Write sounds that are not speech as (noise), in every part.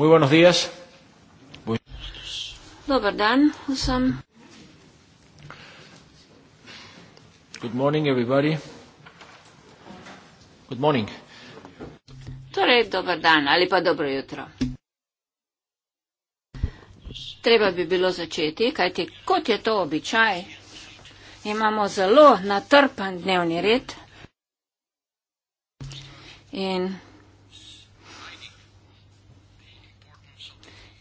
Muy buenos días. Muy... Dobar dan, usam. Good morning, everybody. Good morning. Torej, dobar dan ali pa dobro jutro. Treba bi bilo začeti, kajti kot je to običaj, imamo zelo natrpan dnevni red. In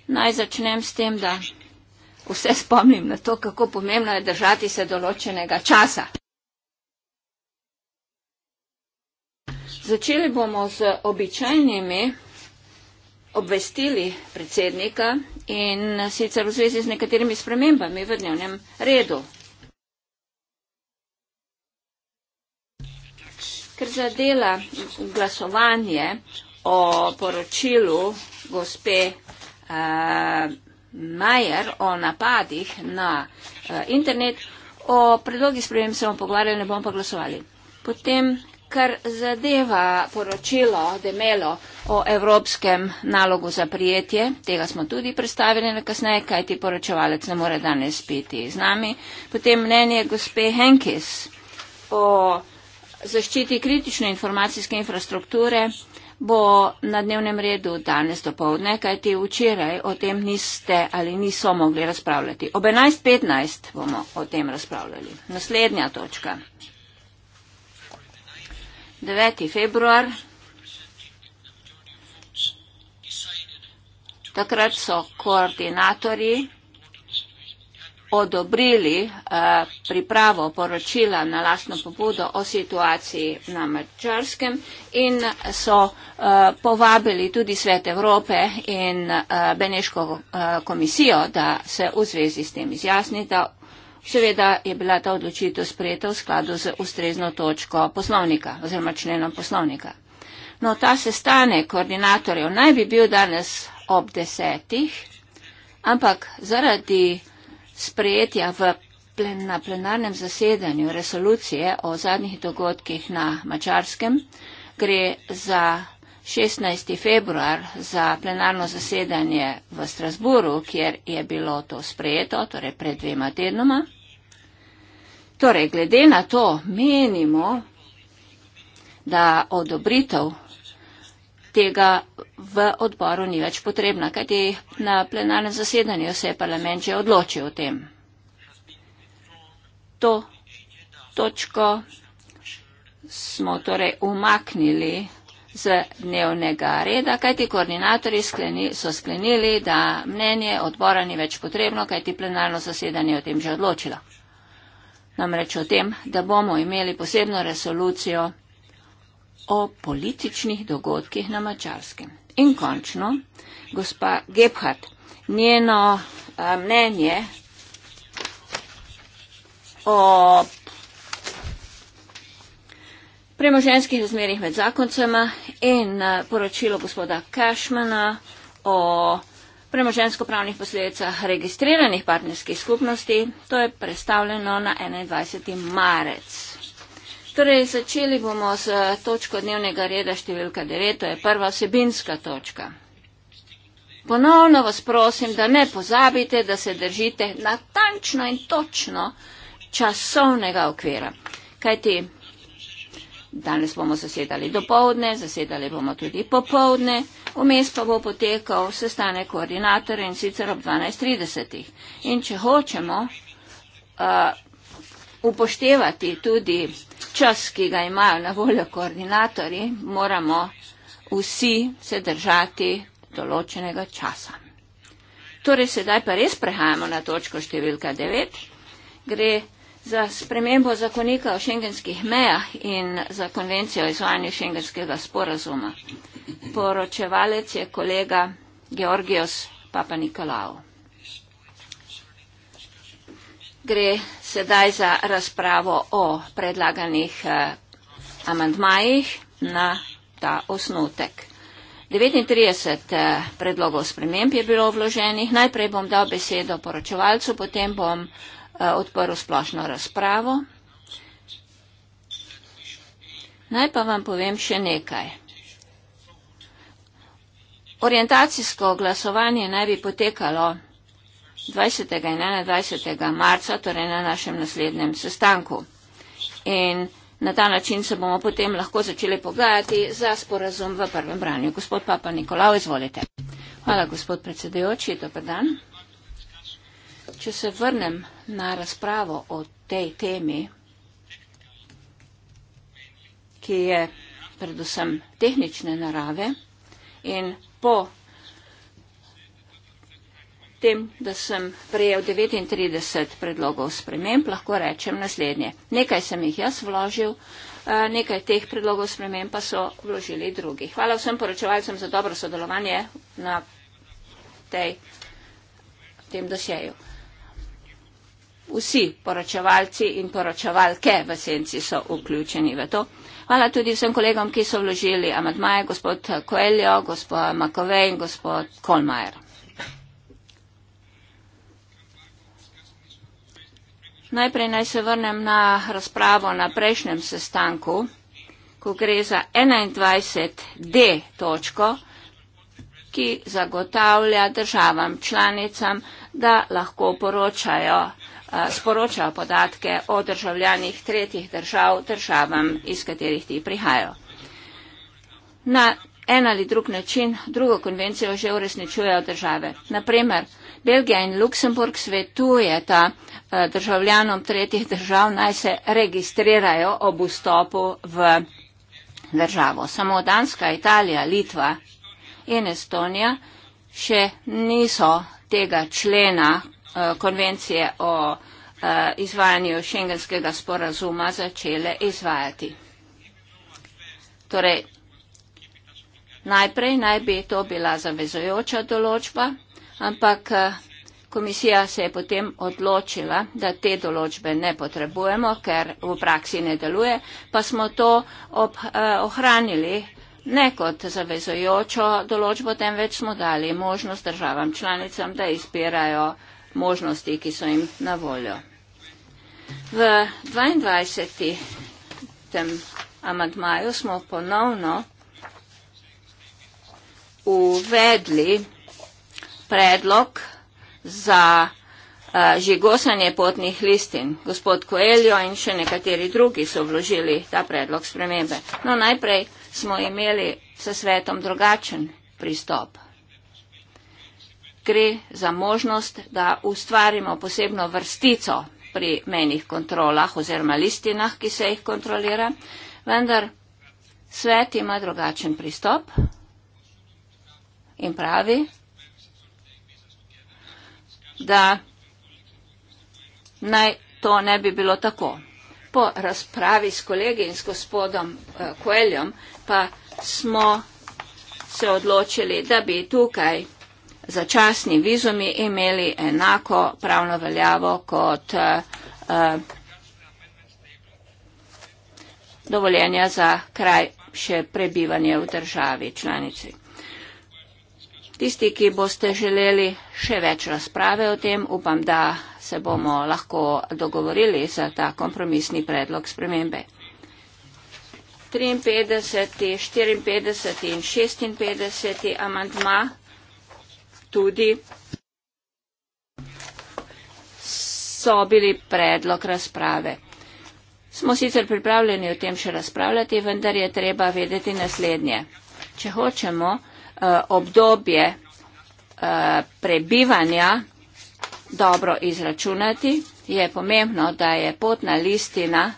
Naj začnem s tem, da vse spomnim na to, kako pomembno je držati se določenega časa. Začeli bomo z običajnimi obvestili predsednika in sicer v zvezi z nekaterimi spremembami v dnevnem redu. Ker zadela glasovanje o poročilu gospe uh, Majer o napadih na uh, internet, o predlogi sprejem se bom pogovarjal, ne bom pa glasovali. Potem, kar zadeva poročilo Demelo o evropskem nalogu za prijetje, tega smo tudi predstavili na kasneje, kaj ti poročevalec ne more danes piti z nami. Potem mnenje gospe Henkis o zaščiti kritične informacijske infrastrukture, uh, bo na dnevnem redu danes do povdne, kajti včeraj o tem niste ali niso mogli razpravljati. Ob 11.15 bomo o tem razpravljali. Naslednja točka. 9. februar. Takrat so koordinatorji odobrili eh, pripravo poročila na lastno pobudo o situaciji na Mačarskem in so eh, povabili tudi Svet Evrope in eh, Beneško komisijo, da se v zvezi s tem izjasni, da seveda je bila ta odločitev sprejeta v skladu z ustrezno točko poslovnika oziroma členom poslovnika. No, ta sestanek koordinatorjev naj bi bil danes ob desetih, ampak zaradi sprejetja v plen, na plenarnem zasedanju resolucije o zadnjih dogodkih na Mačarskem. Gre za 16. februar za plenarno zasedanje v Strasburu, kjer je bilo to sprejeto, torej pred dvema tednoma. Torej, glede na to menimo, da odobritev tega v odboru ni več potrebna, kajti na plenarnem zasedanju se je parlament že odločil o tem. To točko smo torej umaknili z dnevnega reda, kajti koordinatori skleni, so sklenili, da mnenje odbora ni več potrebno, kajti plenarno zasedanje o tem že odločilo. Namreč o tem, da bomo imeli posebno resolucijo o političnih dogodkih na Mačarskem. In končno, gospa Gebhardt, njeno eh, mnenje o premoženskih razmerih med zakoncema in eh, poročilo gospoda Cashmana o premoženskopravnih posledicah registriranih partnerskih skupnosti, to je predstavljeno na 21. marec. Torej, začeli bomo s eh, točko dnevnega reda številka 9, to je prva vsebinska točka. Ponovno vas prosim, da ne pozabite, da se držite natančno in točno časovnega okvira. Kajti, danes bomo zasedali dopovdne, zasedali bomo tudi popovdne, vmes pa bo potekal sestanek koordinatorja in sicer ob 12.30. In če hočemo uh, upoštevati tudi čas, ki ga imajo na voljo koordinatori, moramo vsi se držati določenega časa. Torej, sedaj pa res prehajamo na točko številka 9. Gre za spremembo zakonika o šengenskih mejah in za konvencijo o izvajanju šengenskega sporazuma. Poročevalec je kolega Georgios Papa Nikolaou. Gre sedaj za razpravo o predlaganih eh, amandmajih na ta osnutek. 39 eh, predlogov sprememb je bilo vloženih. Najprej bom dal besedo poročevalcu, potem bom eh, odprl splošno razpravo. Naj pa vam povem še nekaj. Orientacijsko glasovanje naj bi potekalo 20. in 21. marca, torej na našem naslednjem sestanku. In na ta način se bomo potem lahko začeli pogajati za sporazum v prvem branju. Gospod Papa Nikolao, izvolite. Hvala, gospod predsedujoči, dober dan. Če se vrnem na razpravo o tej temi, ki je predvsem tehnične narave in po tem, da sem prejel 39 predlogov sprememb, lahko rečem naslednje. Nekaj sem jih jaz vložil, eh, nekaj teh predlogov sprememb pa so vložili drugi. Hvala vsem poročevalcem za dobro sodelovanje na tej, tem dosjeju. Vsi poročevalci in poročevalke v senci so vključeni v to. Hvala tudi vsem kolegom, ki so vložili amadmaje, gospod Coelho, gospod Makovej in gospod Kolmajer. Najprej naj se vrnem na razpravo na prejšnjem sestanku, ko gre za 21D točko, ki zagotavlja državam članicam, da lahko poročajo, eh, sporočajo podatke o državljanih tretjih držav državam, iz katerih ti prihajajo. Na en ali drug način drugo konvencijo že uresničujejo države. Naprimer, Belgija in Luksemburg svetujeta eh, državljanom tretjih držav naj se registrirajo ob vstopu v državo. Samo Danska, Italija, Litva in Estonija še niso tega člena eh, konvencije o eh, izvajanju šengenskega sporazuma začele izvajati. Torej, Najprej naj bi to bila zavezojoča določba, ampak eh, komisija se je potem odločila, da te določbe ne potrebujemo, ker v praksi ne deluje, pa smo to ob, eh, ohranili ne kot zavezojočo določbo, temveč smo dali možnost državam članicam, da izpirajo možnosti, ki so jim na voljo. V 22. amadmaju smo ponovno uvedli predlog za uh, žigosanje potnih listin. Gospod Koeljo in še nekateri drugi so vložili ta predlog spremembe. No, najprej smo imeli sa svetom drugačen pristop. Gre za možnost, da ustvarimo posebno vrstico pri menih kontrolah oziroma listinah, ki se jih kontrolira, vendar svet ima drugačen pristop in pravi, da naj to ne bi bilo tako. Po razpravi s kolegi in s gospodom uh, Koeljom pa smo se odločili, da bi tukaj začasni vizumi imeli enako pravno veljavo kot uh, dovoljenja za kraj še prebivanje v državi članici. Tisti, ki boste želeli še več razprave o tem, upam, da se bomo lahko dogovorili za ta kompromisni predlog spremembe. 53, 54 in 56 amantma tudi so bili predlog razprave. Smo sicer pripravljeni o tem še razpravljati, vendar je treba vedeti naslednje. Če hočemo, Eh, obdobje eh, prebivanja dobro izračunati, je pomembno, da je potna listina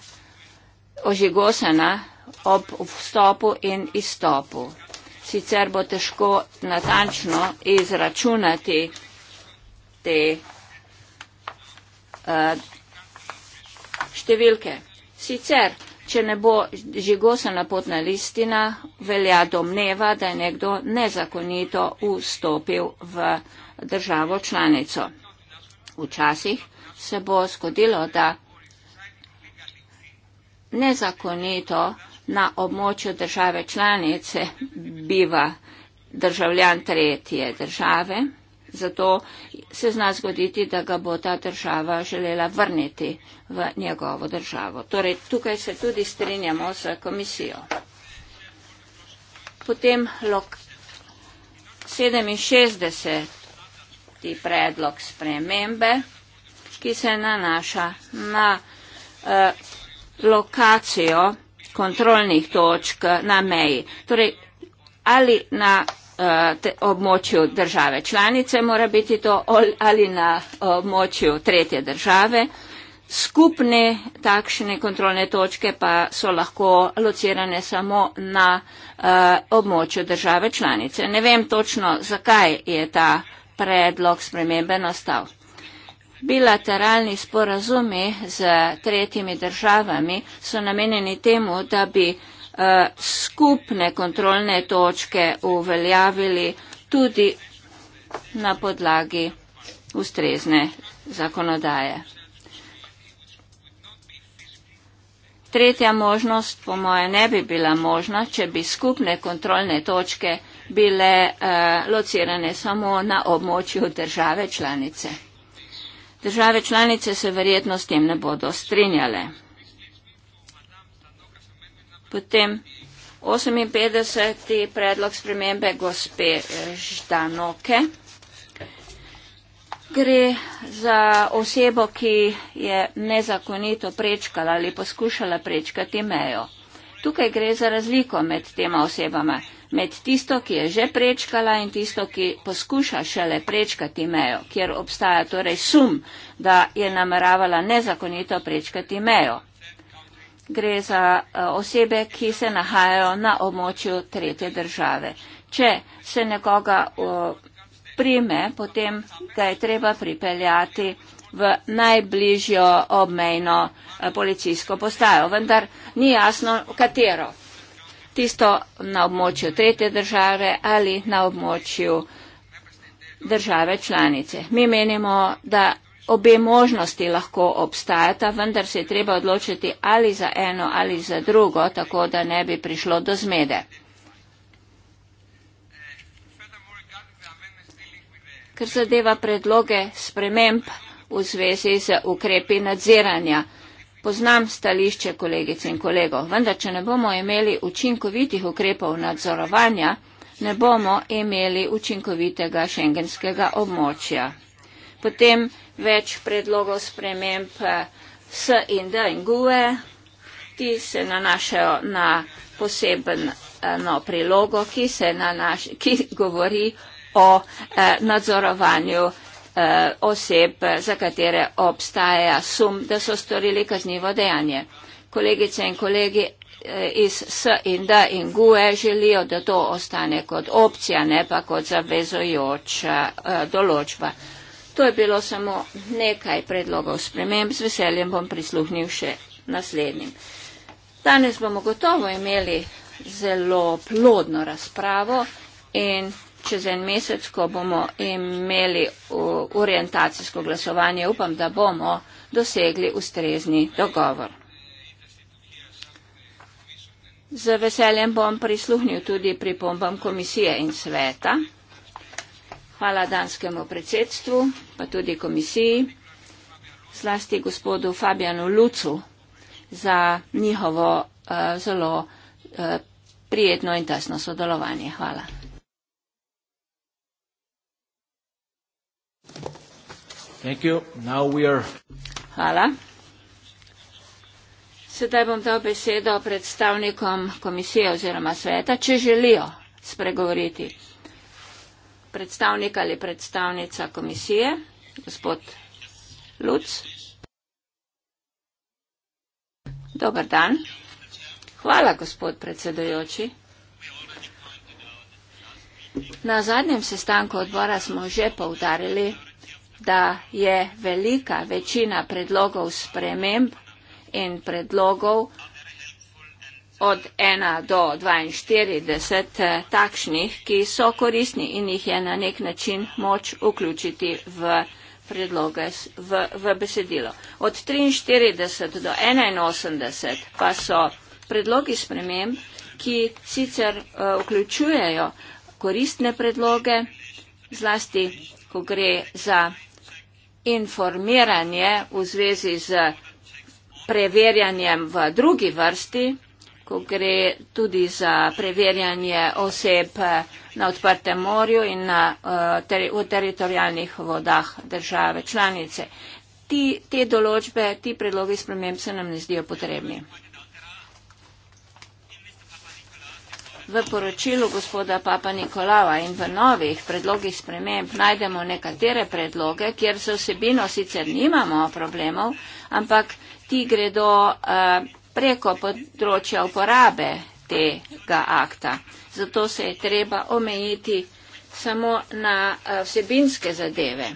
ožigosena ob vstopu in izstopu. Sicer bo težko natančno izračunati te eh, številke. Sicer Če ne bo žigosana potna listina, velja domneva, da je nekdo nezakonito vstopil v državo članico. Včasih se bo zgodilo, da nezakonito na območju države članice biva državljan tretje države. Zato se zna zgoditi, da ga bo ta država želela vrniti v njegovo državo. Torej, tukaj se tudi strinjamo s komisijo. Potem lok 67. predlog spremembe, ki se nanaša na eh, lokacijo kontrolnih točk na meji. Torej, ali na Eh, območju države članice mora biti to ali na eh, območju tretje države. Skupne takšne kontrolne točke pa so lahko locirane samo na eh, območju države članice. Ne vem točno, zakaj je ta predlog spremembe nastal. Bilateralni sporazumi z tretjimi državami so namenjeni temu, da bi Eh, skupne kontrolne točke uveljavili tudi na podlagi ustrezne zakonodaje. Tretja možnost po moje ne bi bila možna, če bi skupne kontrolne točke bile eh, locirane samo na območju države članice. Države članice se verjetno s tem ne bodo strinjale. Potem 58. predlog spremembe gospe eh, Ždanoke. Gre za osebo, ki je nezakonito prečkala ali poskušala prečkati mejo. Tukaj gre za razliko med tema osebama, med tisto, ki je že prečkala in tisto, ki poskuša šele prečkati mejo, kjer obstaja torej sum, da je nameravala nezakonito prečkati mejo gre za eh, osebe, ki se nahajajo na območju tretje države. Če se nekoga eh, prime, potem ga je treba pripeljati v najbližjo obmejno eh, policijsko postajo, vendar ni jasno, katero. Tisto na območju tretje države ali na območju države članice. Mi menimo, da obe možnosti lahko obstajata, vendar se je treba odločiti ali za eno ali za drugo, tako da ne bi prišlo do zmede. Ker zadeva predloge sprememb v zvezi z ukrepi nadziranja. Poznam stališče kolegic in kolegov, vendar če ne bomo imeli učinkovitih ukrepov nadzorovanja, ne bomo imeli učinkovitega šengenskega območja. Potem več predlogov sprememb eh, S in D in GUE. Ti se nanašajo na posebno eh, prilogo, ki, nanaš, ki govori o eh, nadzorovanju eh, oseb, za katere obstaja sum, da so storili kaznivo dejanje. Kolegice in kolegi eh, iz S in D in GUE želijo, da to ostane kot opcija, ne pa kot zavezojoča eh, določba. To je bilo samo nekaj predlogov sprememb, z veseljem bom prisluhnil še naslednjim. Danes bomo gotovo imeli zelo plodno razpravo in čez en mesec, ko bomo imeli orientacijsko glasovanje, upam, da bomo dosegli ustrezni dogovor. Z veseljem bom prisluhnil tudi pripombam komisije in sveta. Hvala danskemu predsedstvu, pa tudi komisiji, zlasti gospodu Fabianu Lucu za njihovo uh, zelo uh, prijetno in tesno sodelovanje. Hvala. Hvala. Sedaj bom dal besedo predstavnikom komisije oziroma sveta, če želijo spregovoriti predstavnik ali predstavnica komisije, gospod Luc. Dobar dan. Hvala, gospod predsedojoči. Na zadnjem sestanku odbora smo že povdarili, da je velika večina predlogov sprememb in predlogov od 1 do 42 eh, takšnih, ki so korisni in jih je na nek način moč vključiti v predloge v, v besedilo. Od 43 do 81 pa so predlogi sprememb, ki sicer uh, vključujejo koristne predloge, zlasti ko gre za informiranje v zvezi z preverjanjem v drugi vrsti ko gre tudi za preverjanje oseb eh, na odprtem morju in na, eh, v teritorijalnih vodah države članice. Ti, te določbe, ti predlogi sprememb se nam ne zdijo potrebni. V poročilu gospoda Papa Nikolava in v novih predlogih sprememb najdemo nekatere predloge, kjer se vsebino sicer nimamo problemov, ampak ti gredo uh, preko področja uporabe tega akta. Zato se je treba omejiti samo na eh, vsebinske zadeve.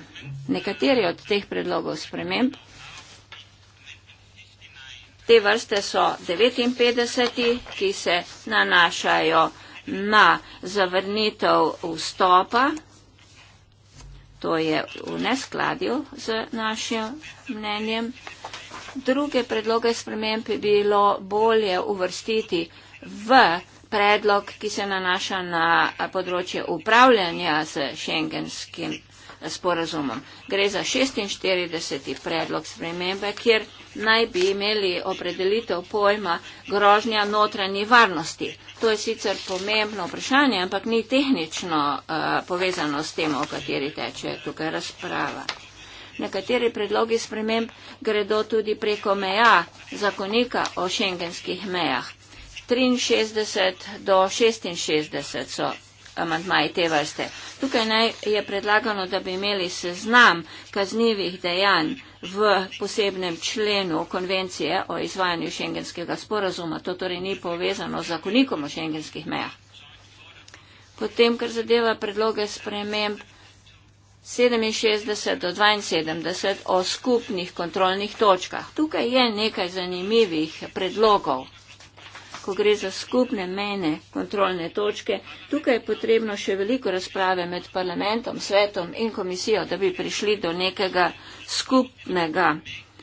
Nekateri od teh predlogov sprememb. Te vrste so 59, ki se nanašajo na zavrnitev vstopa. To je v neskladju z našim mnenjem druge predloge sprememb bi bilo bolje uvrstiti v predlog, ki se nanaša na področje upravljanja s šengenskim sporazumom. Gre za 46. predlog spremembe, kjer naj bi imeli opredelitev pojma grožnja notranji varnosti. To je sicer pomembno vprašanje, ampak ni tehnično uh, povezano s tem, o kateri teče tukaj razprava nekateri predlogi sprememb gredo tudi preko meja zakonika o šengenskih mejah. 63 do 66 so amantmaji te vrste. Tukaj naj je predlagano, da bi imeli seznam kaznivih dejanj v posebnem členu konvencije o izvajanju šengenskega sporazuma. To torej ni povezano z zakonikom o šengenskih mejah. Potem, kar zadeva predloge sprememb 67 do 72 o skupnih kontrolnih točkah. Tukaj je nekaj zanimivih predlogov, ko gre za skupne mene kontrolne točke. Tukaj je potrebno še veliko razprave med parlamentom, svetom in komisijo, da bi prišli do nekega skupnega,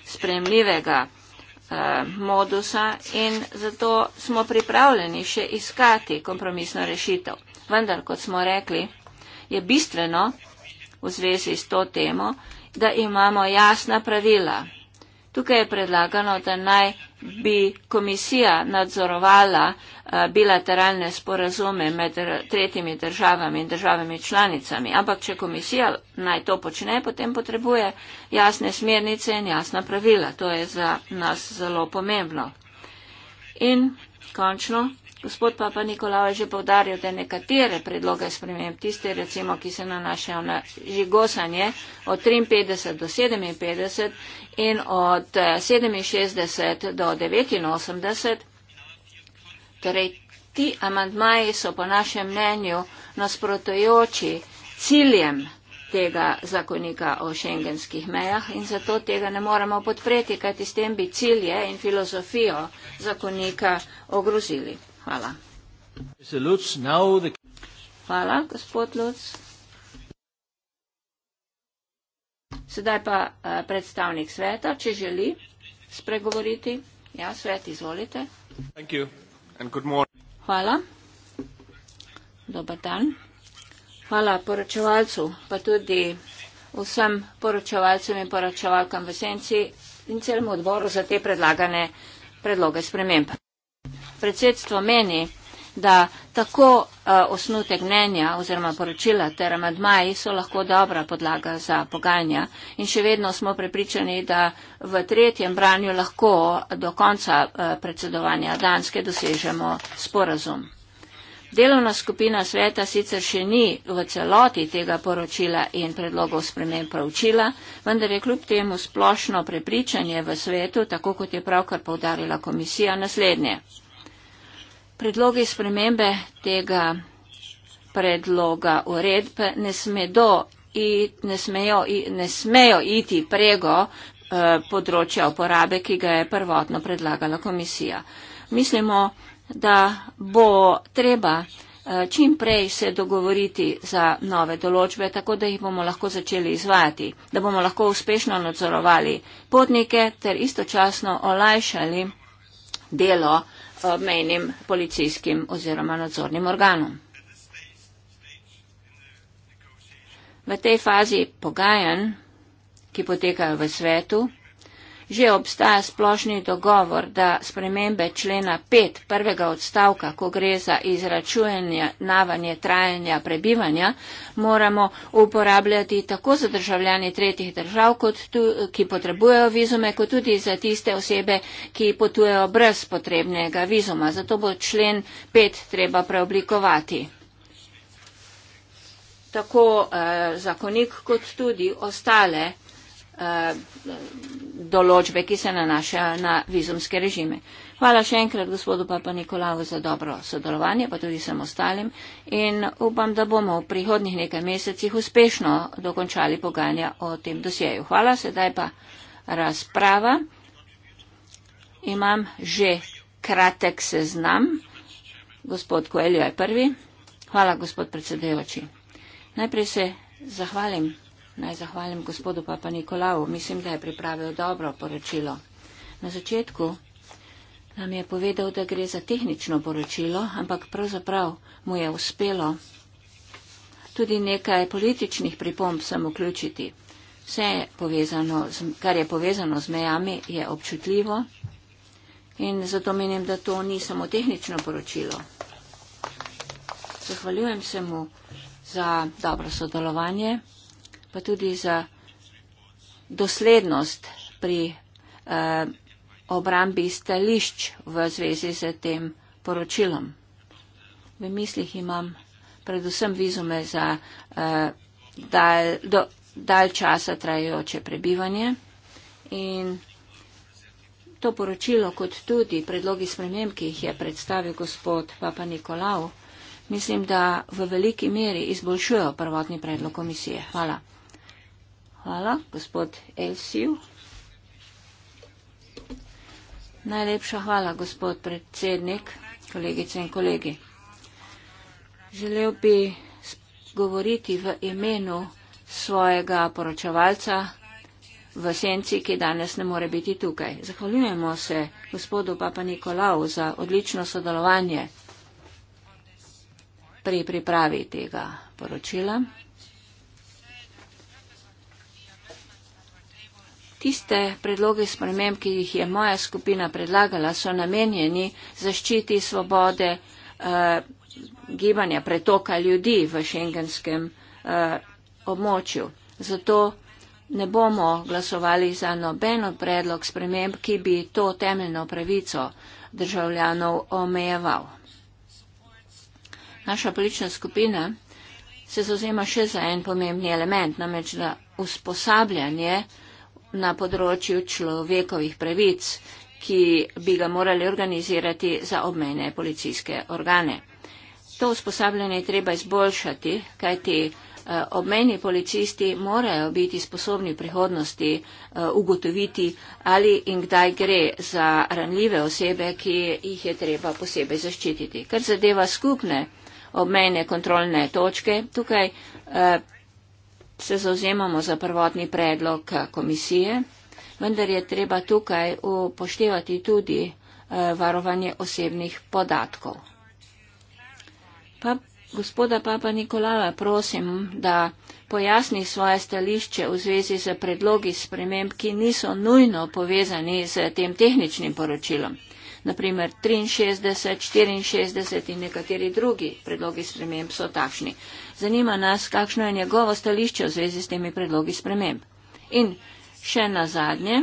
spremljivega eh, modusa in zato smo pripravljeni še iskati kompromisno rešitev. Vendar, kot smo rekli, je bistveno, v zvezi s to temo, da imamo jasna pravila. Tukaj je predlagano, da naj bi komisija nadzorovala eh, bilateralne sporazume med tretjimi državami in državami članicami. Ampak, če komisija naj to počne, potem potrebuje jasne smernice in jasna pravila. To je za nas zelo pomembno. In končno. Gospod Papa Nikolao je že povdaril, da nekatere predloge sprememb, tiste recimo, ki se nanašajo na žigosanje od 53 do 57 in od 67 eh, do 89, torej ti amantmaji so po našem mnenju nasprotojoči ciljem tega zakonika o šengenskih mejah in zato tega ne moremo podpreti, kajti s tem bi cilje in filozofijo zakonika ogrozili. Hvala. Hvala, gospod Luc. Sedaj pa eh, predstavnik sveta, če želi spregovoriti. Ja, svet, izvolite. Hvala. Dobar dan. Hvala poročevalcu, pa tudi vsem poročevalcem in poročevalkam v senci in celemu odboru za te predlagane predloge sprememb. Predsedstvo meni, da tako uh, osnutek mnenja oziroma poročila ter amadmaji so lahko dobra podlaga za pogajanja in še vedno smo prepričani, da v tretjem branju lahko do konca uh, predsedovanja Danske dosežemo sporazum. Delovna skupina sveta sicer še ni v celoti tega poročila in predlogov sprememb pravčila, vendar je kljub temu splošno prepričanje v svetu, tako kot je pravkar povdarila komisija, naslednje. Predlogi spremembe tega predloga uredbe ne, ne, ne smejo iti prego eh, področja uporabe, ki ga je prvotno predlagala komisija. Mislimo, da bo treba eh, čim prej se dogovoriti za nove določbe, tako da jih bomo lahko začeli izvajati, da bomo lahko uspešno nadzorovali potnike ter istočasno olajšali delo eh, mejnim policijskim oziroma nadzornim organom. V tej fazi pogajanj, ki potekajo v svetu, Že obstaja splošni dogovor, da spremembe člena 5 prvega odstavka, ko gre za izračunanje navanje trajanja prebivanja, moramo uporabljati tako za državljani tretjih držav, tu, ki potrebujejo vizume, kot tudi za tiste osebe, ki potujejo brez potrebnega vizuma. Zato bo člen 5 treba preoblikovati. Tako eh, zakonik, kot tudi ostale. Eh, določbe, ki se nanašajo na vizumske režime. Hvala še enkrat gospodu Papa Nikolavu za dobro sodelovanje, pa tudi sem ostalim in upam, da bomo v prihodnih nekaj mesecih uspešno dokončali pogajanja o tem dosjeju. Hvala, sedaj pa razprava. Imam že kratek seznam. Gospod Koeljo je prvi. Hvala, gospod predsedujoči. Najprej se zahvalim. Naj zahvalim gospodu Papa Nikolavu. Mislim, da je pripravil dobro poročilo. Na začetku nam je povedal, da gre za tehnično poročilo, ampak pravzaprav mu je uspelo tudi nekaj političnih pripomb sem vključiti. Vse, povezano, kar je povezano z mejami, je občutljivo in zato menim, da to ni samo tehnično poročilo. Zahvaljujem se mu za dobro sodelovanje pa tudi za doslednost pri eh, obrambi stališč v zvezi z tem poročilom. V mislih imam predvsem vizume za eh, dal, do, dal časa trajajoče prebivanje in to poročilo, kot tudi predlogi sprememb, ki jih je predstavil gospod Papa Nikolau, mislim, da v veliki meri izboljšujejo prvotni predlog komisije. Hvala. Hvala. Gospod Elsiv. Najlepša hvala, gospod predsednik, kolegice in kolegi. Želel bi govoriti v imenu svojega poročevalca v senci, ki danes ne more biti tukaj. Zahvaljujemo se gospodu Papa Nikolau za odlično sodelovanje pri pripravi tega poročila. Tiste predloge sprememb, ki jih je moja skupina predlagala, so namenjeni zaščiti svobode eh, gibanja, pretoka ljudi v šengenskem eh, območju. Zato ne bomo glasovali za nobeno predlog sprememb, ki bi to temeljno pravico državljanov omejeval. Naša politična skupina se zauzema še za en pomembni element, namreč na usposabljanje eh, na področju človekovih pravic, ki bi ga morali organizirati za obmejne policijske organe. To usposabljanje treba izboljšati, kajti eh, obmejni policisti morajo biti sposobni v prihodnosti eh, ugotoviti, ali in kdaj gre za ranljive osebe, ki jih je treba posebej zaščititi. Kar zadeva skupne obmejne kontrolne točke, tukaj eh, se zauzemamo za prvotni predlog komisije, vendar je treba tukaj upoštevati tudi eh, varovanje osebnih podatkov. Pa gospoda Papa Nikolava, prosim, da pojasni svoje stališče v zvezi z predlogi sprememb, ki niso nujno povezani z tem tehničnim poročilom. Naprimer 63, 64 in nekateri drugi predlogi sprememb so takšni. Zanima nas, kakšno je njegovo stališče v zvezi s temi predlogi sprememb. In še na zadnje,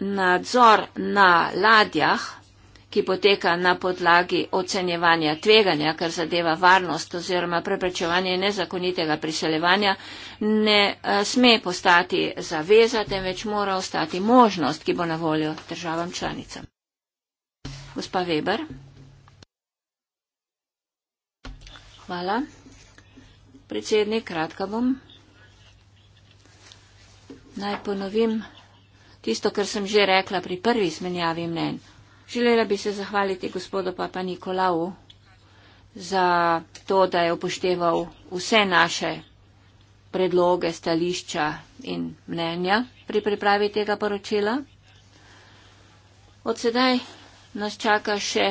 nadzor na ladjah, ki poteka na podlagi ocenjevanja tveganja, kar zadeva varnost oziroma preprečevanje nezakonitega priseljevanja, ne eh, sme postati zaveza, temveč mora ostati možnost, ki bo na voljo državam članicam. Gospa Weber. Hvala. Predsednik, kratka bom. Naj ponovim tisto, kar sem že rekla pri prvi izmenjavi mnen. Želela bi se zahvaliti gospodu Papa Nikolau za to, da je upošteval vse naše predloge, stališča in mnenja pri pripravi tega poročila. Od sedaj nas čaka še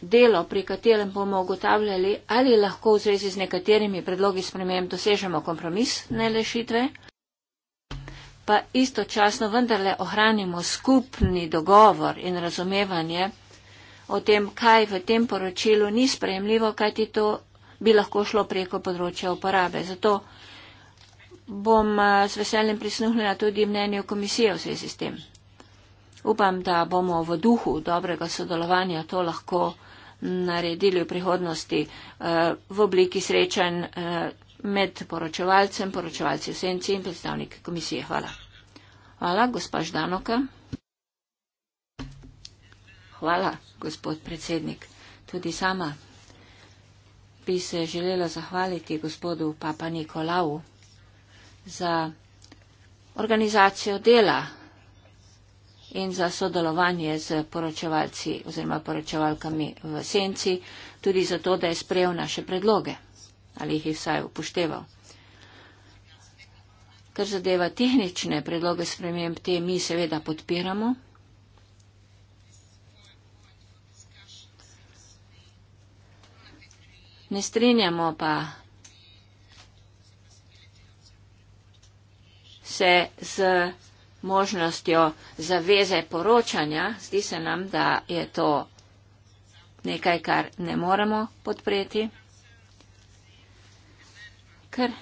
delo, pri katerem bomo ugotavljali, ali lahko v zvezi z nekaterimi predlogi sprememb dosežemo kompromis, ne rešitve, pa istočasno vendarle ohranimo skupni dogovor in razumevanje o tem, kaj v tem poročilu ni sprejemljivo, kajti to bi lahko šlo preko področja uporabe. Zato bom z veseljem prisluhnila tudi mnenju komisije v zvezi s tem. Upam, da bomo v duhu dobrega sodelovanja to lahko naredili v prihodnosti eh, v obliki srečanj eh, med poročevalcem, poročevalci v senci in predstavnik komisije. Hvala. Hvala, gospa Ždanoka. Hvala, gospod predsednik. Tudi sama bi se želela zahvaliti gospodu Papa Nikolau za organizacijo dela in za sodelovanje z poročevalci oziroma poročevalkami v senci, tudi zato, da je sprejel naše predloge ali jih je vsaj upošteval. Kar zadeva tehnične predloge sprememb, te mi seveda podpiramo. Ne strinjamo pa se z možnostjo zaveze poročanja. Zdi se nam, da je to nekaj, kar ne moremo podpreti, ker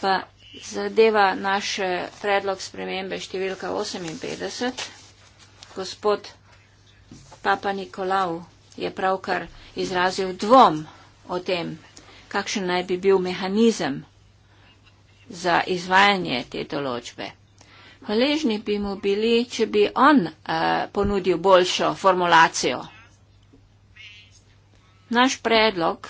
pa zadeva naš predlog spremembe številka 58. Gospod Papa Nikolav je pravkar izrazil dvom o tem, kakšen naj bi bil mehanizem za izvajanje te določbe hvaležni bi mu bili, če bi on eh, ponudil boljšo formulacijo. Naš predlog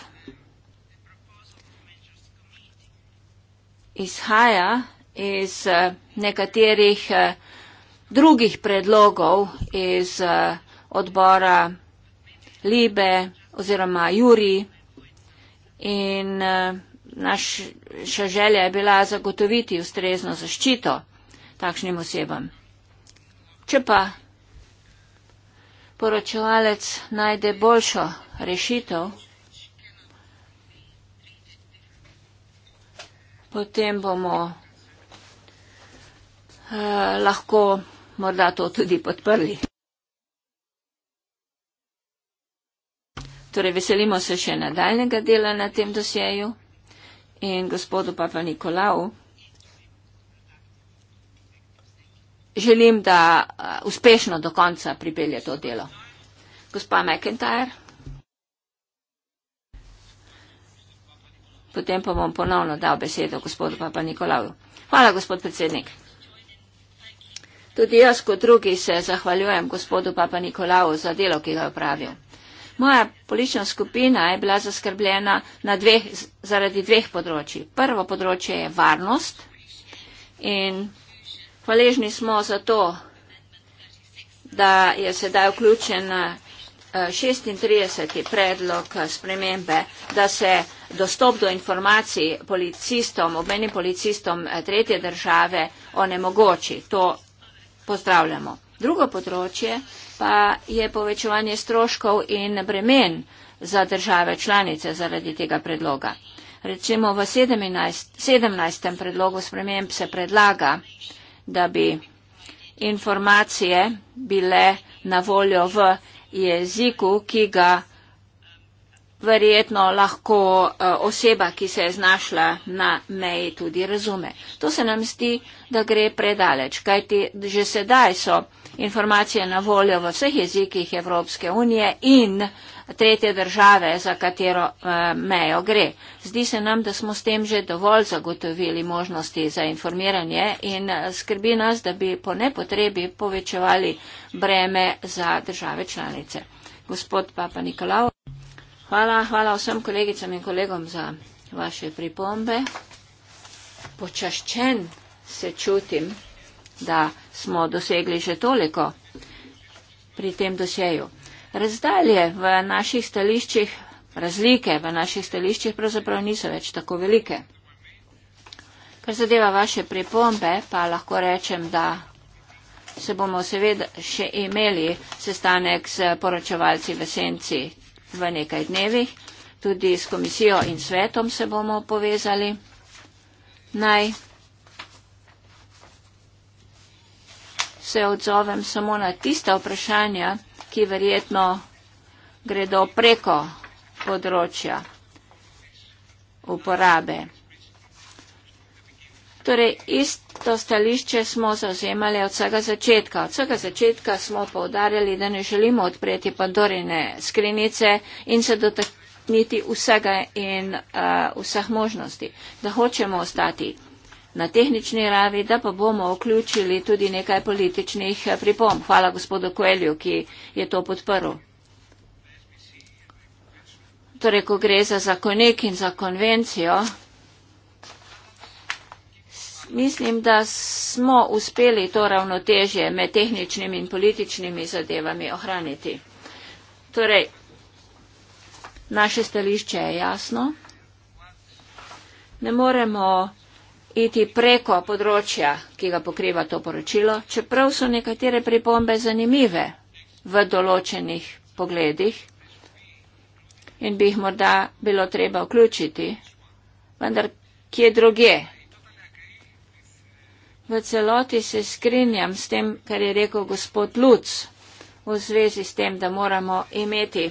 izhaja iz eh, nekaterih eh, drugih predlogov iz eh, odbora Libe oziroma Juri in eh, naša želja je bila zagotoviti ustrezno zaščito takšnim osebam. Če pa poročevalec najde boljšo rešitev, potem bomo eh, lahko morda to tudi podprli. Torej, veselimo se še nadaljnega dela na tem dosjeju in gospodu Papa Nikolau. želim, da eh, uspešno do konca pripelje to delo. Gospa McIntyre. Potem pa bom ponovno dal besedo gospodu Papa Nikolaju. Hvala, gospod predsednik. Tudi jaz kot drugi se zahvaljujem gospodu Papa Nikolaju za delo, ki ga je upravil. Moja politična skupina je bila zaskrbljena na dveh, zaradi dveh področji. Prvo področje je varnost in Hvaležni smo za to, da je sedaj vključen 36. Eh, predlog spremembe, da se dostop do informacij policistom, obmenim policistom eh, tretje države onemogoči. To pozdravljamo. Drugo področje pa je povečevanje stroškov in bremen za države članice zaradi tega predloga. Rečemo, v 17. predlogu sprememb se predlaga, da bi informacije bile na voljo v jeziku, ki ga verjetno lahko eh, oseba, ki se je znašla na meji, tudi razume. To se nam zdi, da gre predaleč, kajti že sedaj so informacije na voljo v vseh jezikih Evropske unije in tretje države, za katero eh, mejo gre. Zdi se nam, da smo s tem že dovolj zagotovili možnosti za informiranje in eh, skrbi nas, da bi po nepotrebi povečevali breme za države članice. Gospod Papa Nikolao, hvala, hvala vsem kolegicam in kolegom za vaše pripombe. Počaščen se čutim, da smo dosegli že toliko pri tem dosjeju razdalje v naših stališčih, razlike v naših stališčih pravzaprav niso več tako velike. Kar zadeva vaše pripombe, pa lahko rečem, da se bomo seveda še imeli sestanek s poročevalci v senci v nekaj dnevih, tudi s komisijo in svetom se bomo povezali. Naj se odzovem samo na tiste vprašanja, ki verjetno gredo preko področja uporabe. Torej, isto stališče smo zauzemali od vsega začetka. Od vsega začetka smo povdarjali, da ne želimo odpreti pandorine skrinice in se dotakniti vsega in uh, vseh možnosti, da hočemo ostati na tehnični ravi, da pa bomo vključili tudi nekaj političnih eh, pripomb. Hvala gospodu Koelju, ki je to podprl. Torej, ko gre za zakonik in za konvencijo, mislim, da smo uspeli to ravnotežje med tehničnimi in političnimi zadevami ohraniti. Torej, naše stališče je jasno. Ne moremo iti preko področja, ki ga pokriva to poročilo, čeprav so nekatere pripombe zanimive v določenih pogledih in bi jih morda bilo treba vključiti, vendar kje druge. V celoti se skrinjam s tem, kar je rekel gospod Luc v zvezi s tem, da moramo imeti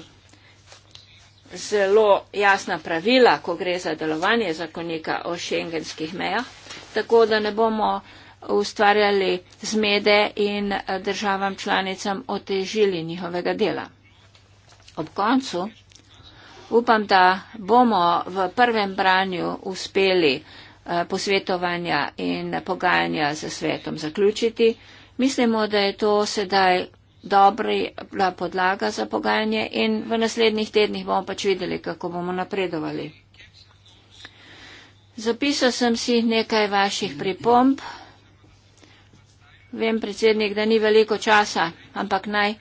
zelo jasna pravila, ko gre za delovanje zakonika o šengenskih mejah tako, da ne bomo ustvarjali zmede in eh, državam članicam otežili njihovega dela. Ob koncu upam, da bomo v prvem branju uspeli eh, posvetovanja in pogajanja za svetom zaključiti. Mislimo, da je to sedaj dobra podlaga za pogajanje in v naslednjih tednih bomo pač videli, kako bomo napredovali. Zapisal sem si nekaj vaših pripomb. Vem, predsednik, da ni veliko časa, ampak naj,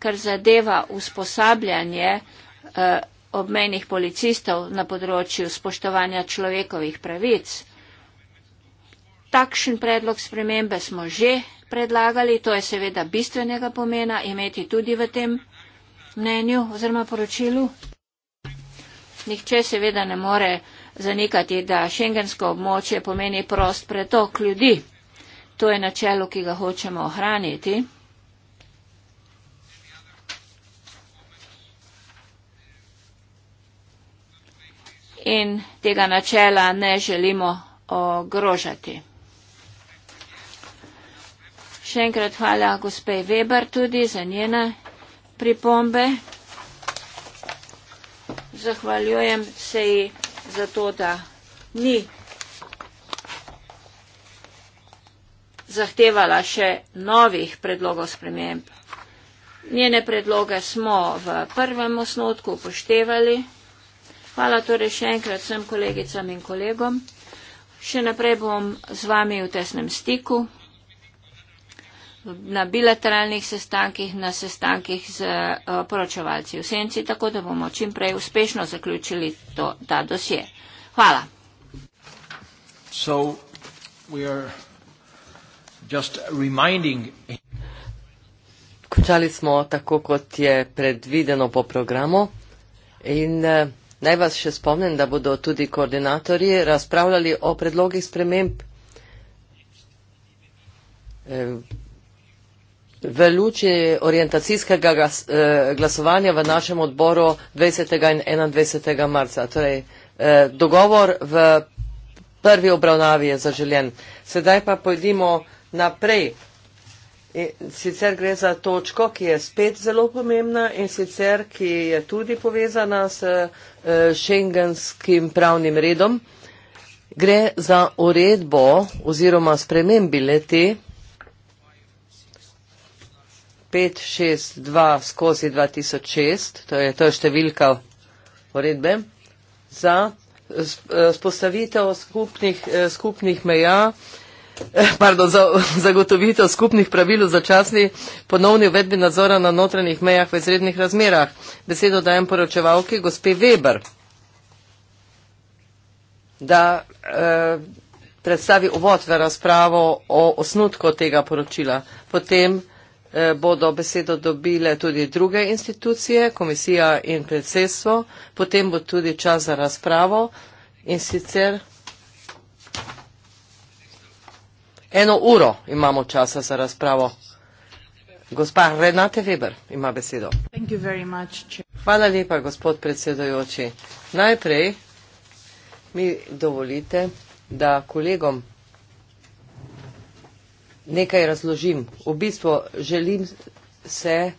kar zadeva usposabljanje eh, obmejnih policistov na področju spoštovanja človekovih pravic. Takšen predlog spremembe smo že predlagali, to je seveda bistvenega pomena imeti tudi v tem mnenju oziroma poročilu. Nihče seveda ne more zanikati, da šengensko območje pomeni prost pretok ljudi. To je načelo, ki ga hočemo ohraniti. In tega načela ne želimo ogrožati. Še enkrat hvala gospe Weber tudi za njene pripombe. Zahvaljujem se ji zato da ni zahtevala še novih predlogov sprememb. Njene predloge smo v prvem osnotku upoštevali. Hvala torej še enkrat vsem kolegicam in kolegom. Še naprej bom z vami v tesnem stiku na bilateralnih sestankih, na sestankih z uh, poročevalci v senci, tako da bomo čim prej uspešno zaključili to, ta dosje. Hvala. So Končali smo tako, kot je predvideno po programu in uh, naj vas še spomnim, da bodo tudi koordinatorji razpravljali o predlogih sprememb. Uh, v luči orientacijskega glas, eh, glasovanja v našem odboru 20. in 21. marca. Torej, eh, dogovor v prvi obravnavi je zaželjen. Sedaj pa pojdimo naprej. Sicer gre za točko, ki je spet zelo pomembna in sicer, ki je tudi povezana s eh, šengenskim pravnim redom. Gre za uredbo oziroma spremembi leti 562 skozi 2006, to je, to je številka uredbe, za spostavitev e, skupnih, e, skupnih meja, e, pardon, za (laughs) zagotovitev skupnih pravil v začasni ponovni uvedbi nadzora na notranjih mejah v izrednih razmerah. Besedo dajem poročevalki gospe Weber, da eh, predstavi uvod v razpravo o osnutku tega poročila. Potem Eh, bodo besedo dobile tudi druge institucije, komisija in predsedstvo. Potem bo tudi čas za razpravo in sicer eno uro imamo časa za razpravo. Gospa Renate Weber ima besedo. Hvala lepa, gospod predsedojoči. Najprej mi dovolite, da kolegom nekaj razložim. V bistvu želim se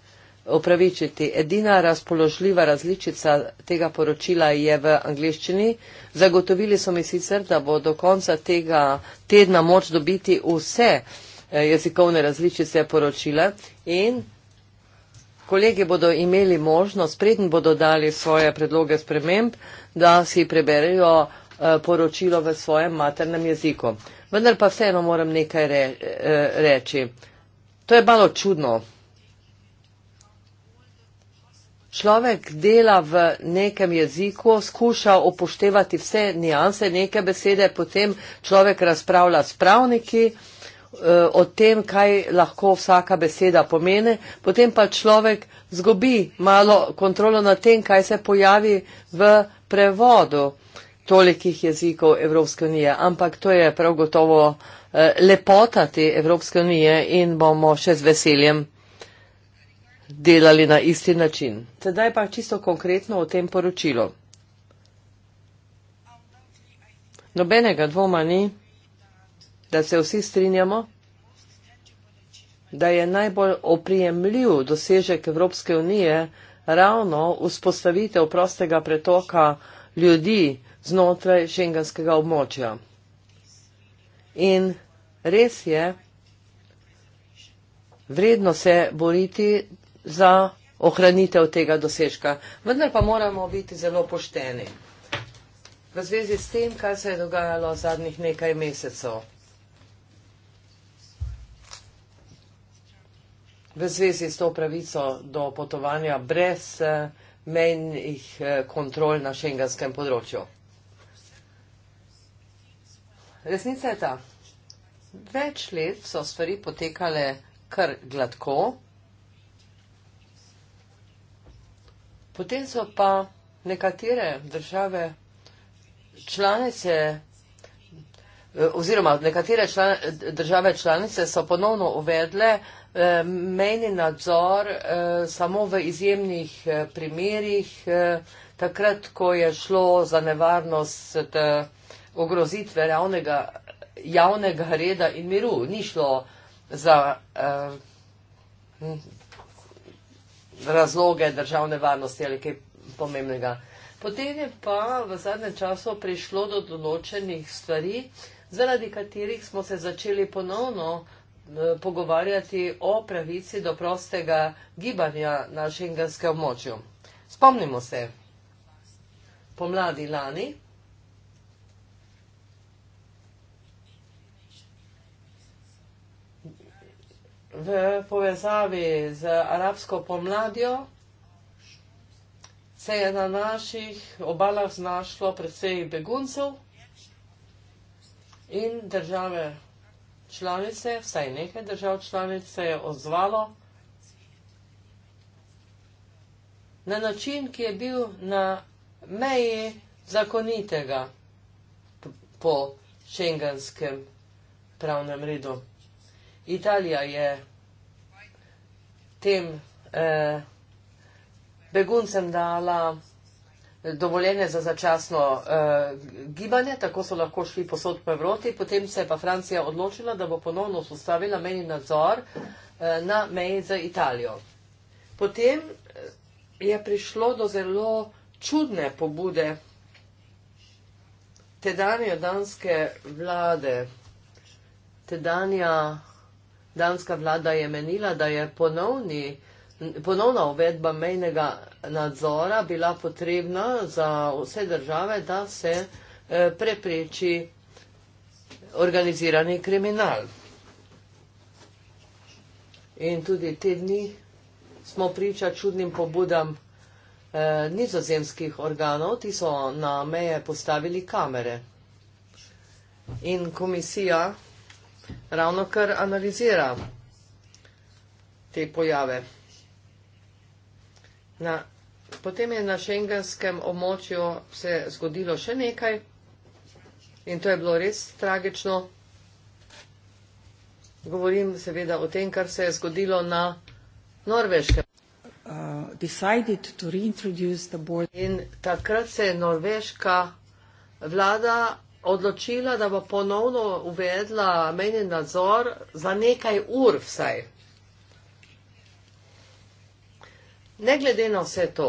opravičiti. Edina razpoložljiva različica tega poročila je v angliščini. Zagotovili so mi sicer, da bo do konca tega tedna moč dobiti vse eh, jezikovne različice poročila in kolegi bodo imeli možnost, preden bodo dali svoje predloge sprememb, da si preberejo eh, poročilo v svojem maternem jeziku. Vendar pa vseeno moram nekaj re, eh, reči. To je malo čudno. Človek dela v nekem jeziku, skuša upoštevati vse nijanse neke besede, potem človek razpravlja s pravniki eh, o tem, kaj lahko vsaka beseda pomeni, potem pa človek zgubi malo kontrolo nad tem, kaj se pojavi v prevodu tolikih jezikov Evropske unije, ampak to je prav gotovo eh, lepota te Evropske unije in bomo še z veseljem delali na isti način. Sedaj pa čisto konkretno o tem poročilu. Nobenega dvoma ni, da se vsi strinjamo, da je najbolj oprijemljiv dosežek Evropske unije ravno vzpostavitev prostega pretoka ljudi, znotraj šengenskega območja. In res je, vredno se boriti za ohranitev tega dosežka. Vendar pa moramo biti zelo pošteni. V zvezi s tem, kaj se je dogajalo zadnjih nekaj mesecev, v zvezi s to pravico do potovanja brez eh, mejnih eh, kontrol na šengenskem področju. Resnica je ta. Več let so stvari potekale kar gladko, potem so pa nekatere države članice oziroma nekatere član, države članice so ponovno uvedle eh, mejni nadzor eh, samo v izjemnih eh, primerjih, eh, takrat, ko je šlo za nevarnost. Eh, ogrozitve ravnega, javnega reda in miru. Ni šlo za eh, razloge državne varnosti ali kaj pomembnega. Potem je pa v zadnjem času prišlo do določenih stvari, zaradi katerih smo se začeli ponovno eh, pogovarjati o pravici do prostega gibanja na šengenskem območju. Spomnimo se, pomladi lani v povezavi z arabsko pomladjo se je na naših obalah znašlo predvsej beguncev in države članice, vsaj nekaj držav članice se je ozvalo na način, ki je bil na meji zakonitega po šengenskem pravnem redu. Italija je tem eh, beguncem dala dovoljenje za začasno eh, gibanje, tako so lahko šli posod po Evropi, potem se je pa Francija odločila, da bo ponovno vzpostavila meni nadzor eh, na meji za Italijo. Potem eh, je prišlo do zelo čudne pobude tedanje danske vlade, tedanja Danska vlada je menila, da je ponovni, ponovna uvedba mejnega nadzora bila potrebna za vse države, da se eh, prepreči organizirani kriminal. In tudi te dni smo priča čudnim pobudam eh, nizozemskih organov, ki so na meje postavili kamere. In komisija ravno kar analizira te pojave. Na, potem je na šengenskem območju se zgodilo še nekaj in to je bilo res tragično. Govorim seveda o tem, kar se je zgodilo na Norveškem. Uh, in takrat se je norveška vlada odločila, da bo ponovno uvedla meni nadzor za nekaj ur vsaj. Ne glede na vse to,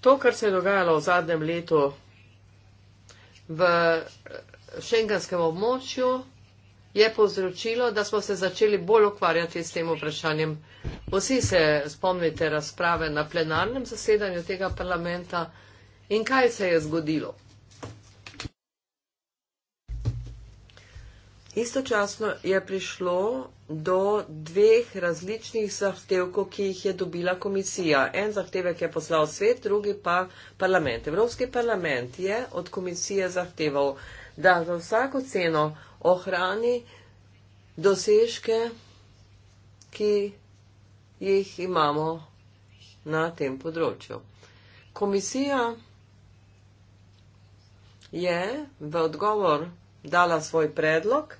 to, kar se je dogajalo v zadnjem letu v eh, šengenskem območju, je povzročilo, da smo se začeli bolj ukvarjati s tem vprašanjem. Vsi se spomnite razprave na plenarnem zasedanju tega parlamenta in kaj se je zgodilo. Istočasno je prišlo do dveh različnih zahtevkov, ki jih je dobila komisija. En zahtevek je poslal svet, drugi pa parlament. Evropski parlament je od komisije zahteval, da za vsako ceno ohrani dosežke, ki jih imamo na tem področju. Komisija je v odgovor dala svoj predlog,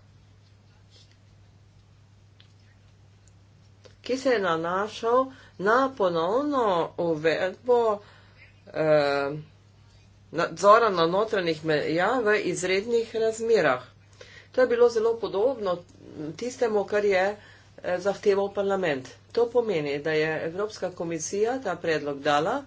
ki se je nanašal na ponovno uvedbo eh, nadzora na notranjih meja v izrednih razmerah. To je bilo zelo podobno tistemu, kar je eh, zahteval parlament. To pomeni, da je Evropska komisija ta predlog dala.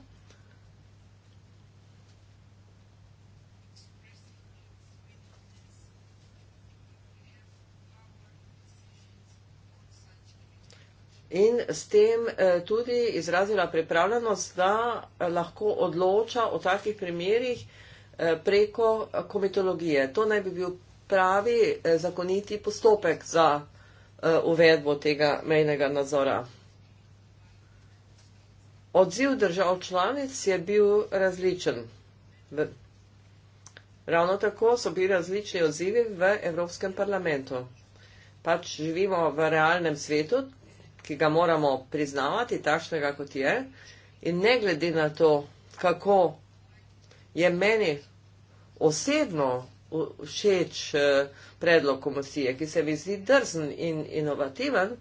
in s tem eh, tudi izrazila pripravljenost, da eh, lahko odloča o takih primerjih eh, preko komitologije. To naj bi bil pravi zakoniti postopek za uvedbo tega mejnega nadzora. Odziv držav članic je bil različen. Ravno tako so bili različni odzivi v Evropskem parlamentu. Pač živimo v realnem svetu, ki ga moramo priznavati, takšnega kot je. In ne glede na to, kako je meni osebno všeč eh, predlog komisije, ki se mi zdi drzen in inovativen,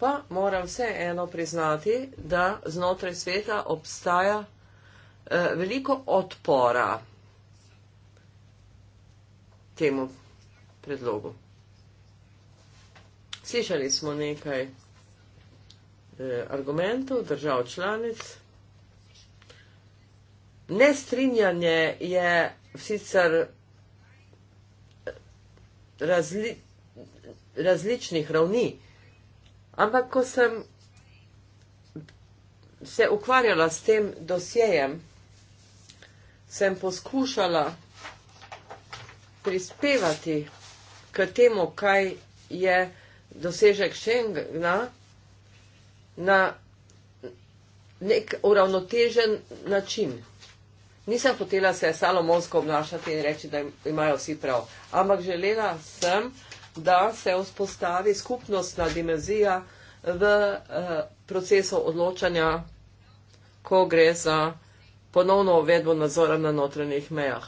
pa moram vseeno priznati, da znotraj sveta obstaja eh, veliko odpora temu predlogu. Slišali smo nekaj. Eh, argumentov držav članic. Nestrinjanje je sicer razli, različnih ravni, ampak ko sem se ukvarjala s tem dosjejem, sem poskušala prispevati k temu, kaj je dosežek Schengena na nek uravnotežen način. Nisem hotela se salomonsko obnašati in reči, da imajo vsi prav, ampak želela sem, da se vzpostavi skupnostna dimenzija v eh, procesu odločanja, ko gre za ponovno uvedbo nadzora na notranjih mejah.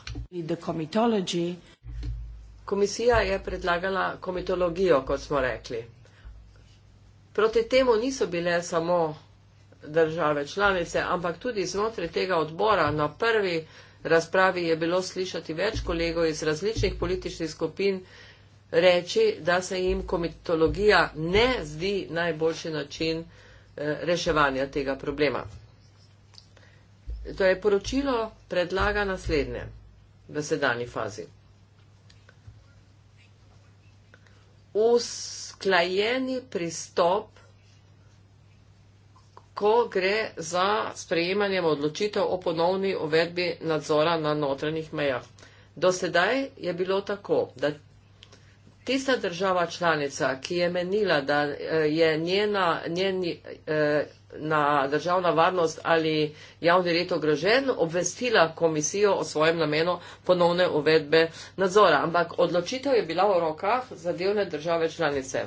Komisija je predlagala komitologijo, kot smo rekli. Proti temu niso bile samo države članice, ampak tudi znotraj tega odbora. Na prvi razpravi je bilo slišati več kolegov iz različnih političnih skupin reči, da se jim komitologija ne zdi najboljši način eh, reševanja tega problema. To torej, je poročilo predlaga naslednje v sedanji fazi. Us usklajeni pristop, ko gre za sprejemanje odločitev o ponovni uvedbi nadzora na notranjih mejah. Do sedaj je bilo tako, da tista država članica, ki je menila, da eh, je njena, njeni, eh, na državna varnost ali javni red ogrožen, obvestila komisijo o svojem namenu ponovne uvedbe nadzora. Ampak odločitev je bila v rokah zadevne države članice.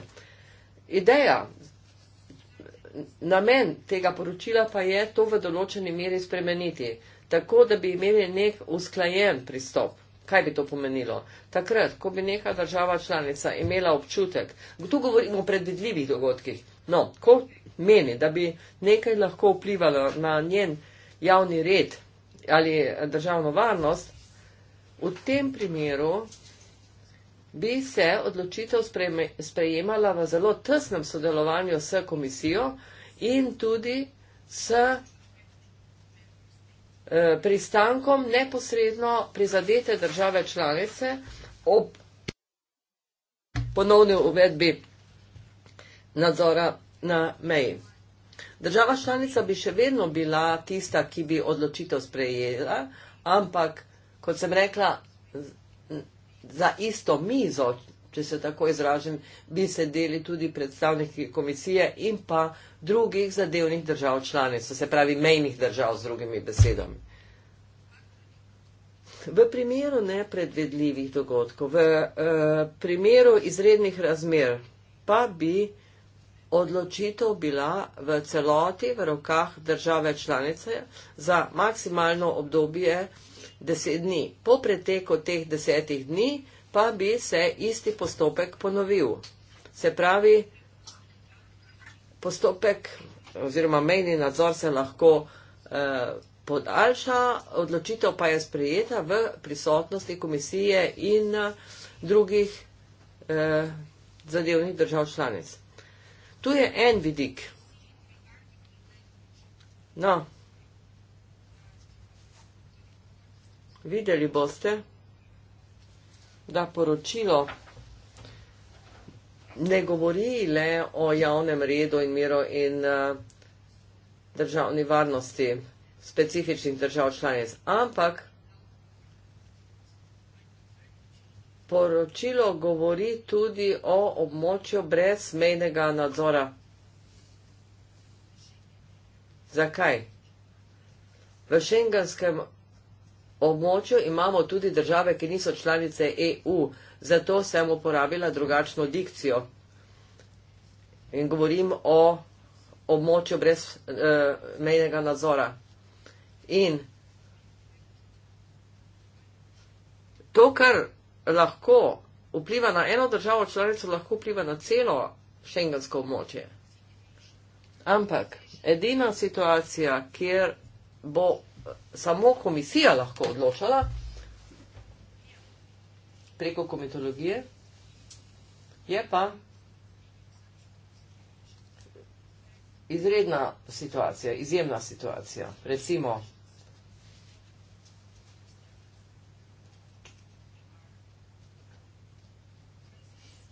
Ideja, namen tega poročila pa je to v določeni meri spremeniti, tako da bi imeli nek usklajen pristop. Kaj bi to pomenilo? Takrat, ko bi neka država članica imela občutek, tu govorimo o predvidljivih dogodkih, No, ko meni, da bi nekaj lahko vplivalo na njen javni red ali državno varnost, v tem primeru bi se odločitev sprejemala v zelo tesnem sodelovanju s komisijo in tudi s eh, pristankom neposredno prizadete države članice ob ponovni uvedbi nadzora na meji. Država članica bi še vedno bila tista, ki bi odločitev sprejela, ampak, kot sem rekla, za isto mizo, če se tako izražim, bi sedeli tudi predstavniki komisije in pa drugih zadevnih držav članic, se pravi mejnih držav z drugimi besedami. V primeru nepredvedljivih dogodkov, v eh, primeru izrednih razmer, pa bi odločitev bila v celoti v rokah države članice za maksimalno obdobje deset dni. Po preteku teh desetih dni pa bi se isti postopek ponovil. Se pravi, postopek oziroma mejni nadzor se lahko eh, podaljša, odločitev pa je sprejeta v prisotnosti komisije in drugih eh, zadevnih držav članic. Tu je en vidik. No, videli boste, da poročilo ne govori le o javnem redu in miru in eh, državni varnosti specifičnih držav članic, ampak poročilo govori tudi o območju brez mejnega nadzora. Zakaj? V šengenskem območju imamo tudi države, ki niso članice EU, zato sem uporabila drugačno dikcijo. In govorim o območju brez eh, mejnega nadzora. In to, kar lahko vpliva na eno državo članico, lahko vpliva na celo šengensko območje. Ampak edina situacija, kjer bo samo komisija lahko odločala preko komitologije, je pa izredna situacija, izjemna situacija. Recimo,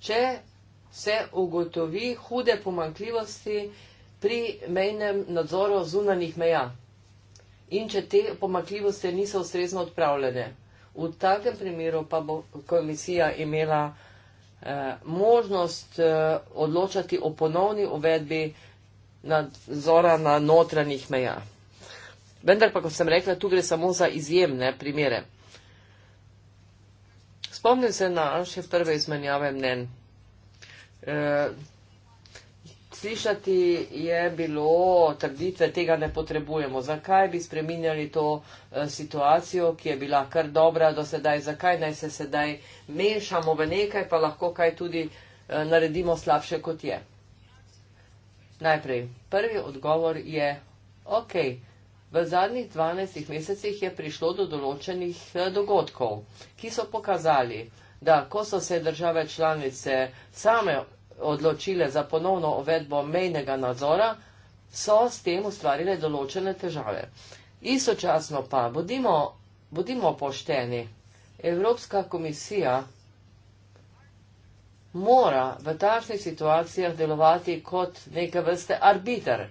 če se ugotovi hude pomankljivosti pri mejnem nadzoru zunanih meja in če te pomankljivosti niso ustrezno odpravljene. V takem primeru pa bo komisija imela eh, možnost eh, odločati o ponovni uvedbi nadzora na notranjih meja. Vendar pa, kot sem rekla, tu gre samo za izjemne primere spomnim se na naše prve izmenjave mnen. E, slišati je bilo trditve, tega ne potrebujemo. Zakaj bi spreminjali to e, situacijo, ki je bila kar dobra do sedaj? Zakaj naj se sedaj mešamo v nekaj, pa lahko kaj tudi e, naredimo slabše, kot je? Najprej, prvi odgovor je, okej. Okay, V zadnjih 12 mesecih je prišlo do določenih eh, dogodkov, ki so pokazali, da ko so se države članice same odločile za ponovno uvedbo mejnega nadzora, so s tem ustvarile določene težave. Istočasno pa, bodimo, bodimo pošteni, Evropska komisija mora v takšnih situacijah delovati kot neke vrste arbiter.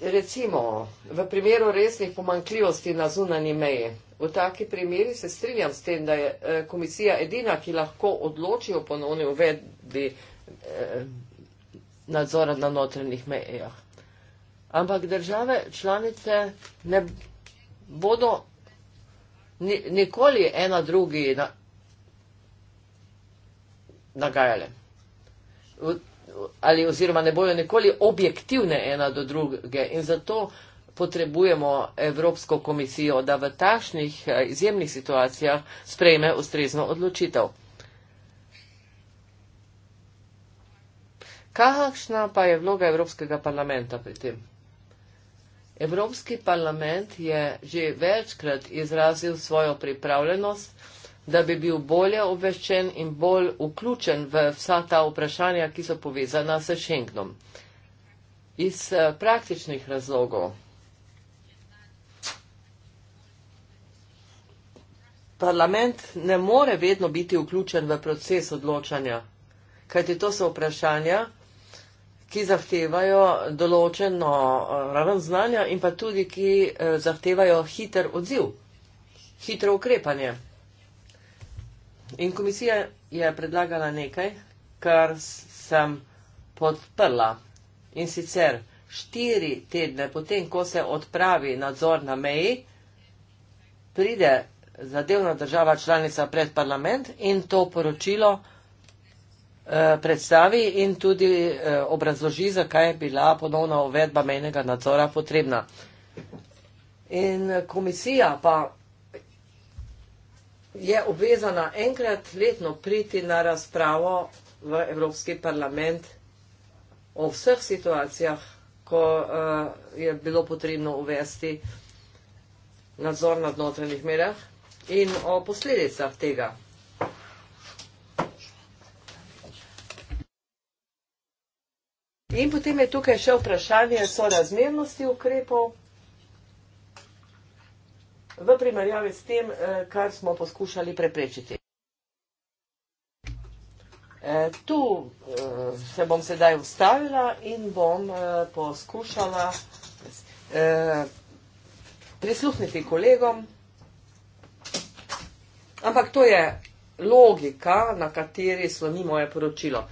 Recimo, v primeru resnih pomankljivosti na zunani meji. V taki primeri se strinjam s tem, da je eh, komisija edina, ki lahko odloči o ponovni uvedbi eh, nadzora na notrenih mejah. Ampak države članice ne bodo nikoli ena drugi nagajale ali oziroma ne bojo nikoli objektivne ena do druge in zato potrebujemo Evropsko komisijo, da v tašnih eh, izjemnih situacijah sprejme ustrezno odločitev. Kakšna pa je vloga Evropskega parlamenta pri tem? Evropski parlament je že večkrat izrazil svojo pripravljenost, da bi bil bolje obveščen in bolj vključen v vsa ta vprašanja, ki so povezana s Schengnom. Iz eh, praktičnih razlogov parlament ne more vedno biti vključen v proces odločanja, kajti to so vprašanja, ki zahtevajo določeno eh, raven znanja in pa tudi, ki eh, zahtevajo hiter odziv, hitro ukrepanje. In komisija je predlagala nekaj, kar sem podprla. In sicer štiri tedne potem, ko se odpravi nadzor na meji, pride zadevna država članica pred parlament in to poročilo eh, predstavi in tudi eh, obrazloži, zakaj je bila ponovna uvedba menjega nadzora potrebna. In eh, komisija pa je obvezana enkrat letno priti na razpravo v Evropski parlament o vseh situacijah, ko eh, je bilo potrebno uvesti nadzor nad notranjih merah in o posledicah tega. In potem je tukaj še vprašanje sorazmernosti ukrepov v primerjavi s tem, eh, kar smo poskušali preprečiti. Eh, tu eh, se bom sedaj ustavila in bom poskušala prisluhniti kolegom, ampak to je logika, na kateri sloni moje poročilo.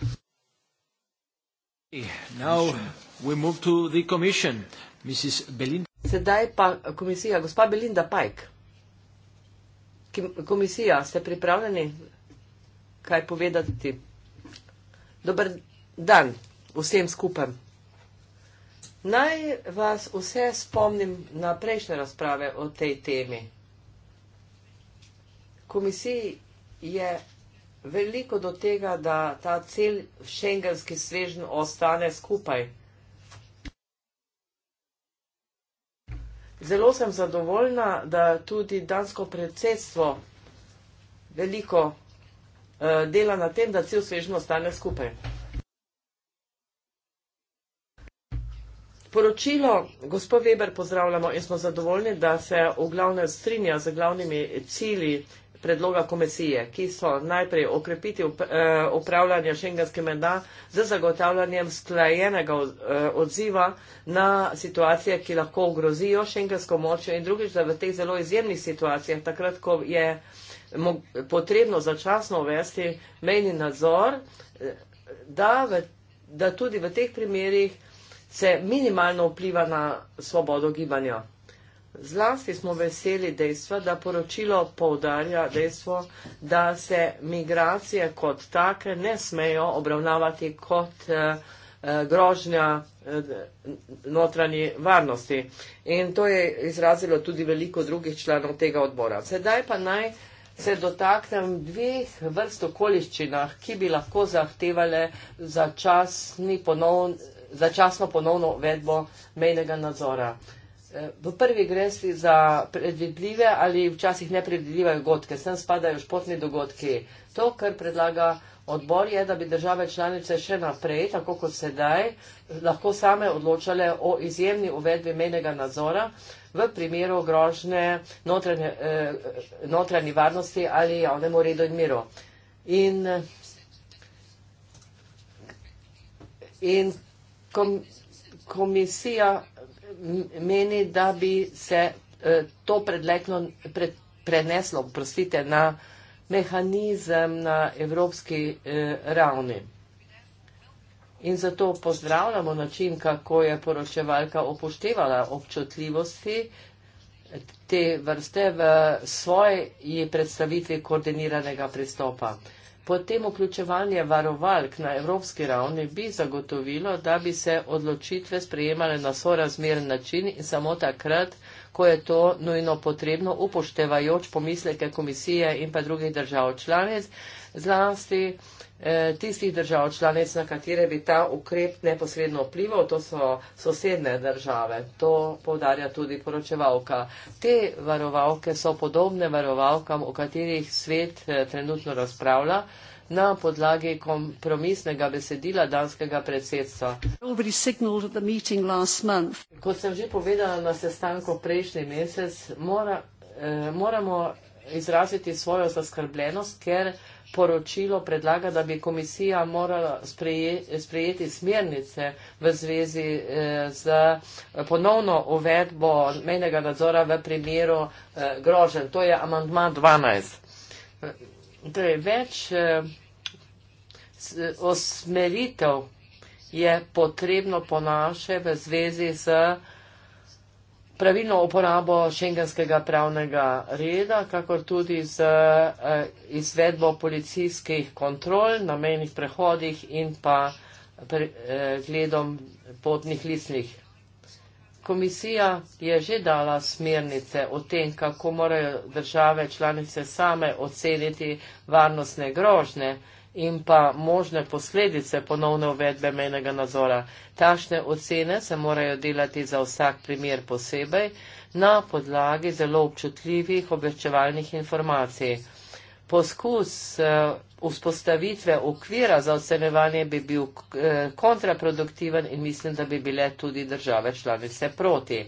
Now we move to the commission. Mrs. Belinda. Sedaj pa komisija, gospa Belinda Pajk. Komisija, ste pripravljeni kaj povedati? Dobar dan vsem skupaj. Naj vas vse spomnim na prejšnje razprave o tej temi. Komisiji je veliko do tega, da ta cel šengenski svežen ostane skupaj. Zelo sem zadovoljna, da tudi dansko predsedstvo veliko uh, dela na tem, da cel svežno ostane skupaj. Poročilo gospod Weber pozdravljamo in smo zadovoljni, da se v glavnem strinja z glavnimi cili predloga komisije, ki so najprej okrepiti eh, upravljanje šengenske menda z zagotavljanjem sklajenega eh, odziva na situacije, ki lahko ogrozijo šengensko močjo in drugič, da v teh zelo izjemnih situacijah, takrat, ko je potrebno začasno uvesti mejni nadzor, eh, da, v, da tudi v teh primerjih se minimalno vpliva na svobodo gibanja. Zlasti smo veseli dejstva, da poročilo povdarja dejstvo, da se migracije kot take ne smejo obravnavati kot eh, eh, grožnja eh, notranji varnosti. In to je izrazilo tudi veliko drugih članov tega odbora. Sedaj pa naj se dotaknem dveh vrst okoliščinah, ki bi lahko zahtevale začasni ponovni začasno ponovno vedbo mejnega nadzora. Eh, v prvi gre si za predvidljive ali včasih nepredvidljive dogodke. Sem spadajo športni dogodki. To, kar predlaga odbor, je, da bi države članice še naprej, tako kot sedaj, lahko same odločale o izjemni uvedbi menega nadzora v primeru grožne notranje, eh, notranji varnosti ali javnemu redu in miru. In, in kom, komisija meni, da bi se eh, to predlekno, pred, preneslo prostite, na mehanizem na evropski eh, ravni. In zato pozdravljamo način, kako je poročevalka upoštevala občutljivosti te vrste v svoji predstavitvi koordiniranega pristopa. Potem vključevanje varovalk na evropski ravni bi zagotovilo, da bi se odločitve sprejemale na sorazmeren način in samo takrat, ko je to nujno potrebno, upoštevajoč pomisleke komisije in pa drugih držav članic, zlasti Eh, tistih držav članic, na katere bi ta ukrep neposredno vplival, to so sosedne države. To povdarja tudi poročevalka. Te varovalke so podobne varovalkam, o katerih svet eh, trenutno razpravlja na podlagi kompromisnega besedila danskega predsedstva. Kot sem že povedala na sestanku prejšnji mesec, mora, eh, moramo izraziti svojo zaskrbljenost, ker poročilo predlaga, da bi komisija morala spreje, sprejeti smernice v zvezi eh, z ponovno uvedbo mejnega nadzora v primeru eh, grožen. To je amantma 12. Eh, torej, več osmeritev je potrebno ponaše v zvezi z pravilno uporabo šengenskega pravnega reda, kakor tudi z eh, izvedbo policijskih kontrol na mejnih prehodih in pa eh, gledom potnih listnih. Komisija je že dala smernice o tem, kako morajo države članice same oceniti varnostne grožne in pa možne posledice ponovne uvedbe mejnega nadzora. Tašne ocene se morajo delati za vsak primer posebej na podlagi zelo občutljivih obveščevalnih informacij. Poskus eh, vzpostavitve okvira za ocenevanje bi bil eh, kontraproduktiven in mislim, da bi bile tudi države članice proti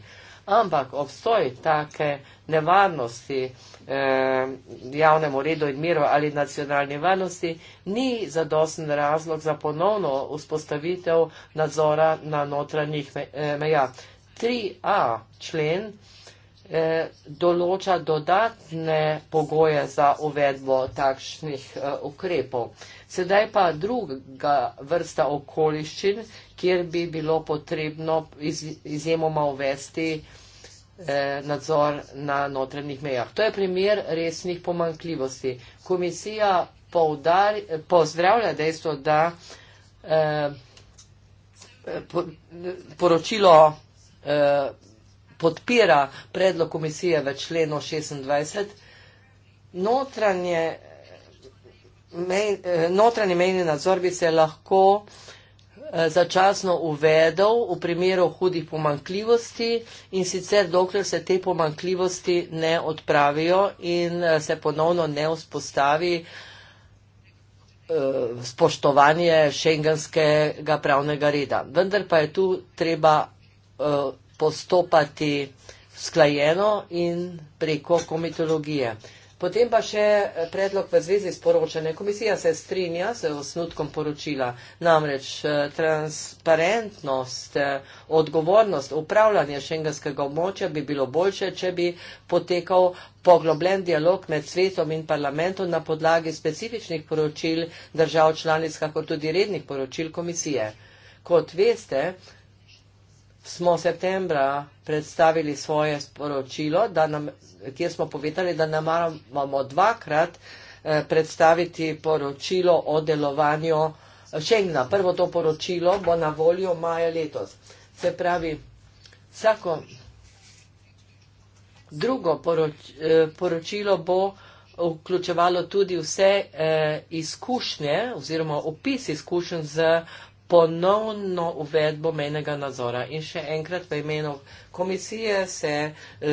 ampak obstoj take nevarnosti eh, javnemu redu in miru ali nacionalni varnosti ni zadosten razlog za ponovno vzpostavitev nadzora na notranjih eh, mejah. 3a člen eh, Eh, določa dodatne pogoje za uvedbo takšnih eh, ukrepov. Sedaj pa druga vrsta okoliščin, kjer bi bilo potrebno iz, izjemoma uvesti eh, nadzor na notranjih mejah. To je primer resnih pomankljivosti. Komisija povdar, pozdravlja dejstvo, da eh, poročilo eh, podpira predlog komisije v členu 26, notranje, mej, eh, notranje mejni nadzor bi se lahko eh, začasno uvedel v primeru hudih pomankljivosti in sicer dokler se te pomankljivosti ne odpravijo in eh, se ponovno ne vzpostavi spoštovanje šengenskega pravnega reda. Vendar pa je tu treba postopati sklajeno in preko komitologije. Potem pa še predlog v zvezi s poročanjem. Komisija se strinja z osnutkom poročila. Namreč eh, transparentnost, eh, odgovornost, upravljanje šengenskega območja bi bilo boljše, če bi potekal poglobljen dialog med svetom in parlamentom na podlagi specifičnih poročil držav članic, kako tudi rednih poročil komisije. Kot veste, smo septembra predstavili svoje sporočilo, nam, kjer smo povedali, da namaramo dvakrat eh, predstaviti poročilo o delovanju Schengna. Prvo to poročilo bo na voljo maja letos. Se pravi, vsako drugo poroč, eh, poročilo bo vključevalo tudi vse eh, izkušnje oziroma opis izkušenj z ponovno uvedbo menega nadzora. In še enkrat v imenu komisije se eh,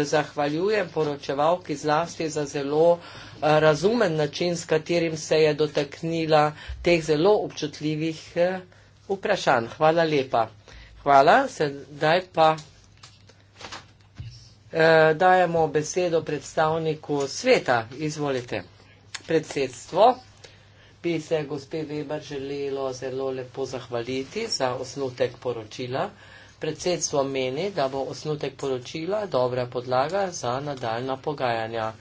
zahvaljujem poročevalki zlasti za zelo eh, razumen način, s katerim se je dotaknila teh zelo občutljivih eh, vprašanj. Hvala lepa. Hvala, sedaj pa dajemo besedo predstavniku sveta. Izvolite. Predsedstvo bi se gospe Weber želelo zelo lepo zahvaliti za osnutek poročila. Predsedstvo meni, da bo osnutek poročila dobra podlaga za nadaljna pogajanja.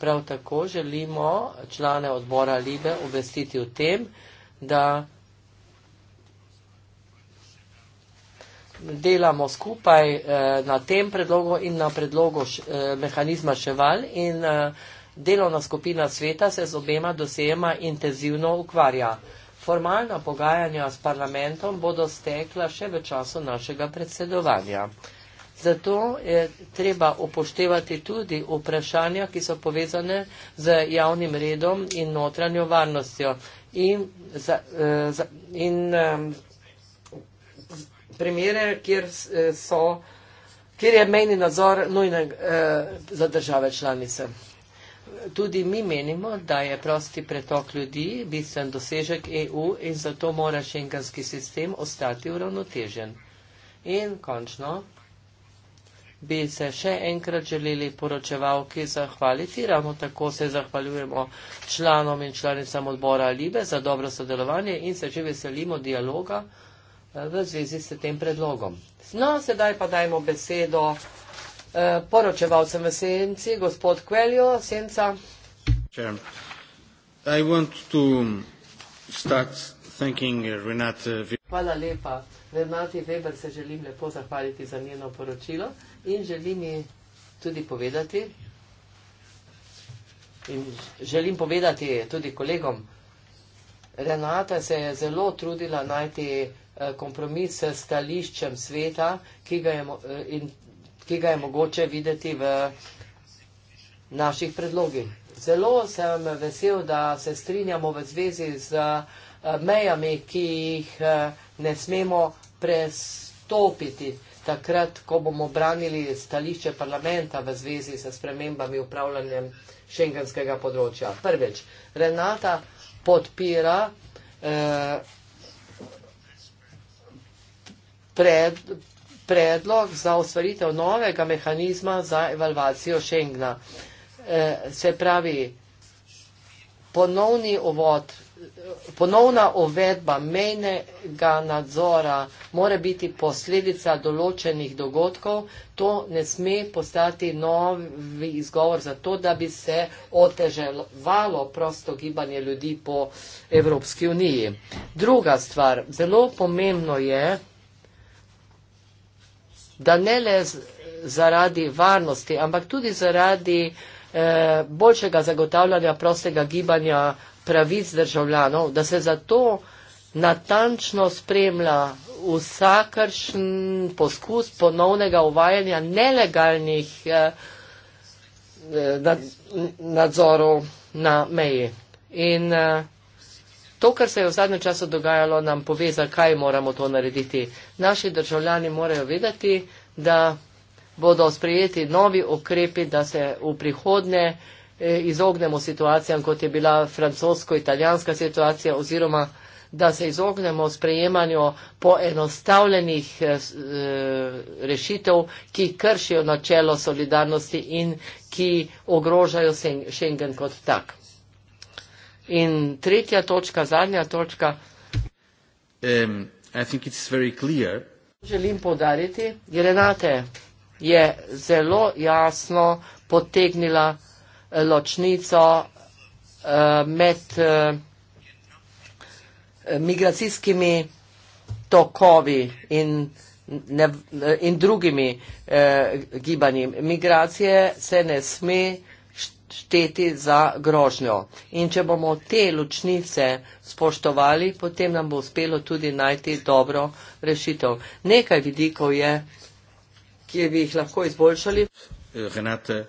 Prav tako želimo člane odbora Libe obvestiti o tem, da delamo skupaj eh, na tem predlogu in na predlogu eh, mehanizma Ševal in predlogu eh, Delovna skupina sveta se z obema dosema intenzivno ukvarja. Formalna pogajanja s parlamentom bodo stekla še v času našega predsedovanja. Zato je treba upoštevati tudi vprašanja, ki so povezane z javnim redom in notranjo varnostjo in, za, eh, za, in um, primere, kjer, eh, so, kjer je mejni nadzor nujne uh, za države članice. Tudi mi menimo, da je prosti pretok ljudi bistven dosežek EU in zato mora šengenski sistem ostati uravnotežen. In končno bi se še enkrat želeli poročevalki zahvaliti, ravno tako se zahvaljujemo članom in članicam odbora Libe za dobro sodelovanje in se že veselimo dialoga eh, v zvezi s tem predlogom. No, sedaj pa dajmo besedo. Eh, poročevalcem v senci, gospod Kveljo, senca. Hvala lepa. Renati Weber se želim lepo zahvaliti za njeno poročilo in želim ji tudi povedati, in želim povedati tudi kolegom, Renata se je zelo trudila najti eh, kompromis s stališčem sveta, ki ga je eh, in ki ga je mogoče videti v naših predlogih. Zelo sem vesel, da se strinjamo v zvezi z eh, mejami, ki jih eh, ne smemo prestopiti takrat, ko bomo branili stališče parlamenta v zvezi s spremembami upravljanjem šengenskega področja. Prvič, Renata podpira eh, pred, predlog za ustvaritev novega mehanizma za evalvacijo Schengna. E, se pravi, ponovni uvod, ponovna uvedba mejnega nadzora mora biti posledica določenih dogodkov. To ne sme postati novi izgovor za to, da bi se oteževalo prosto gibanje ljudi po Evropski uniji. Druga stvar, zelo pomembno je, da ne le zaradi varnosti, ampak tudi zaradi eh, boljšega zagotavljanja prostega gibanja pravic državljanov, da se zato natančno spremlja vsakršen poskus ponovnega uvajanja nelegalnih eh, eh nadzorov na meji. In, eh, to, kar se je v zadnjem času dogajalo, nam pove, zakaj moramo to narediti. Naši državljani morajo vedeti, da bodo sprejeti novi okrepi, da se v prihodne eh, izognemo situacijam, kot je bila francosko-italijanska situacija oziroma da se izognemo sprejemanju poenostavljenih eh, eh, rešitev, ki kršijo načelo solidarnosti in ki ogrožajo Schengen kot tak. In tretja točka, zadnja točka. Um, želim podariti, Renate je zelo jasno potegnila eh, ločnico uh, med uh, migracijskimi tokovi in, ne, in drugimi uh, gibanji. Migracije se ne sme šteti za grožnjo. In če bomo te ločnice spoštovali, potem nam bo uspelo tudi najti dobro rešitev. Nekaj vidikov je, ki bi jih lahko izboljšali. Renate,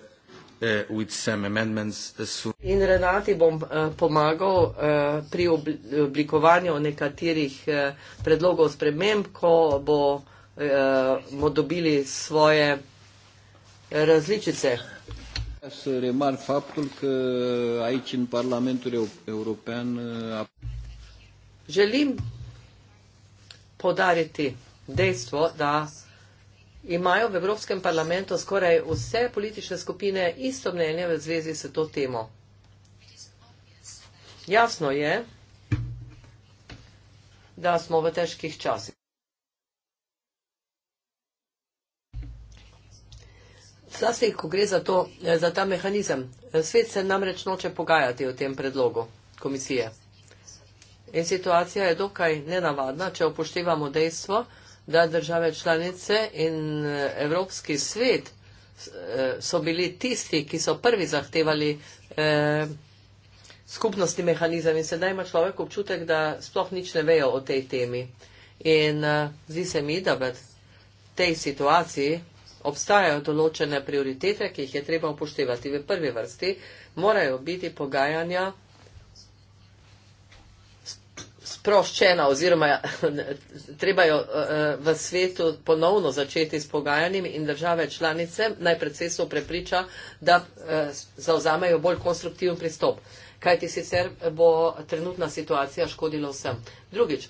eh, eh, In Renati bom eh, pomagal pri oblikovanju nekaterih predlogov sprememb, ko bomo dobili svoje različice să remar faptul că aici în Parlamentul European a... Želim podariti dejstvo, da imajo v Evropskem parlamentu skoraj vse politične skupine isto mnenje v zvezi s to temo. Jasno je, da smo v težkih časih. Zlasti, ko gre za, to, eh, za ta mehanizem. Eh, svet se namreč noče pogajati o tem predlogu komisije. In situacija je dokaj nenavadna, če upoštevamo dejstvo, da države članice in eh, Evropski svet so bili tisti, ki so prvi zahtevali eh, skupnostni mehanizem in sedaj ima človek občutek, da sploh nič ne vejo o tej temi. In eh, zdi se mi, da v tej situaciji obstajajo določene prioritete, ki jih je treba upoštevati. V prvi vrsti morajo biti pogajanja sproščena oziroma (laughs) treba jo eh, eh, v svetu ponovno začeti s pogajanjem in države članice naj predsedstvo prepriča, da eh, zauzamejo bolj konstruktiven pristop, kajti sicer bo trenutna situacija škodila vsem. Drugič,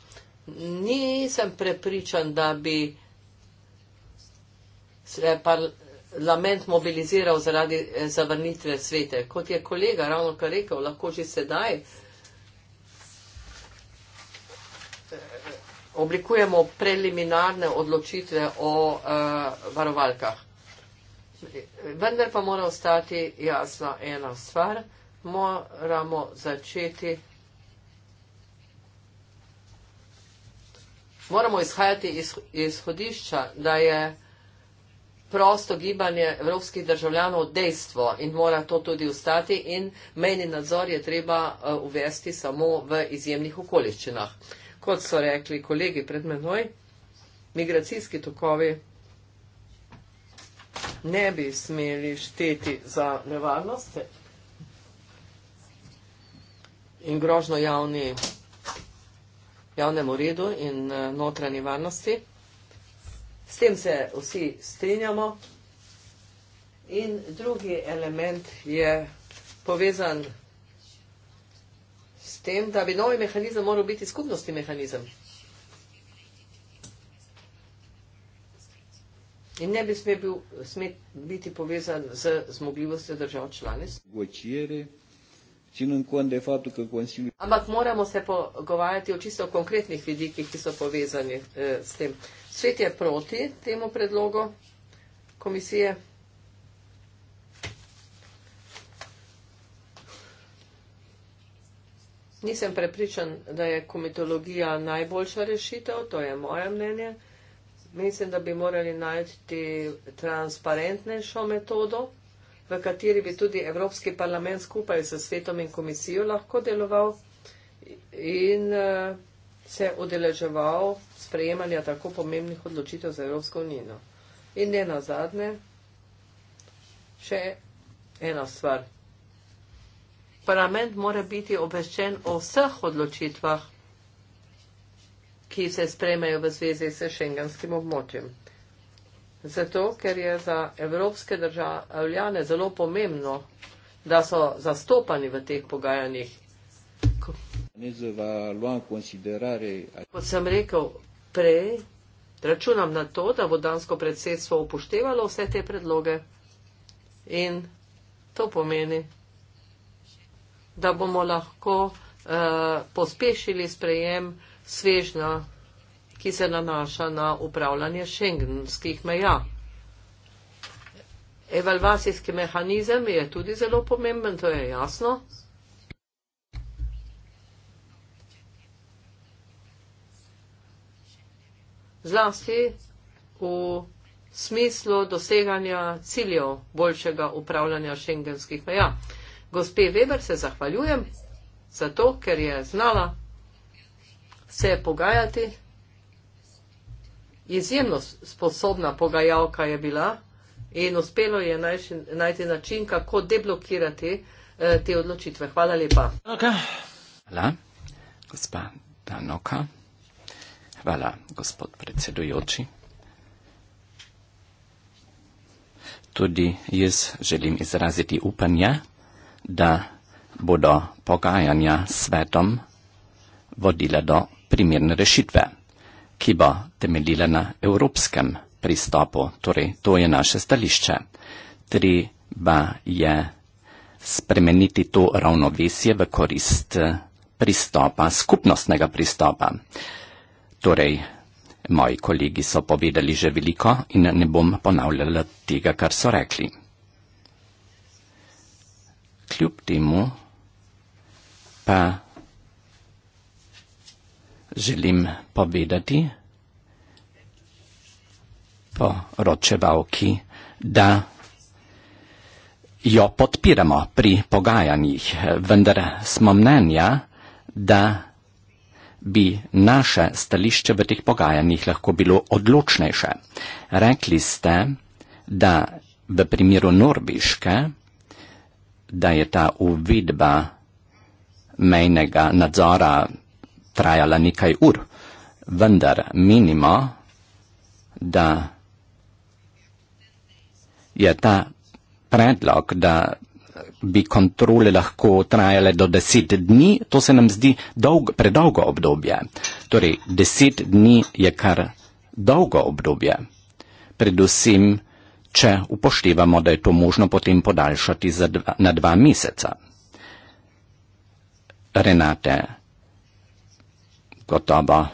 nisem prepričan, da bi se je parlament mobiliziral zaradi eh, zavrnitve svete. Kot je kolega ravno kar rekel, lahko že sedaj eh, oblikujemo preliminarne odločitve o uh, varovalkah. Vendar pa mora ostati jasna ena stvar. Moramo začeti. Moramo izhajati iz izhodišča, da je prosto gibanje evropskih državljanov dejstvo in mora to tudi ustati in meni nadzor je treba eh, uvesti samo v izjemnih okoliščinah. Kot so rekli kolegi pred menoj, migracijski tokovi ne bi smeli šteti za nevarnosti in grožno javni, javnemu redu in eh, notranji varnosti. S tem se vsi strinjamo. In drugi element je povezan s tem, da bi novi mehanizem moral biti skupnostni mehanizem. In ne bi smel bil, sme biti povezan z zmogljivostjo držav članic. Ampak moramo se pogovarjati o čisto konkretnih vidikih, ki so povezani eh, s tem. Svet je proti temu predlogu komisije. Nisem prepričan, da je komitologija najboljša rešitev, to je moje mnenje. Mislim, da bi morali najti transparentnejšo metodo, v kateri bi tudi Evropski parlament skupaj s svetom in komisijo lahko deloval. In, uh, se je udeleževal sprejemanja tako pomembnih odločitev za Evropsko unijo. In ne na zadnje, še ena stvar. Parlament mora biti obveščen o vseh odločitvah, ki se sprejmejo v zvezi s šengenskim območjem. Zato, ker je za evropske državljane zelo pomembno, da so zastopani v teh pogajanjih Kot sem rekel prej, računam na to, da bo dansko predsedstvo upoštevalo vse te predloge. In to pomeni, da bomo lahko uh, pospešili sprejem svežna, ki se nanaša na upravljanje šengenskih meja. Evalvacijski mehanizem je tudi zelo pomemben, to je jasno. zlasti v smislu doseganja ciljev boljšega upravljanja šengenskih meja. Gospe Weber se zahvaljujem za to, ker je znala se pogajati. Izjemno sposobna pogajalka je bila in uspelo je najti način, kako deblokirati eh, te odločitve. Hvala lepa. Okay. Hvala, gospa Danoka. Hvala, gospod predsedujoči. Tudi jaz želim izraziti upanje, da bodo pogajanja s svetom vodila do primerne rešitve, ki bo temeljila na evropskem pristopu. Torej, to je naše stališče. Treba je spremeniti to ravnovesje v korist eh, pristopa, skupnostnega pristopa. Uh, Torej, moji kolegi so povedali že veliko in ne bom ponavljala tega, kar so rekli. Kljub temu pa želim povedati po ročevalki, da jo podpiramo pri pogajanjih, vendar smo mnenja, da bi naše stališče v teh pogajanjih lahko bilo odločnejše. Rekli ste, da v primeru Norbiške, da je ta uvidba mejnega nadzora trajala nekaj ur, vendar menimo, da je ta predlog, da bi kontrole lahko trajale do deset dni, to se nam zdi dolg, predolgo obdobje. Torej, deset dni je kar dolgo obdobje. Predvsem, če upoštevamo, da je to možno potem podaljšati dva, na dva meseca. Renate, gotovo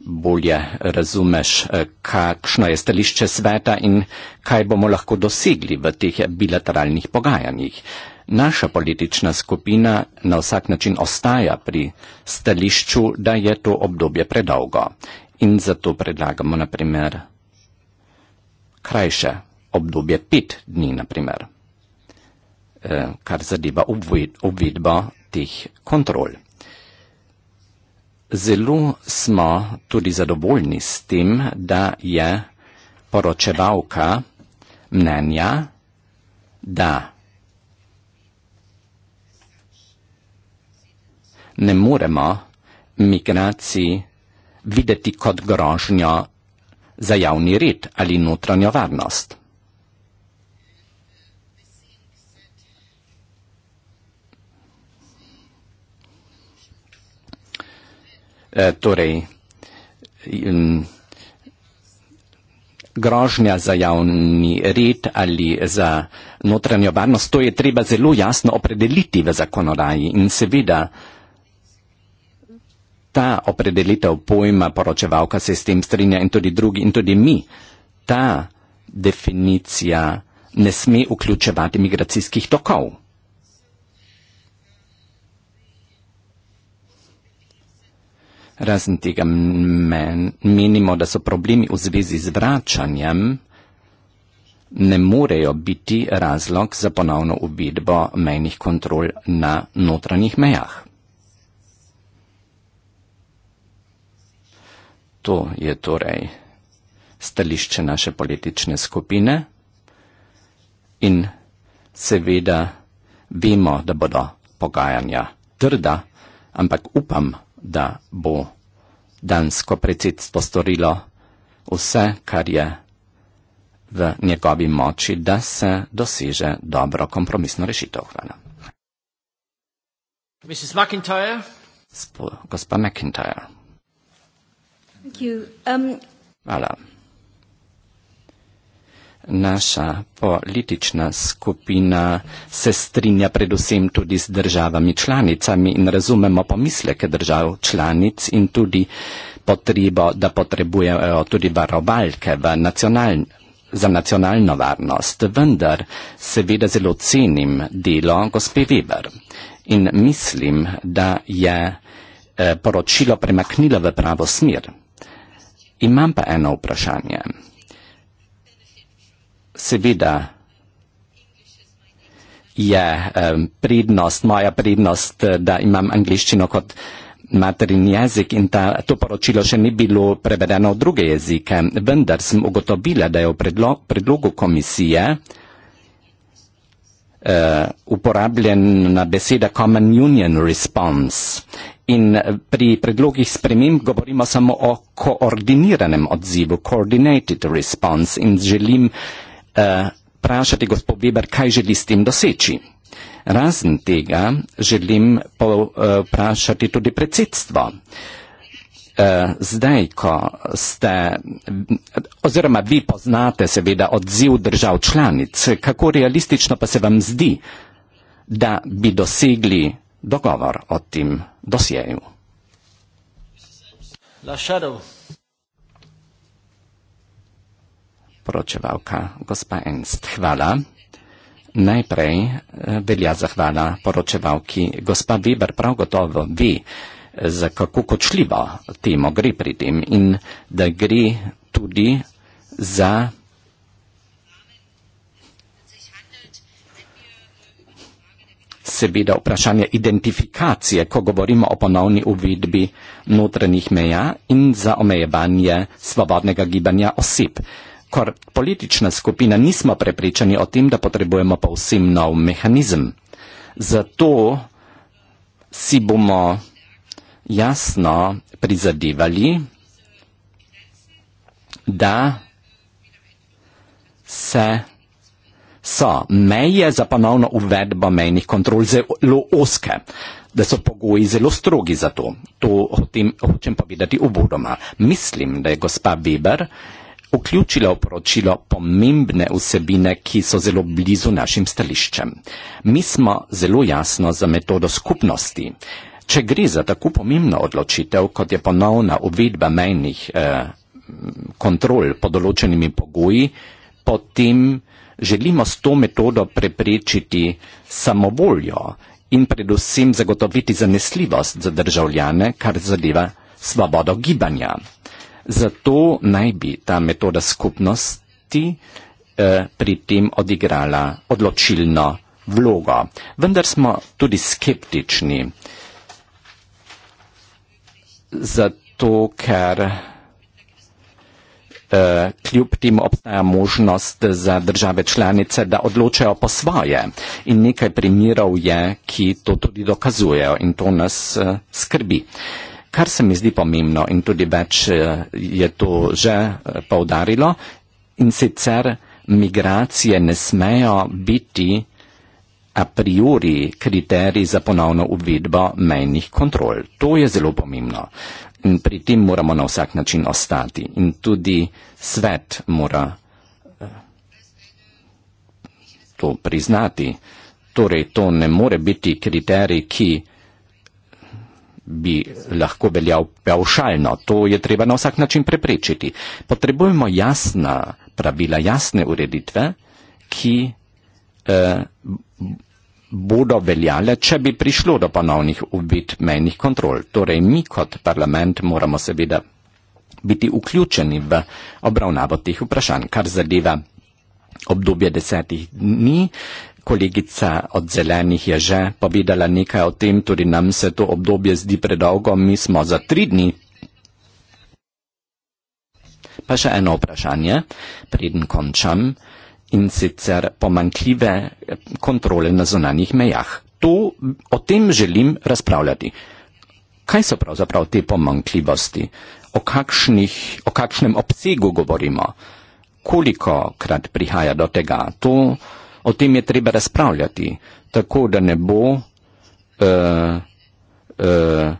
bolje razumeš, eh, kakšno je stališče sveta in kaj bomo lahko dosegli v teh bilateralnih pogajanjih naša politična skupina na vsak način ostaja pri stališču, da je to obdobje predolgo in zato predlagamo naprimer krajše obdobje pet dni, naprimer, eh, kar zadeva obvedbo teh kontrol. Zelo smo tudi zadovoljni s tem, da je poročevalka mnenja, da ne moremo migracij videti kot grožnjo za javni red ali notranjo varnost. E, torej, in, grožnja za javni red ali za notranjo varnost, to je treba zelo jasno opredeliti v zakonodaji in seveda ta opredelitev pojma poročevalka se s tem strinja in tudi drugi in tudi mi. Ta definicija ne sme vključevati migracijskih tokov. Razen tega men, menimo, da so problemi v zvezi z vračanjem ne morejo biti razlog za ponovno uvidbo mejnih kontrol na notranjih mejah. To je torej stališče naše politične skupine in seveda vemo, da bodo pogajanja trda, ampak upam, da bo dansko predsedstvo storilo vse, kar je v njegovi moči, da se doseže dobro kompromisno rešitev. Hvala. Mrs. McIntyre. Sp gospa McIntyre. Thank you. Um... Hvala. Naša politična skupina se strinja predvsem tudi z državami članicami in razumemo pomisleke držav članic in tudi potrebo, da potrebujejo tudi varovalke v nacionalni za nacionalno varnost, vendar seveda zelo cenim delo gospe Weber in mislim, da je eh, poročilo premaknilo v pravo smer. Imam pa eno vprašanje. Seveda je um, prednost, moja prednost, da imam angliščino kot materin jezik in ta, to poročilo še ni bilo prevedeno v druge jezike, vendar sem ugotovila, da je v predlogu, predlogu komisije uh, eh, uporabljena beseda Common Union Response in eh, pri predlogih sprememb govorimo samo o koordiniranem odzivu, coordinated response in želim eh, vprašati uh, gospod Weber, kaj želi s tem doseči. Razen tega želim eh, vprašati uh, tudi predsedstvo. Zdaj, ko ste, oziroma vi poznate seveda odziv držav članic, kako realistično pa se vam zdi, da bi dosegli dogovor o tim dosjeju. Poročevalka gospa Enst, hvala. Najprej eh, velja zahvala poročevalki gospa Viber, prav gotovo vi, za kako kočljivo temo gre pri tem in da gre tudi za seveda vprašanje identifikacije, ko govorimo o ponovni uvidbi notranjih meja in za omejevanje svobodnega gibanja oseb. Kor politična skupina nismo prepričani o tem, da potrebujemo povsem nov mehanizem. Zato si bomo jasno prizadevali, da se so meje za ponovno uvedbo mejnih kontrol zelo oske, da so pogoji zelo strogi za to. To hočem povedati v bodoma. Mislim, da je gospa Weber vključila v poročilo pomembne vsebine, ki so zelo blizu našim stališčem. Mi smo zelo jasno za metodo skupnosti. Če gre za tako pomembno odločitev, kot je ponovna uvedba mejnih eh, kontrol pod določenimi pogoji, potem želimo s to metodo preprečiti samovoljo in predvsem zagotoviti zanesljivost za državljane, kar zadeva svobodo gibanja. Zato naj bi ta metoda skupnosti eh, pri tem odigrala odločilno vlogo. Vendar smo tudi skeptični, zato ker Eh, kljub tem obstaja možnost za države članice, da odločajo po svoje. In nekaj primerov je, ki to tudi dokazujejo in to nas eh, skrbi. Kar se mi zdi pomembno in tudi več eh, je to že povdarilo, in sicer migracije ne smejo biti a priori kriterij za ponovno uvedbo mejnih kontrol. To je zelo pomembno. In pri tem moramo na vsak način ostati. In tudi svet mora eh, to priznati. Torej, to ne more biti kriterij, ki bi lahko veljal pevšalno. To je treba na vsak način preprečiti. Potrebujemo jasna pravila, jasne ureditve, ki eh, bodo veljale, če bi prišlo do ponovnih ubit mejnih kontrol. Torej, mi kot parlament moramo seveda biti vključeni v obravnavo teh vprašanj, kar zadeva obdobje desetih dni. Kolegica od zelenih je že povedala nekaj o tem, tudi nam se to obdobje zdi predolgo, mi smo za tri dni. Pa še eno vprašanje, preden končam in sicer pomankljive kontrole na zunanjih mejah. To, o tem želim razpravljati. Kaj so pravzaprav te pomankljivosti? O, kakšnih, o kakšnem obsegu govorimo? Koliko krat prihaja do tega? To, o tem je treba razpravljati, tako da ne bo uh, uh,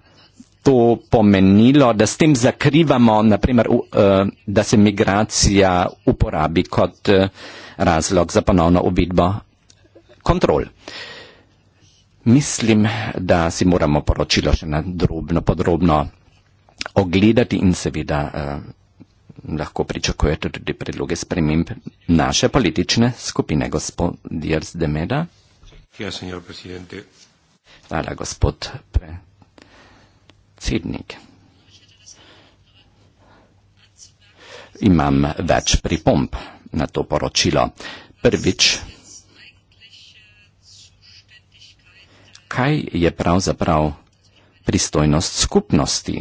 to pomenilo, da s tem zakrivamo, naprimer, eh, da se migracija uporabi kot eh, razlog za ponovno uvidbo kontrol. Mislim, da si moramo poročilo še nadrobno, podrobno ogledati in seveda eh, lahko pričakujete tudi predloge sprememb naše politične skupine, gospod Dirs Demeda. Hvala, gospod predsednik predsednik. Imam več pripomp na to poročilo. Prvič, kaj je pravzaprav pristojnost skupnosti?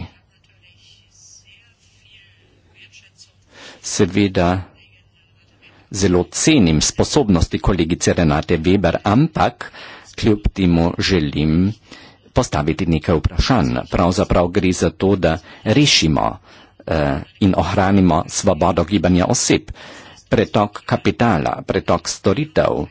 Seveda, zelo cenim sposobnosti kolegice Renate Weber, ampak kljub temu želim, postaviti nekaj vprašanj. Pravzaprav gre za to, da rešimo eh, in ohranimo svobodo gibanja oseb, pretok kapitala, pretok storitev,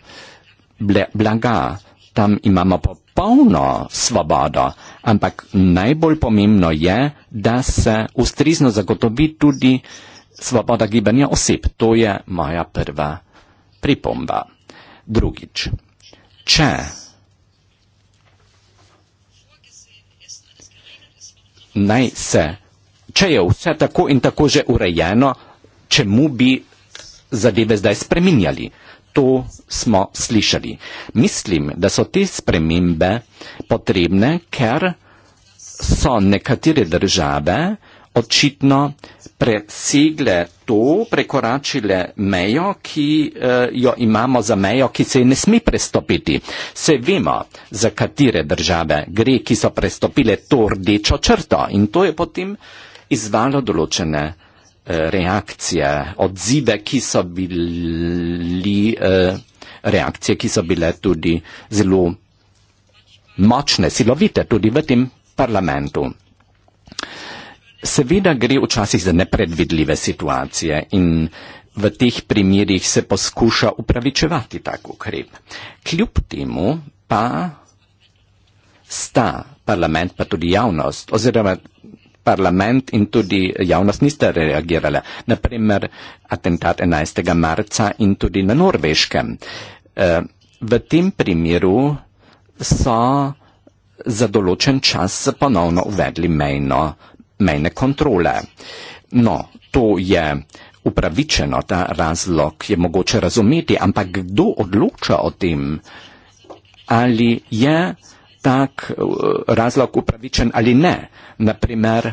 blaga, tam imamo popolno svobodo, ampak najbolj pomembno je, da se ustrezno zagotovi tudi svoboda gibanja oseb. To je moja prva pripomba. Drugič, če naj se, če je vse tako in tako že urejeno, čemu bi zadeve zdaj spreminjali. To smo slišali. Mislim, da so te spremembe potrebne, ker so nekatere države, očitno presegle to, prekoračile mejo, ki eh, jo imamo za mejo, ki se je ne sme prestopiti. Se vemo, za katere države gre, ki so prestopile to rdečo črto in to je potem izvalo določene eh, reakcije, odzive, ki so bili, eh, reakcije, ki so bile tudi zelo močne, silovite, tudi v tem parlamentu. Seveda gre včasih za nepredvidljive situacije in v teh primerjih se poskuša upravičevati tak ukrep. Kljub temu pa sta parlament pa tudi javnost oziroma parlament in tudi javnost nista reagirala. Naprimer atentat 11. marca in tudi na Norveškem. Eh, v tem primeru so za določen čas ponovno uvedli mejno mejne kontrole. No, to je upravičeno, ta razlog je mogoče razumeti, ampak kdo odloča o tem, ali je tak eh, razlog upravičen ali ne. Naprimer,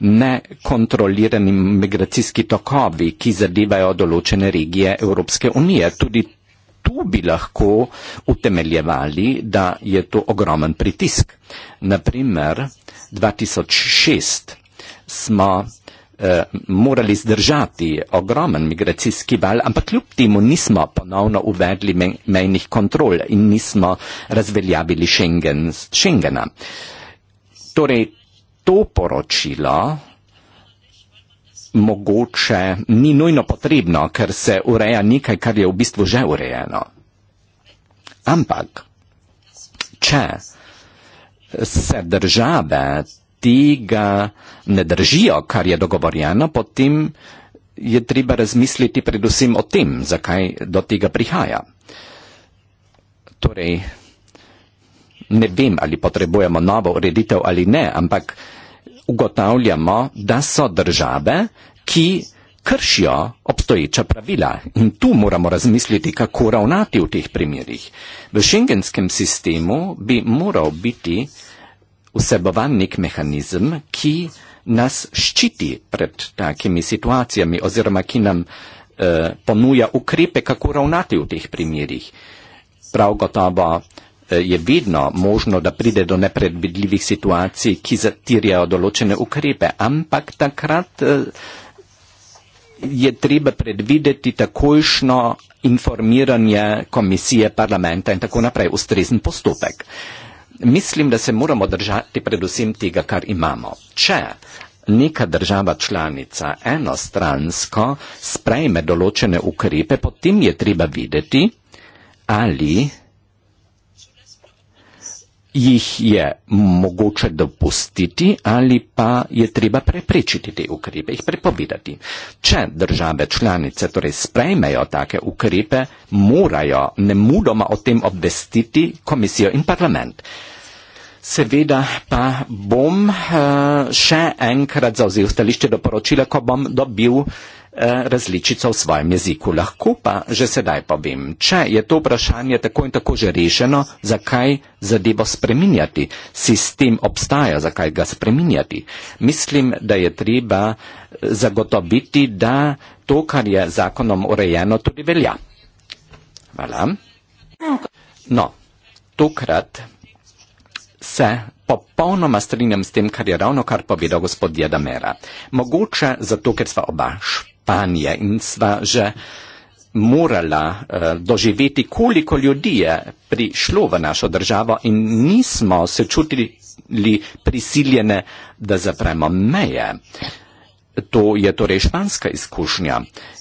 nekontrolirani migracijski tokovi, ki zadevajo določene regije Evropske unije. Tudi tu bi lahko utemeljevali, da je to ogromen pritisk. Naprimer, 2006 smo eh, morali zdržati ogromen migracijski val, ampak kljub temu nismo ponovno uvedli mejnih kontrol in nismo razveljavili Schengen, Schengena. Torej, to poročilo mogoče ni nujno potrebno, ker se ureja nekaj, kar je v bistvu že urejeno. Ampak, če se države tega ne držijo, kar je dogovorjeno, potem je treba razmisliti predvsem o tem, zakaj do tega prihaja. Torej, ne vem, ali potrebujemo novo ureditev ali ne, ampak ugotavljamo, da so države, ki kršijo obstoječa pravila in tu moramo razmisliti, kako ravnati v teh primerjih. V šengenskem sistemu bi moral biti vsebovan nek mehanizem, ki nas ščiti pred takimi situacijami oziroma ki nam eh, ponuja ukrepe, kako ravnati v teh primerjih. Prav gotovo eh, je vedno možno, da pride do nepredvidljivih situacij, ki zatirjajo določene ukrepe, ampak takrat. Eh, je treba predvideti takojšno informiranje komisije, parlamenta in tako naprej, ustrezen postopek. Mislim, da se moramo držati predvsem tega, kar imamo. Če neka država članica enostransko sprejme določene ukrepe, potem je treba videti, ali jih je mogoče dopustiti ali pa je treba preprečiti te ukrepe, jih prepovedati. Če države članice torej sprejmejo take ukrepe, morajo nemudoma o tem obvestiti komisijo in parlament. Seveda pa bom eh, še enkrat zauzel stališče do poročila, ko bom dobil Eh, različico v svojem jeziku. Lahko pa že sedaj povem, če je to vprašanje tako in tako že rešeno, zakaj zadevo spreminjati, sistem obstaja, zakaj ga spreminjati. Mislim, da je treba eh, zagotoviti, da to, kar je zakonom urejeno, tudi velja. Hvala. No, tokrat se popolnoma strinjam s tem, kar je ravno kar povedal gospod Jadamera. Mogoče zato, ker sva oba kampanje in sva že morala uh, doživeti, koliko ljudi je prišlo v našo državo in nismo se čutili prisiljene, da zapremo meje. To je torej španska izkušnja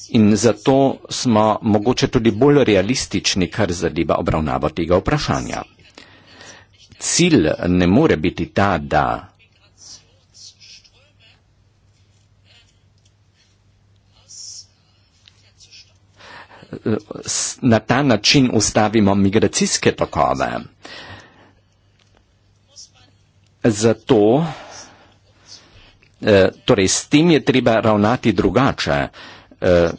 in zato smo mogoče tudi bolj realistični, kar zadeva obravnavo tega vprašanja. Cilj ne more biti ta, da na ta način ustavimo migracijske tokove. Zato, eh, torej s tem je treba ravnati drugače eh,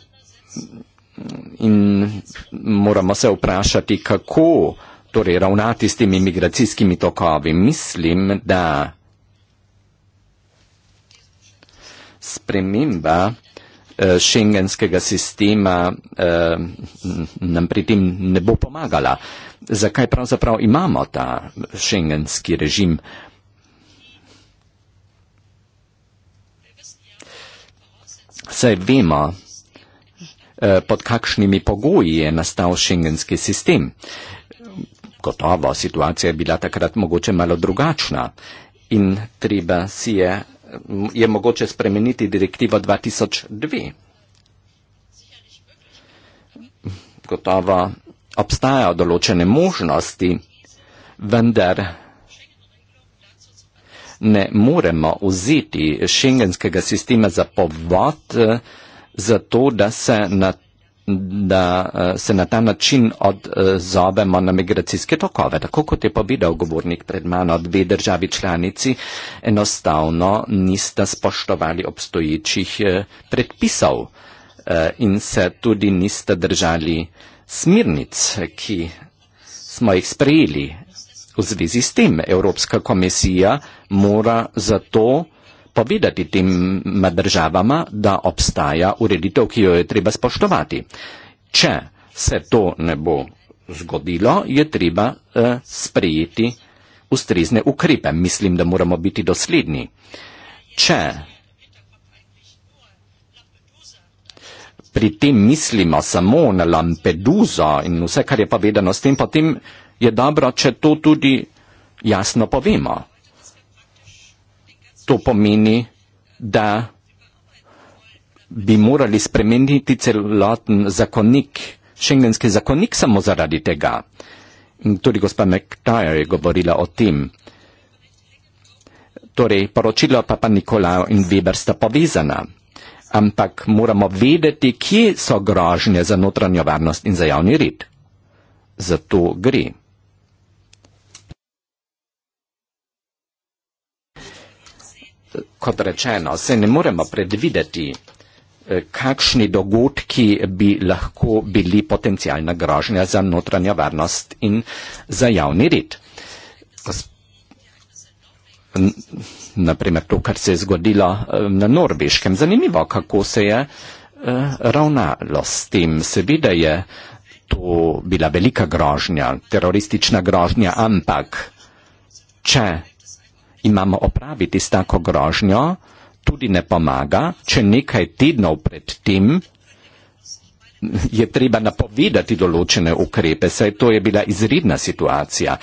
in moramo se vprašati, kako torej, ravnati s temi migracijskimi tokovi. Mislim, da sprememba Eh, šengenskega sistema eh, nam pri tem ne bo pomagala. Zakaj pravzaprav imamo ta šengenski režim? Saj vemo, eh, pod kakšnimi pogoji je nastal šengenski sistem. Gotovo, situacija je bila takrat mogoče malo drugačna in treba si je je mogoče spremeniti direktivo 2002. Gotovo obstajajo določene možnosti, vendar ne moremo vzeti šengenskega sistema za povod, eh, zato da se na da eh, se na ta način odzovemo na migracijske tokove, tako kot je povedal govornik pred mano, dve državi članici enostavno nista spoštovali obstoječih eh, predpisov eh, in se tudi nista držali smirnic, ki smo jih sprejeli. V zvezi s tem Evropska komisija mora zato povedati tim državama, da obstaja ureditev, ki jo je treba spoštovati. Če se to ne bo zgodilo, je treba eh, sprejeti ustrezne ukrepe. Mislim, da moramo biti dosledni. Če pri tem mislimo samo na Lampeduzo in vse, kar je povedano s tem, potem je dobro, če to tudi jasno povemo to pomeni, da bi morali spremeniti celoten zakonik, šengenski zakonik samo zaradi tega. In tudi gospa McTyre je govorila o tem. Torej, poročilo papa Nikolao in Weber sta povezana, ampak moramo vedeti, kje so grožnje za notranjo varnost in za javni red. Zato gre. kot rečeno, se ne moremo predvideti, eh, kakšni dogodki bi lahko bili potencijalna grožnja za notranjo varnost in za javni red. Naprimer to, kar se je zgodilo eh, na Norveškem. Zanimivo, kako se je eh, ravnalo s tem. Seveda je to bila velika grožnja, teroristična grožnja, ampak če imamo opraviti s tako grožnjo, tudi ne pomaga, če nekaj tednov pred tem je treba napovedati določene ukrepe, saj to je bila izredna situacija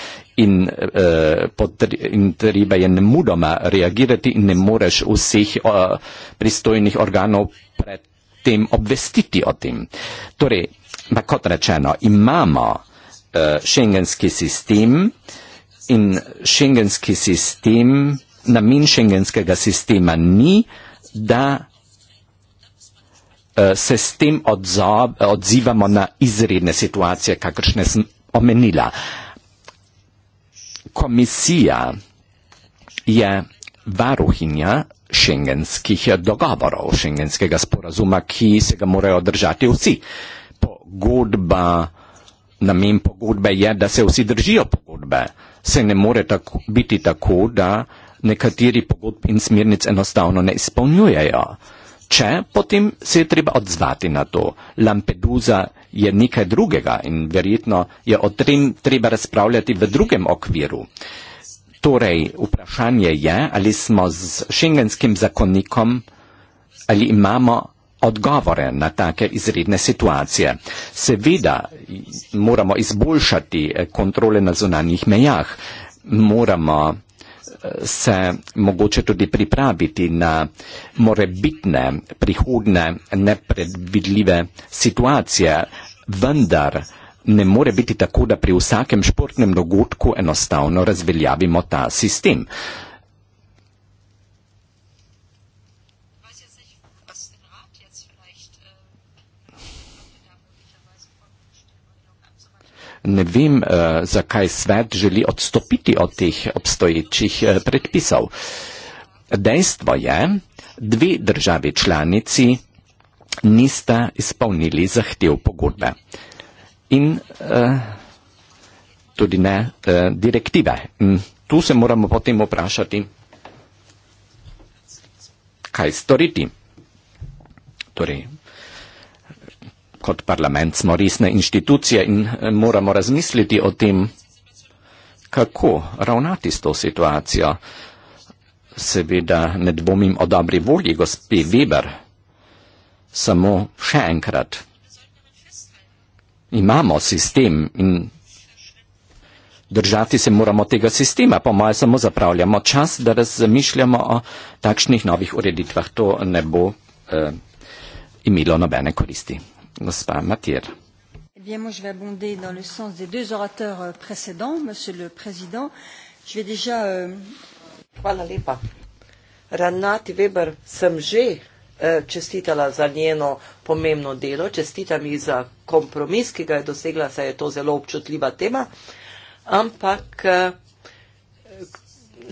in, uh, eh, potre, in treba je nemudoma reagirati in ne moreš vseh uh, pristojnih organov pred tem obvestiti o tem. Torej, kot rečeno, imamo uh, šengenski sistem, uh, in šengenski sistem, namen šengenskega sistema ni, da eh, se s tem odzob, odzivamo na izredne situacije, kakršne sem omenila. Komisija je varuhinja šengenskih dogovorov, šengenskega sporazuma, ki se ga morajo držati vsi. Pogodba Namen pogodbe je, da se vsi držijo pogodbe. Se ne more tako, biti tako, da nekateri pogodb in smernic enostavno ne izpolnjujejo. Če, potem se je treba odzvati na to. Lampedusa je nekaj drugega in verjetno je o tem treba razpravljati v drugem okviru. Torej, vprašanje je, ali smo z šengenskim zakonikom, ali imamo odgovore na take izredne situacije. Seveda moramo izboljšati eh, kontrole na zunanjih mejah, moramo eh, se mogoče tudi pripraviti na morebitne prihodne nepredvidljive situacije, vendar ne more biti tako, da pri vsakem športnem dogodku enostavno razveljavimo ta sistem. ne vem, eh, zakaj svet želi odstopiti od teh obstoječih eh, predpisov. Dejstvo je, dve državi članici nista izpolnili zahtev pogodbe in eh, tudi ne direktive. Tu se moramo potem vprašati, kaj storiti. Torej, kot parlament smo resne institucije in eh, moramo razmisliti o tem, kako ravnati s to situacijo. Seveda ne dvomim o dobri volji gospe Weber. Samo še enkrat. Imamo sistem in držati se moramo tega sistema. Po moje samo zapravljamo čas, da razmišljamo o takšnih novih ureditvah. To ne bo eh, imelo nobene koristi gospa Matir. Eh bien, moi, je vais abonder dans le sens des deux orateurs euh, précédents, Monsieur le Président. Je vais déjà. Voilà euh... lepa. Renate Weber, sem že euh, čestitala za njeno pomembno delo, čestitam ji za kompromis, ki ga je dosegla, saj je to zelo občutljiva tema. Ampak, euh,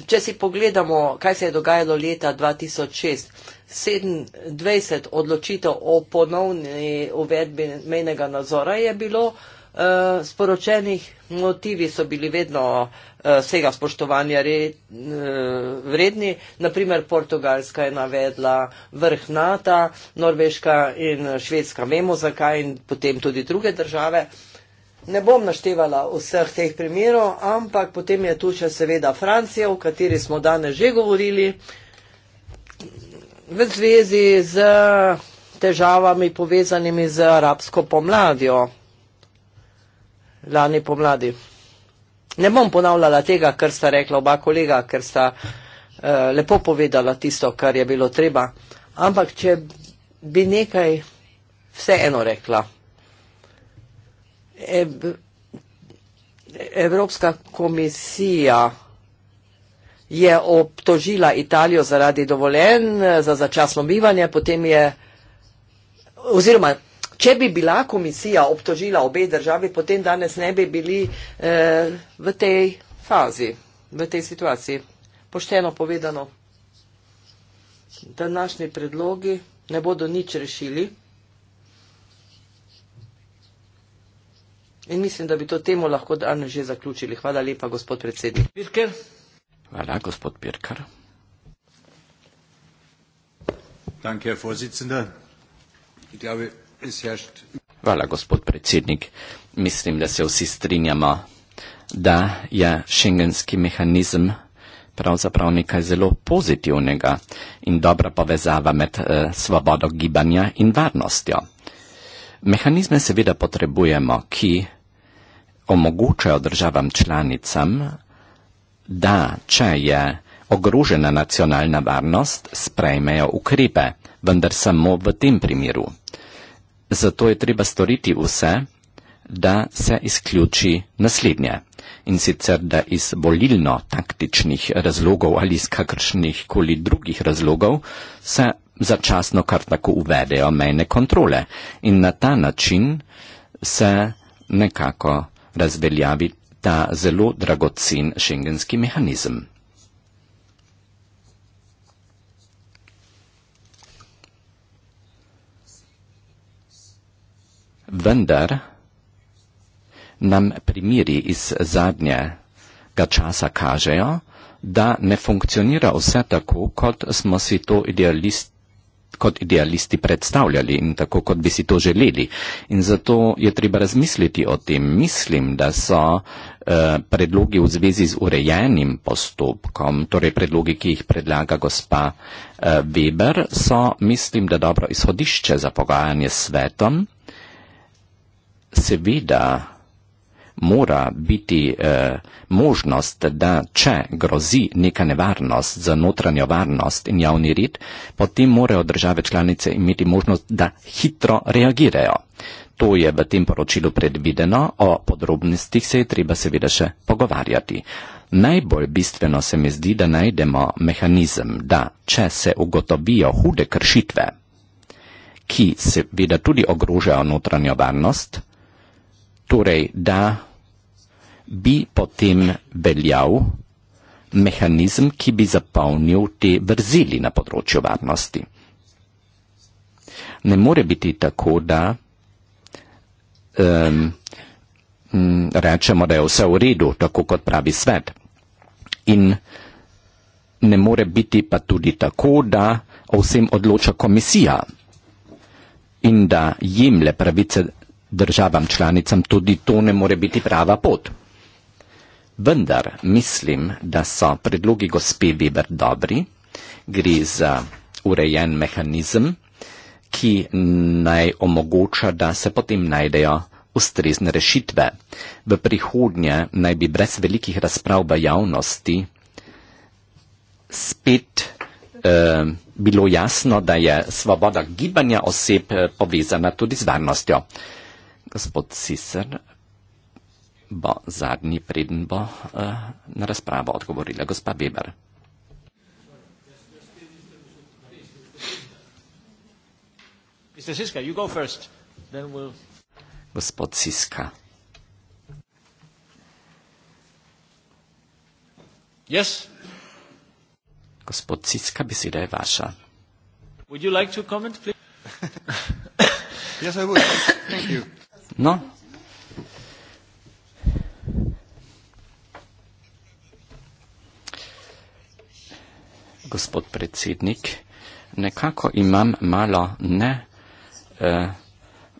če si pogledamo, kaj se je dogajalo leta 2006, 27 odločitev o ponovni uvedbi mejnega nadzora je bilo eh, sporočenih, motivi so bili vedno eh, vsega spoštovanja re, eh, vredni, naprimer Portugalska je navedla vrh NATO, Norveška in Švedska, vemo zakaj in potem tudi druge države. Ne bom naštevala vseh teh primerov, ampak potem je tu še seveda Francija, o kateri smo danes že govorili v zvezi z težavami povezanimi z arabsko pomladjo, lani pomladi. Ne bom ponavljala tega, kar sta rekla oba kolega, ker sta eh, lepo povedala tisto, kar je bilo treba, ampak če bi nekaj vseeno rekla. Ev Evropska komisija je obtožila Italijo zaradi dovoljen eh, za začasno bivanje, potem je, oziroma, če bi bila komisija obtožila obe državi, potem danes ne bi bili eh, v tej fazi, v tej situaciji. Pošteno povedano, današnji predlogi ne bodo nič rešili. In mislim, da bi to temo lahko danes že zaključili. Hvala lepa, gospod predsednik. Birker. Hvala, gospod Pirkar. Danke, Herr Vorsitzender. Ich glaube, es herrscht... Hvala, gospod predsednik. Mislim, da se vsi strinjamo, da je šengenski mehanizem pravzaprav nekaj zelo pozitivnega in dobra povezava med eh, svobodo gibanja in varnostjo. Mehanizme seveda potrebujemo, ki omogočajo državam članicam, da če je ogrožena nacionalna varnost, sprejmejo ukrepe, vendar samo v tem primeru. Zato je treba storiti vse, da se izključi naslednje. In sicer, da iz volilno taktičnih razlogov ali iz kakršnih koli drugih razlogov se začasno kar tako uvedejo mejne kontrole. In na ta način se nekako razveljavi ta zelo dragocen šengenski mehanizem. Vendar nam primiri iz zadnjega časa kažejo, da ne funkcionira vse tako, kot smo si to idealisti kot idealisti predstavljali in tako, kot bi si to želeli. In zato je treba razmisliti o tem. Mislim, da so eh, predlogi v zvezi z urejenim postopkom, torej predlogi, ki jih predlaga gospa eh, Weber, so, mislim, da dobro izhodišče za pogajanje s svetom. Seveda mora biti eh, možnost, da če grozi neka nevarnost za notranjo varnost in javni red, potem morajo države članice imeti možnost, da hitro reagirajo. To je v tem poročilu predvideno, o podrobnostih se je treba seveda še pogovarjati. Najbolj bistveno se mi zdi, da najdemo mehanizem, da če se ugotovijo hude kršitve, ki seveda tudi ogrožajo notranjo varnost, torej da bi potem veljal mehanizem, ki bi zapolnil te vrzili na področju varnosti. Ne more biti tako, da um, rečemo, da je vse v redu, tako kot pravi svet. In ne more biti pa tudi tako, da o vsem odloča komisija in da jemlje pravice državam članicam, tudi to ne more biti prava pot. Vendar mislim, da so predlogi gospe Weber dobri, gre za urejen mehanizem, ki naj omogoča, da se potem najdejo ustrezne rešitve. V prihodnje naj bi brez velikih razprav v javnosti spet eh, bilo jasno, da je svoboda gibanja oseb eh, povezana tudi z varnostjo. Gospod Sisr, bo zadnji, preden bo eh, na razpravo odgovorila gospa Weber. Siska, go first, then we'll... Gospod Siska. Yes. Gospod Siska, beseda je vaša. Would you like to comment, please? (laughs) yes, I would. Thank you. No, gospod predsednik, nekako imam malo ne. Eh,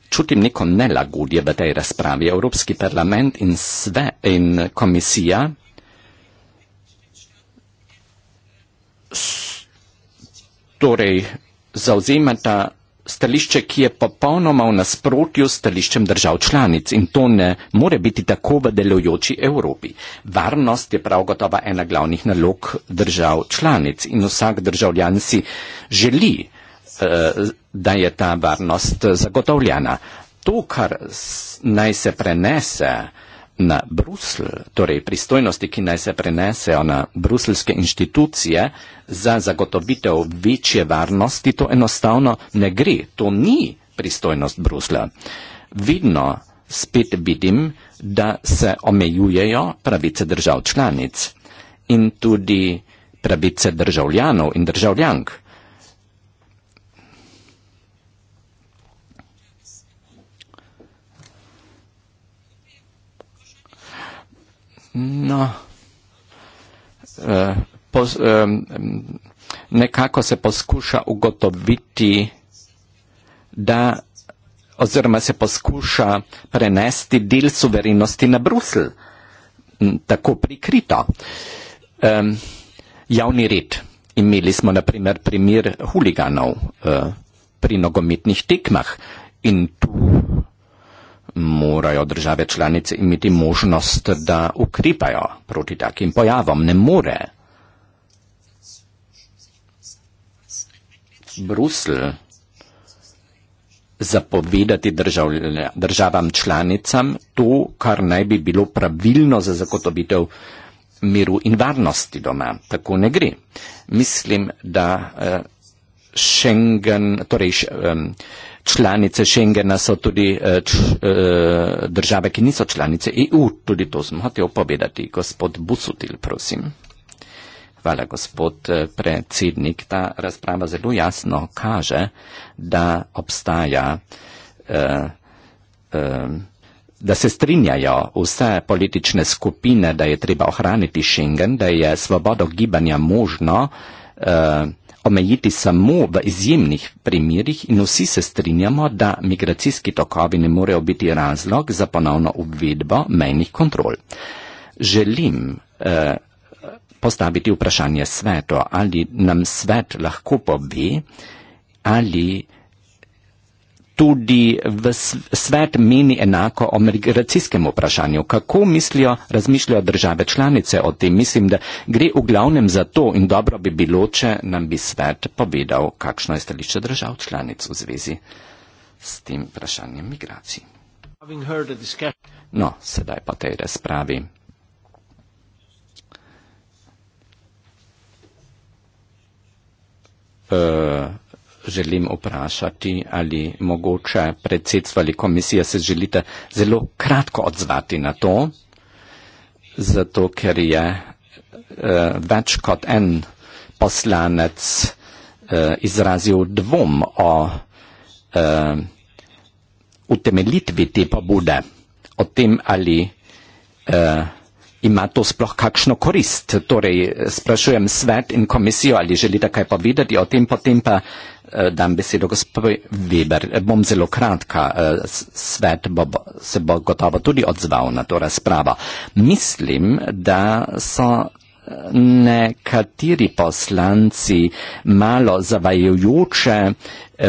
čutim neko nelagodje v tej razpravi. Evropski parlament in, sve, in komisija s, torej, zauzemata stališče, ki je popolnoma v nasprotju s stališčem držav članic in to ne more biti tako v delujoči Evropi. Varnost je prav gotovo ena glavnih nalog držav članic in vsak državljan si želi, eh, da je ta varnost zagotovljena. To, kar naj se prenese, na Bruselj, torej pristojnosti, ki naj se prenesejo na bruselske inštitucije za zagotovitev večje varnosti, to enostavno ne gre. To ni pristojnost Bruslja. Vidno spet vidim, da se omejujejo pravice držav članic in tudi pravice državljanov in državljank. No, eh, pos, nekako se poskuša ugotoviti, da oziroma se poskuša prenesti del suverenosti na Brusel, tako prikrito. Um, javni red. Imeli smo naprimer primer huliganov uh, pri nogometnih tekmah in tu morajo države članice imeti možnost, da ukripajo proti takim pojavom. Ne more. Brusel zapovedati državam članicam to, kar naj bi bilo pravilno za zagotovitev miru in varnosti doma. Tako ne gre. Mislim, da eh, Schengen, torej, um, članice Schengena so tudi eh, č, eh, države, ki niso članice EU, tudi to sem hotel povedati. Gospod Busutil, prosim. Hvala, gospod eh, predsednik. Ta razprava zelo jasno kaže, da obstaja, eh, eh, da se strinjajo vse politične skupine, da je treba ohraniti Schengen, da je svobodo gibanja možno. Eh, omejiti samo v izjemnih primerjih in vsi se strinjamo, da migracijski tokovi ne morejo biti razlog za ponovno uvedbo mejnih kontrol. Želim eh, postaviti vprašanje svetu, ali nam svet lahko pove, ali tudi v svet meni enako o migracijskem vprašanju. Kako mislijo, razmišljajo države članice o tem? Mislim, da gre v glavnem za to in dobro bi bilo, če nam bi svet povedal, kakšno je stališče držav članic v zvezi s tem vprašanjem migracij. No, sedaj pa tej razpravi. Uh, želim vprašati, ali mogoče predsedstvo ali komisija se želite zelo kratko odzvati na to, zato ker je uh, več kot en poslanec uh, izrazil dvom o uh, utemeljitvi te pobude, o tem, ali uh, ima to sploh kakšno korist. Torej, sprašujem svet in komisijo, ali želite kaj povedati o tem, potem pa Eh, dam besedo gospod Weber. Eh, bom zelo kratka. Eh, svet bo, se bo gotovo tudi odzval na to razpravo. Mislim, da so nekateri poslanci malo zavajujoče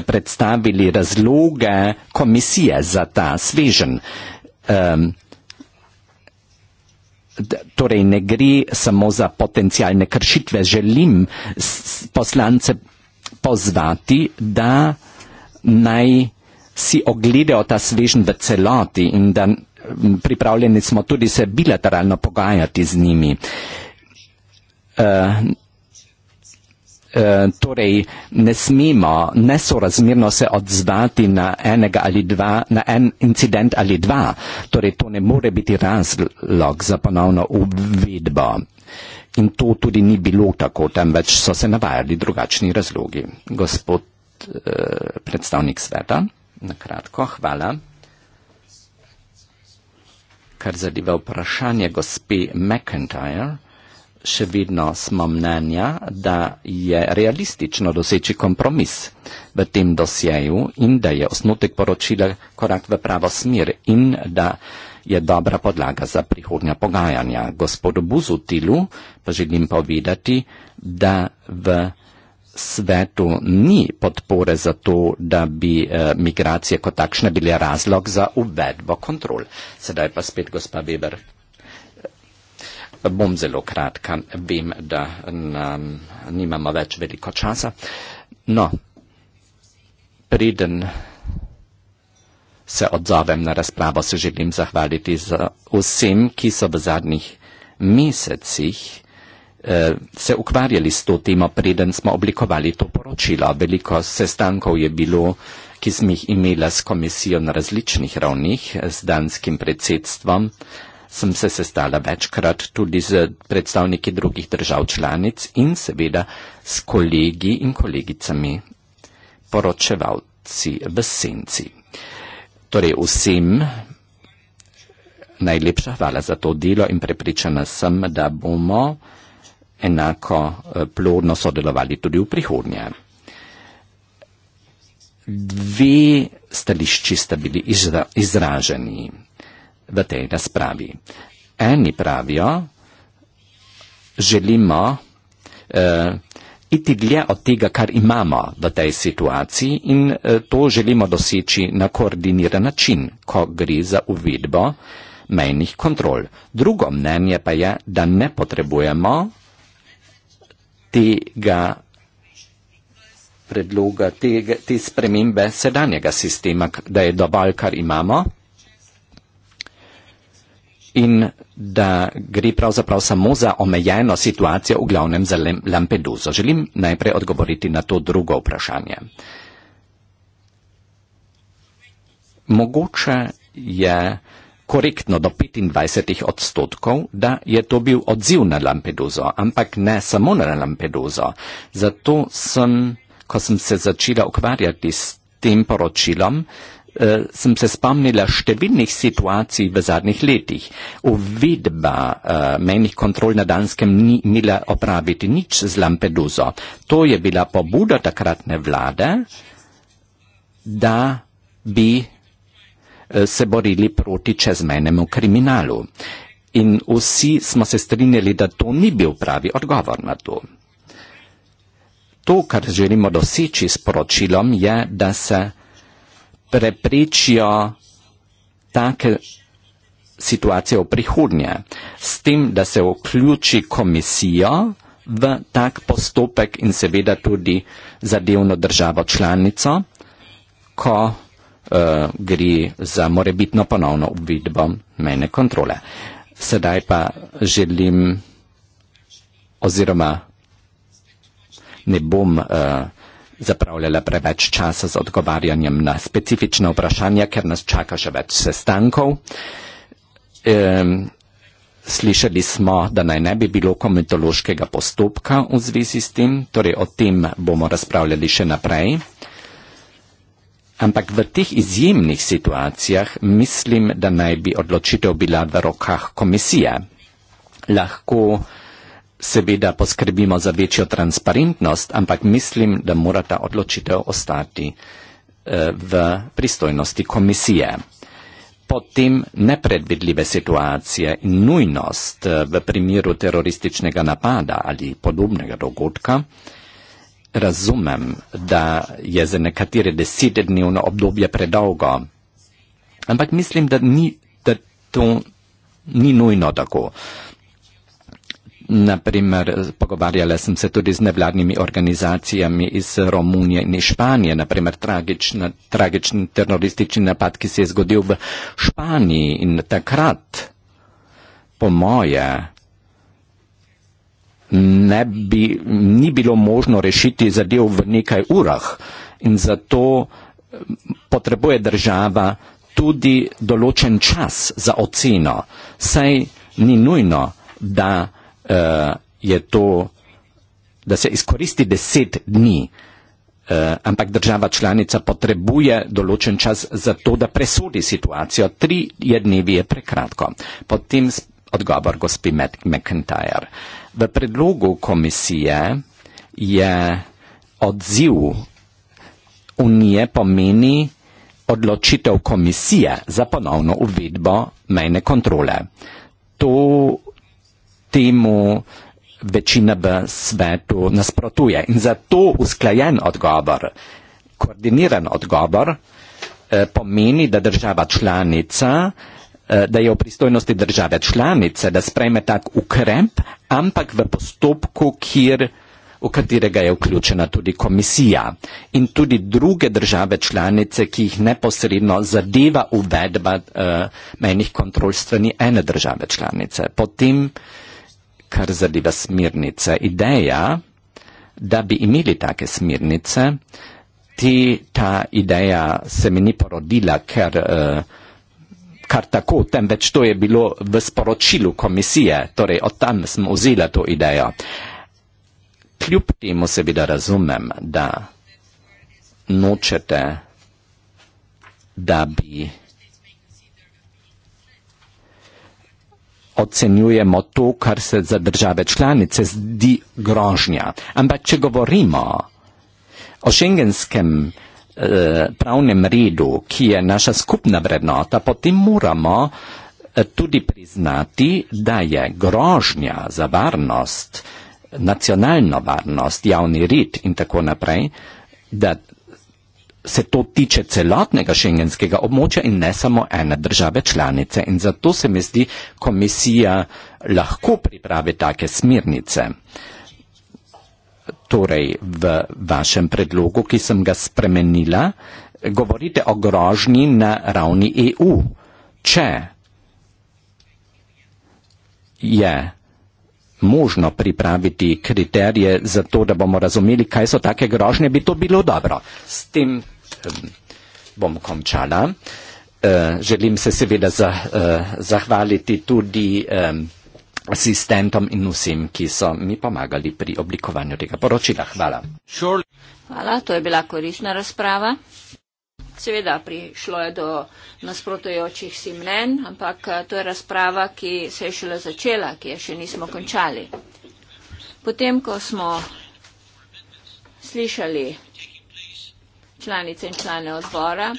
predstavili razloge komisije za ta svežen. Um, torej ne gre samo za potencijalne kršitve. Želim poslance pozvati, da naj si ogledajo ta svežen v celoti in da pripravljeni smo tudi se bilateralno pogajati z njimi. Uh, Torej, ne smemo nesorazmerno se odzvati na enega ali dva, na en incident ali dva. Torej, to ne more biti razlog za ponovno uvedbo. In to tudi ni bilo tako, temveč so se navajali drugačni razlogi. Gospod eh, predstavnik sveta, na kratko, hvala. Kar zadeva vprašanje gospe McIntyre, še vedno smo mnenja, da je realistično doseči kompromis v tem dosjeju in da je osnutek poročila korak v pravo smer in da je dobra podlaga za prihodnja pogajanja. Gospodu Buzutilu pa želim povedati, da v svetu ni podpore za to, da bi eh, migracije kot takšne bile razlog za uvedbo kontrol. Sedaj pa spet gospa Weber. Bom zelo kratka, vem, da nam, nimamo več veliko časa. No, preden se odzovem na razpravo, se želim zahvaliti vsem, ki so v zadnjih mesecih eh, se ukvarjali s to temo, preden smo oblikovali to poročilo. Veliko sestankov je bilo, ki smo jih imela s komisijo na različnih ravnih, s danskim predsedstvom. Sem se sestala večkrat tudi z predstavniki drugih držav članic in seveda s kolegi in kolegicami poročevalci v senci. Torej vsem najlepša hvala za to delo in prepričana sem, da bomo enako eh, plodno sodelovali tudi v prihodnje. Dve stališči sta bili izra, izraženi v tej razpravi. Eni pravijo, želimo, eh, iti dlje od tega, kar imamo v tej situaciji in eh, to želimo doseči na koordiniran način, ko gre za uvedbo mejnih kontrol. Drugo mnenje pa je, da ne potrebujemo tega predloga, te, te spremembe sedanjega sistema, da je dovolj, kar imamo in da gre pravzaprav samo za omejeno situacijo, v glavnem za Lampeduso. Želim najprej odgovoriti na to drugo vprašanje. Mogoče je korektno do 25 odstotkov, da je to bil odziv na Lampeduso, ampak ne samo na Lampeduso. Zato sem, ko sem se začela ukvarjati s tem poročilom, uh, uh, sem se spomnila številnih situacij v zadnjih letih. Uvedba uh, mejnih kontrol na Danskem ni imela opraviti nič z Lampeduzo. To je bila pobuda takratne vlade, da bi uh, se borili proti čezmenemu kriminalu. In vsi smo se strinjali, da to ni bil pravi odgovor na to. To, kar želimo doseči s poročilom, je, da se uh, preprečijo take situacije v prihodnje, s tem, da se vključi komisijo v tak postopek in seveda tudi zadevno državo članico, ko uh, gre za morebitno ponovno uvidbo mene kontrole. Sedaj pa želim oziroma ne bom uh, zapravljala preveč časa z odgovarjanjem na specifične vprašanja, ker nas čaka še več sestankov. Um, slišali smo, da naj ne bi bilo komitološkega postopka v zvezi s tem, torej o tem bomo razpravljali še naprej. Ampak v teh izjemnih situacijah mislim, da naj bi odločitev bila v rokah komisije. Lahko seveda poskrbimo za večjo transparentnost, ampak mislim, da mora ta odločitev ostati eh, v pristojnosti komisije. Potem nepredvidljive situacije in nujnost eh, v primeru terorističnega napada ali podobnega dogodka. Razumem, da je za nekatere desetdnevno obdobje predolgo, ampak mislim, da, ni, da to ni nujno tako. Naprimer, pogovarjala sem se tudi z nevladnimi organizacijami iz Romunije in Španije. Naprimer, tragičen, tragičen teroristični napad, ki se je zgodil v Španiji in takrat, po moje, ne bi, ni bilo možno rešiti zadev v nekaj urah in zato eh, potrebuje država tudi določen čas za oceno. Saj ni nujno, da uh, je to, da se izkoristi deset dni, uh, ampak država članica potrebuje določen čas za to, da presudi situacijo. Tri je dnevi je prekratko. Potem odgovor gospi McIntyre. V predlogu komisije je odziv unije pomeni odločitev komisije za ponovno uvedbo mejne kontrole. To temu večina v svetu nasprotuje. In zato usklajen odgovor, koordiniran odgovor eh, pomeni, da država članica, eh, da je v pristojnosti države članice, da sprejme tak ukrep, ampak v postopku, kjer v katerega je vključena tudi komisija in tudi druge države članice, ki jih neposredno zadeva uvedba uh, mejnih kontrol strani ene države članice. Potem uh, kar zadeva smirnice. Ideja, da bi imeli take smirnice, ti, ta ideja se mi ni porodila, ker uh, kar tako, temveč to je bilo v sporočilu komisije, torej od tam smo vzeli to idejo. Kljub temu seveda razumem, da nočete, da bi ocenjujemo to, kar se za države članice zdi grožnja. Ampak če govorimo o šengenskem eh, pravnem redu, ki je naša skupna vrednota, potem moramo eh, tudi priznati, da je grožnja za varnost, nacionalno varnost, javni red in tako naprej, da se to tiče celotnega šengenskega območja in ne samo ene države članice. In zato se mi zdi, komisija lahko pripravi take smirnice. Torej, v vašem predlogu, ki sem ga spremenila, govorite o grožnji na ravni EU. Če je možno pripraviti kriterije za to, da bomo razumeli, kaj so take grožnje, bi to bilo dobro. S tem bom končala. E, želim se seveda e, zahvaliti tudi e, asistentom in vsem, ki so mi pomagali pri oblikovanju tega poročila. Hvala. Hvala, to je bila korisna razprava. Seveda prišlo je do nasprotujočih si mnen, ampak to je razprava, ki se je šele začela, ki je še nismo končali. Potem, ko smo slišali članice in člane odbora.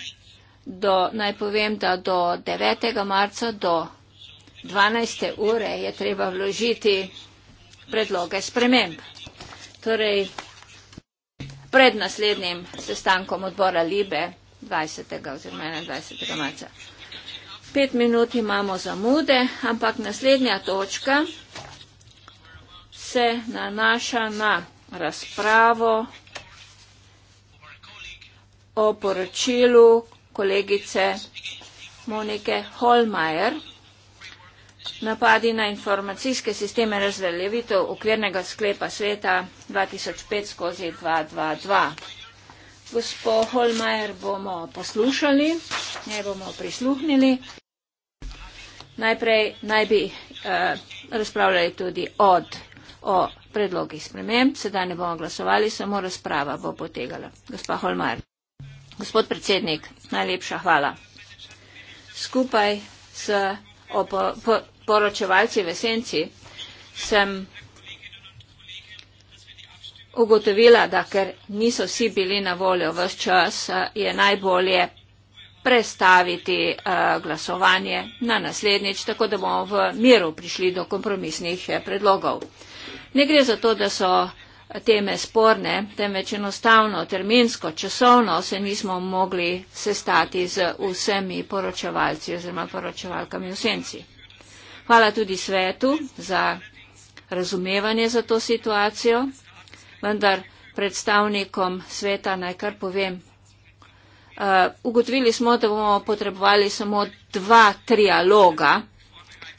Do, naj povem, da do 9. marca do 12. ure je treba vložiti predloge sprememb. Torej, pred naslednjim sestankom odbora Libe 20. oziroma 21. marca. Pet minut imamo zamude, ampak naslednja točka se nanaša na razpravo o poročilu kolegice Monike Holmajer. Napadi na informacijske sisteme razveljevitev okvirnega sklepa sveta 2005 skozi 2.2.2. Gospo Holmajer bomo poslušali, ne bomo prisluhnili. Najprej naj bi eh, razpravljali tudi od, o predlogih sprememb, sedaj ne bomo glasovali, samo razprava bo potegala. Gospa Holmajer. Gospod predsednik, najlepša hvala. Skupaj s poročevalci v esenci sem ugotovila, da ker niso vsi bili na voljo v čas, je najbolje prestaviti eh, glasovanje na naslednjič, tako da bomo v miru prišli do kompromisnih eh, predlogov. Ne gre za to, da so teme sporne, temveč enostavno terminsko, časovno se nismo mogli sestati z vsemi poročevalci oziroma poročevalkami v senci. Hvala tudi svetu za razumevanje za to situacijo, vendar predstavnikom sveta naj kar povem. Uh, ugotovili smo, da bomo potrebovali samo dva trialoga,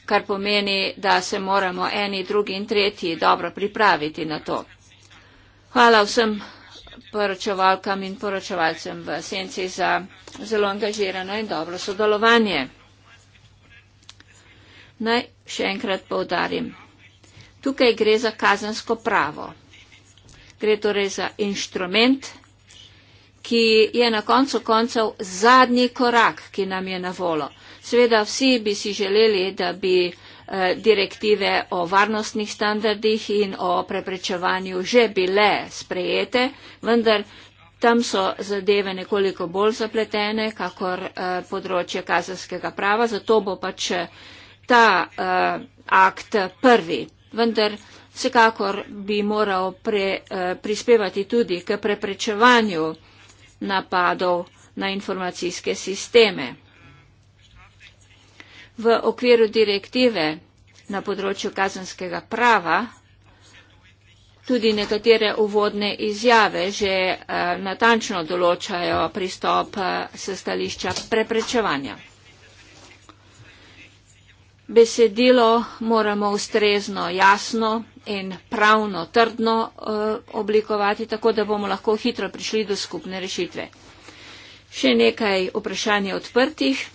kar pomeni, da se moramo eni, drugi in tretji dobro pripraviti na to. Hvala vsem poročevalkam in poročevalcem v Senci za zelo angažirano in dobro sodelovanje. Naj še enkrat povdarim. Tukaj gre za kazansko pravo. Gre torej za inštrument, ki je na koncu koncev zadnji korak, ki nam je na volo. Sveda vsi bi si želeli, da bi. Eh, direktive o varnostnih standardih in o preprečevanju že bile sprejete, vendar tam so zadeve nekoliko bolj zapletene, kakor eh, področje kazanskega prava, zato bo pač eh, ta akt prvi. Vendar vsekakor bi moral pre, prispevati tudi k preprečevanju napadov na informacijske sisteme v okviru direktive na področju kazenskega prava tudi nekatere uvodne izjave že eh, natančno določajo pristop eh, s stališča preprečevanja. Besedilo moramo ustrezno jasno in pravno trdno eh, oblikovati, tako da bomo lahko hitro prišli do skupne rešitve. Še nekaj vprašanje odprtih.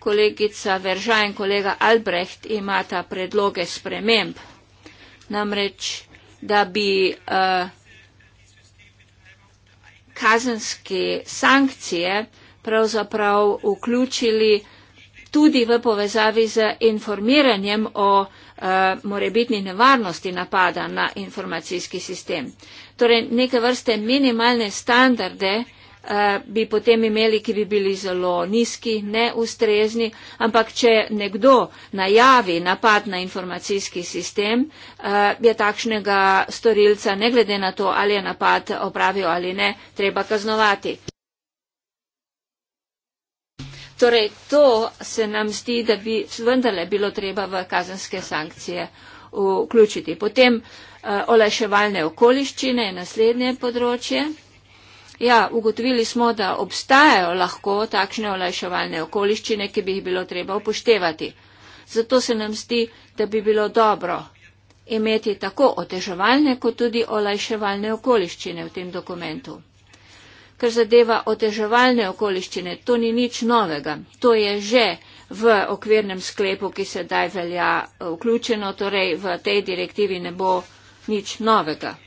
kolegica Verža in kolega Albrecht imata predloge sprememb. Namreč, da bi uh, kazenske sankcije pravzaprav vključili tudi v povezavi z informiranjem o uh, morebitni nevarnosti napada na informacijski sistem. Torej, neke vrste minimalne standarde uh, Eh, bi potem imeli, ki bi bili zelo nizki, neustrezni, ampak če nekdo najavi napad na informacijski sistem, eh, je takšnega storilca, ne glede na to, ali je napad opravil ali ne, treba kaznovati. Torej, to se nam zdi, da bi vendarle bilo treba v kazanske sankcije vključiti. Potem eh, olajševalne okoliščine je naslednje področje. Ja, ugotovili smo, da obstajajo lahko takšne olajševalne okoliščine, ki bi jih bilo treba upoštevati. Zato se nam zdi, da bi bilo dobro imeti tako oteževalne kot tudi olajševalne okoliščine v tem dokumentu. Kar zadeva oteževalne okoliščine, to ni nič novega. To je že v okvirnem sklepu, ki se daj velja eh, vključeno, torej v tej direktivi ne bo nič novega.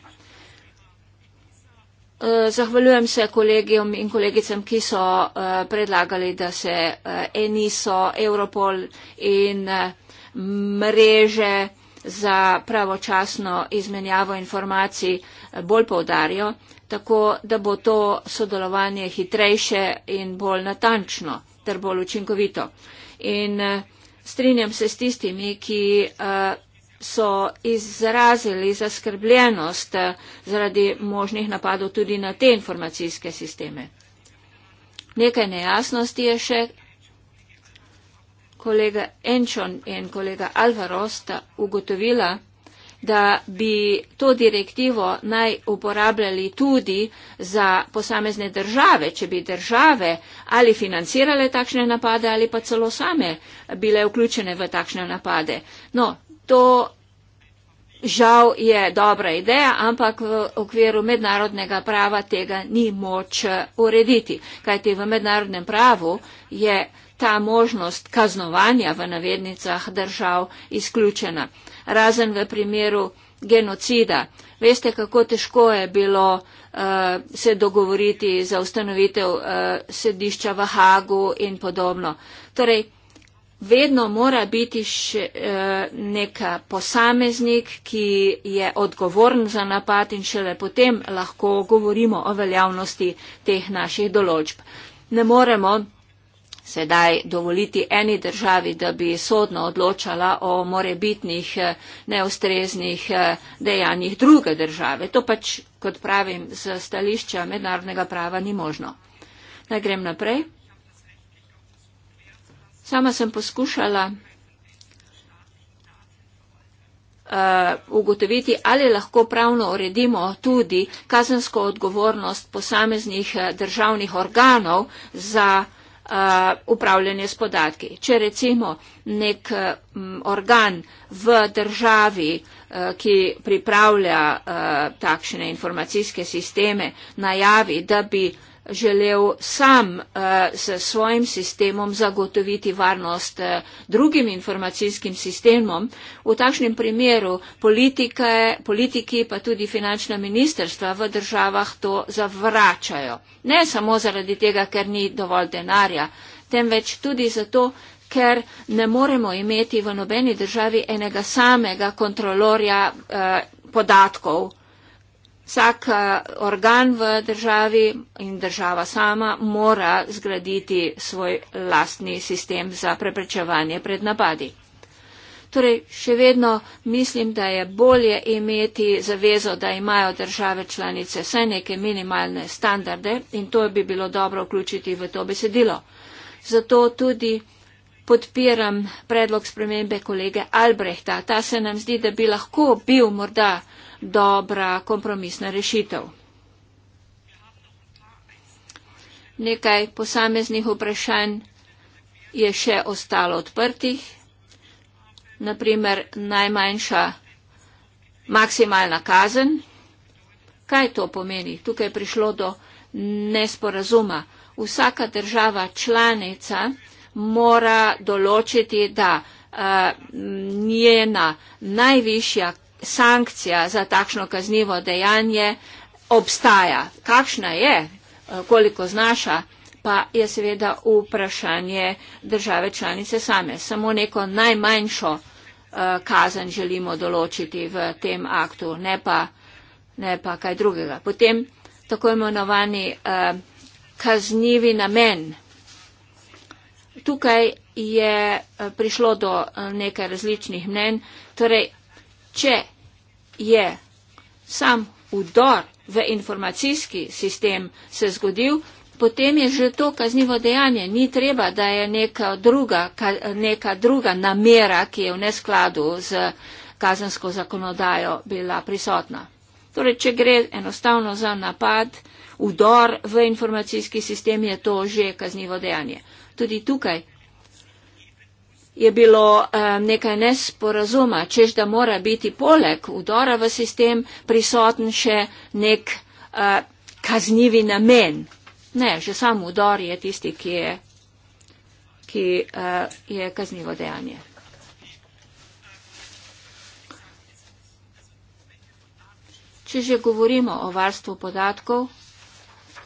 Eh, zahvaljujem se kolegijom in kolegicam, ki so eh, predlagali, da se eh, ENISO, Europol in mreže za pravočasno izmenjavo informacij bolj povdarijo, tako da bo to sodelovanje hitrejše in bolj natančno ter bolj učinkovito. In strinjam se s tistimi, ki so izrazili zaskrbljenost eh, zaradi možnih napadov tudi na te informacijske sisteme. Nekaj nejasnosti je še. Kolega Enčon in kolega Alvaro sta ugotovila, da bi to direktivo naj uporabljali tudi za posamezne države, če bi države ali financirale takšne napade ali pa celo same bile vključene v takšne napade. No, to žal je dobra ideja, ampak v okviru mednarodnega prava tega ni moč eh, urediti. Kajti v mednarodnem pravu je ta možnost kaznovanja v navednicah držav izključena. Razen v primeru genocida. Veste, kako težko je bilo uh, se dogovoriti za ustanovitev uh, sedišča v Hagu in podobno. Torej, vedno mora biti še eh, neka posameznik, ki je odgovoren za napad in šele potem lahko govorimo o veljavnosti teh naših določb. Ne moremo sedaj dovoliti eni državi, da bi sodno odločala o morebitnih eh, neustreznih eh, dejanjih druge države. To pač, kot pravim, z stališča mednarodnega prava ni možno. Naj grem naprej. Sama sem poskušala uh, ugotoviti, ali lahko pravno uredimo tudi kazensko odgovornost posameznih eh, državnih organov za uh, upravljanje s podatki. Če recimo nek um, organ v državi ki pripravlja uh, takšne informacijske sisteme, najavi, da bi uh, želel sam eh, s svojim sistemom zagotoviti varnost eh, drugim informacijskim sistemom. V takšnem primeru politike, politiki pa tudi finančna ministerstva v državah to zavračajo. Ne samo zaradi tega, ker ni dovolj denarja, temveč tudi zato, ker ne moremo imeti v nobeni državi enega samega kontrolorja eh, podatkov Vsak eh, organ v državi in država sama mora zgraditi svoj eh, lastni sistem za preprečevanje pred napadi. Torej, še vedno mislim, da je bolje imeti zavezo, da imajo države članice vse neke minimalne standarde in to bi bilo dobro vključiti v to besedilo. Zato tudi podpiram predlog spremembe kolege Albrehta. Ta se nam zdi, da bi lahko bil morda dobra kompromisna rešitev. Nekaj posameznih vprašanj je še ostalo odprtih. Naprimer, najmanjša maksimalna kazen. Kaj to pomeni? Tukaj je prišlo do nesporazuma. Vsaka država članica mora določiti, da uh, njena najvišja sankcija za takšno kaznivo dejanje obstaja. Kakšna je, eh, koliko znaša, pa je seveda vprašanje države članice same. Samo neko najmanjšo eh, kazen želimo določiti v tem aktu, ne pa, ne pa kaj drugega. Potem tako imenovani eh, kaznivi namen. Tukaj je prišlo do nekaj različnih mnen. Torej, če je sam vdor v informacijski sistem se zgodil, potem je že to kaznivo dejanje. Ni treba, da je neka druga, ka, neka druga namera, ki je v neskladu z kazensko zakonodajo, bila prisotna. Torej, če gre enostavno za napad, vdor v informacijski sistem, je to že kaznivo dejanje. Tudi tukaj je bilo eh, nekaj nesporazuma, čež da mora biti poleg udora v sistem prisoten še nek eh, kaznivi namen. Ne, že sam udor je tisti, ki je, ki eh, je kaznivo dejanje. Če že govorimo o varstvu podatkov,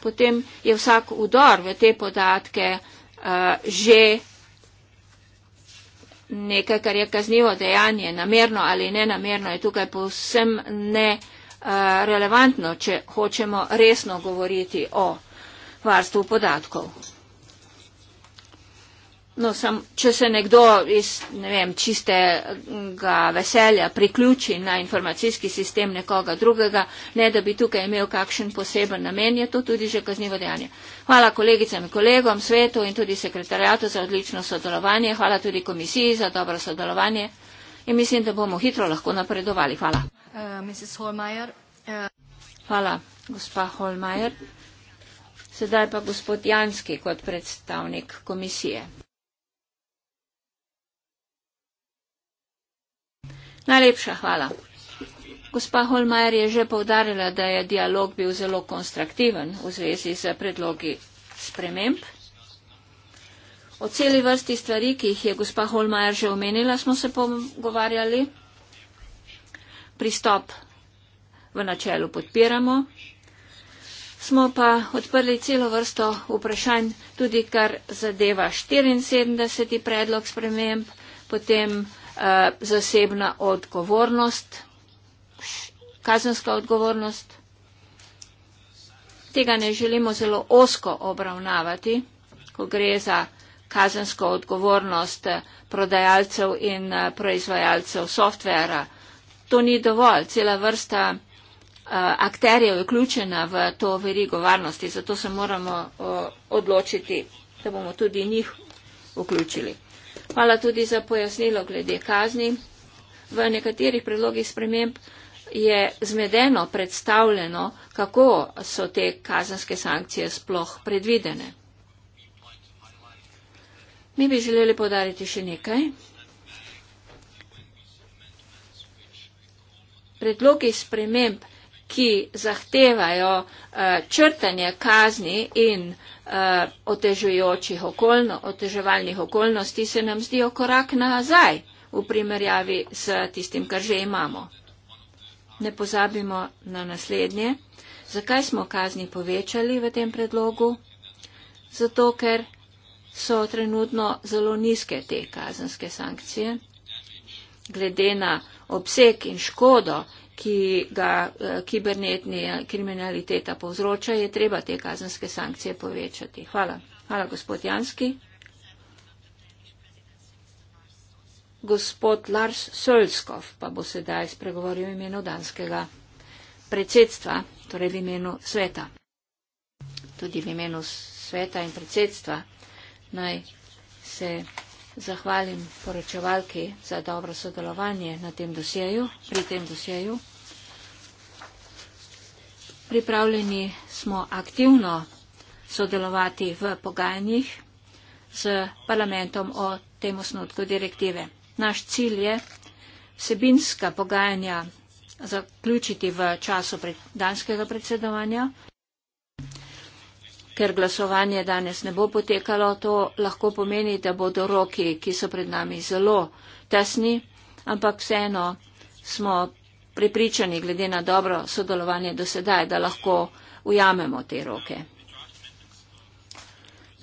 potem je vsak udor v te podatke uh, že nekaj, kar je kaznivo dejanje, namerno ali nenamerno, je tukaj povsem nerelevantno, eh, če hočemo resno govoriti o varstvu podatkov. No, sam, če se nekdo iz ne vem, čistega veselja priključi na informacijski sistem nekoga drugega, ne da bi tukaj imel kakšen poseben namen, je to tudi že kaznivo dejanje. Hvala kolegicam in kolegom, svetu in tudi sekretarjatu za odlično sodelovanje. Hvala tudi komisiji za dobro sodelovanje. In mislim, da bomo hitro lahko napredovali. Hvala. Uh, Holmeier, uh... Hvala, gospa Holmajer. Sedaj pa gospod Janski kot predstavnik komisije. Najlepša hvala. Gospa Holmajer je že povdarila, da je dialog bil zelo konstruktiven v zvezi z predlogi sprememb. O celi vrsti stvari, ki jih je gospa Holmajer že omenila, smo se pogovarjali. Pristop v načelu podpiramo. Smo pa odprli celo vrsto vprašanj, tudi kar zadeva 74. predlog sprememb, potem Eh, zasebna odgovornost, kazenska odgovornost. Tega ne želimo zelo osko obravnavati, ko gre za kazensko odgovornost eh, prodajalcev in eh, proizvajalcev softvera. To ni dovolj. Cela vrsta akterjev je vključena v to verigo varnosti, zato se moramo odločiti, da bomo tudi njih vključili. Hvala tudi za pojasnilo glede kazni. V nekaterih predlogih sprememb je zmedeno predstavljeno, kako so te kazanske sankcije sploh predvidene. Mi bi želeli podariti še nekaj. Predlogi sprememb ki zahtevajo eh, črtanje kazni in eh, otežujočih okoljno, oteževalnih okoljnosti, se nam zdijo korak nazaj v primerjavi s tistim, kar že imamo. Ne pozabimo na naslednje. Zakaj smo kazni povečali v tem predlogu? Zato, ker so trenutno zelo nizke te kazenske sankcije. Glede na obseg in škodo, ki ga eh, kibernetni eh, kriminaliteta povzroča, je treba te kazenske sankcije povečati. Hvala. Hvala, gospod Janski. Gospod Lars Solskov pa bo sedaj spregovoril v imenu danskega predsedstva, torej v imenu sveta. Tudi v imenu sveta in predsedstva naj se zahvalim poročevalki za dobro sodelovanje na tem dosjeju, pri tem dosjeju. Pripravljeni smo aktivno sodelovati v pogajanjih z parlamentom o tem osnutku direktive. Naš cilj je sebinska pogajanja zaključiti v času pred danskega predsedovanja ker glasovanje danes ne bo potekalo, to lahko pomeni, da bodo roki, ki so pred nami, zelo tesni, ampak vseeno smo pripričani, glede na dobro sodelovanje do sedaj, da lahko ujamemo te roke.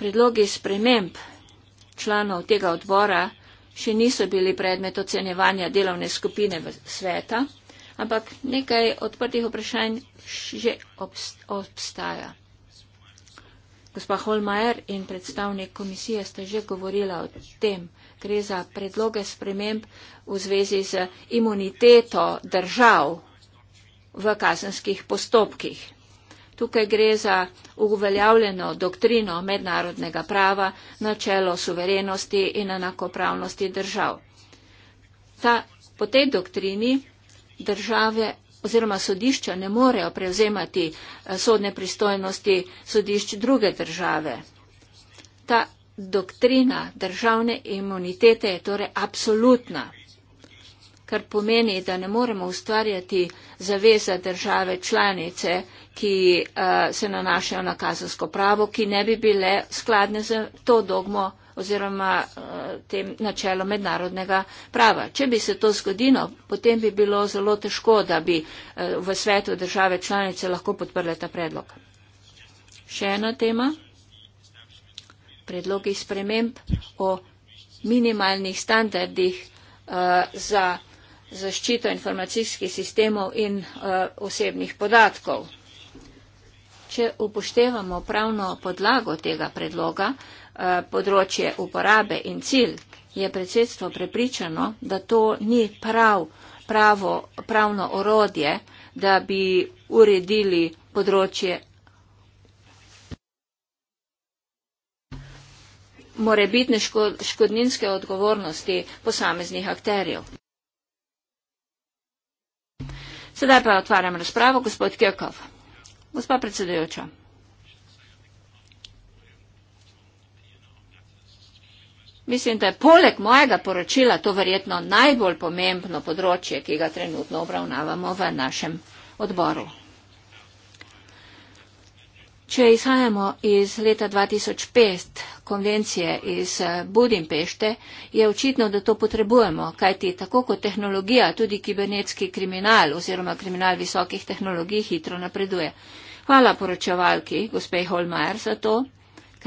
Predlogi sprememb članov tega odbora še niso bili predmet ocenjevanja delovne skupine sveta, ampak nekaj odprtih vprašanj že obstaja. Gospa Holmajer in predstavnik komisije ste že govorila o tem. Gre za predloge sprememb v zvezi z imuniteto držav v kazenskih postopkih. Tukaj gre za uveljavljeno doktrino mednarodnega prava, načelo suverenosti in enakopravnosti držav. Ta, po tej doktrini države oziroma sodišča ne morejo prevzemati eh, sodne pristojnosti sodišč druge države. Ta doktrina državne imunitete je torej absolutna, kar pomeni, da ne moremo ustvarjati zaveza države članice, ki uh, se nanašajo na kazansko pravo, ki ne bi bile skladne z to dogmo oziroma eh, tem načelom mednarodnega prava. Če bi se to zgodilo, potem bi bilo zelo težko, da bi eh, v svetu države članice lahko podprle ta predlog. Še ena tema. Predlogi sprememb o minimalnih standardih eh, za zaščito informacijskih sistemov in osebnih podatkov. Če upoštevamo pravno podlago tega predloga, Eh, področje uporabe in cilj, je predsedstvo prepričano, da to ni prav, pravo, pravno orodje, da bi uredili področje morebitne škodninske odgovornosti posameznih akterjev. Sedaj pa otvarjam razpravo, gospod Kjekov. Gospa predsedujoča. Mislim, da je poleg mojega poročila to verjetno najbolj pomembno področje, ki ga trenutno obravnavamo v našem odboru. Če izhajamo iz leta 2005 konvencije iz eh, Budimpešte, je očitno, da to potrebujemo, kajti tako kot tehnologija, tudi kibernetski kriminal oziroma kriminal visokih tehnologij hitro napreduje. Hvala poročevalki, gospej Holmajer, za to,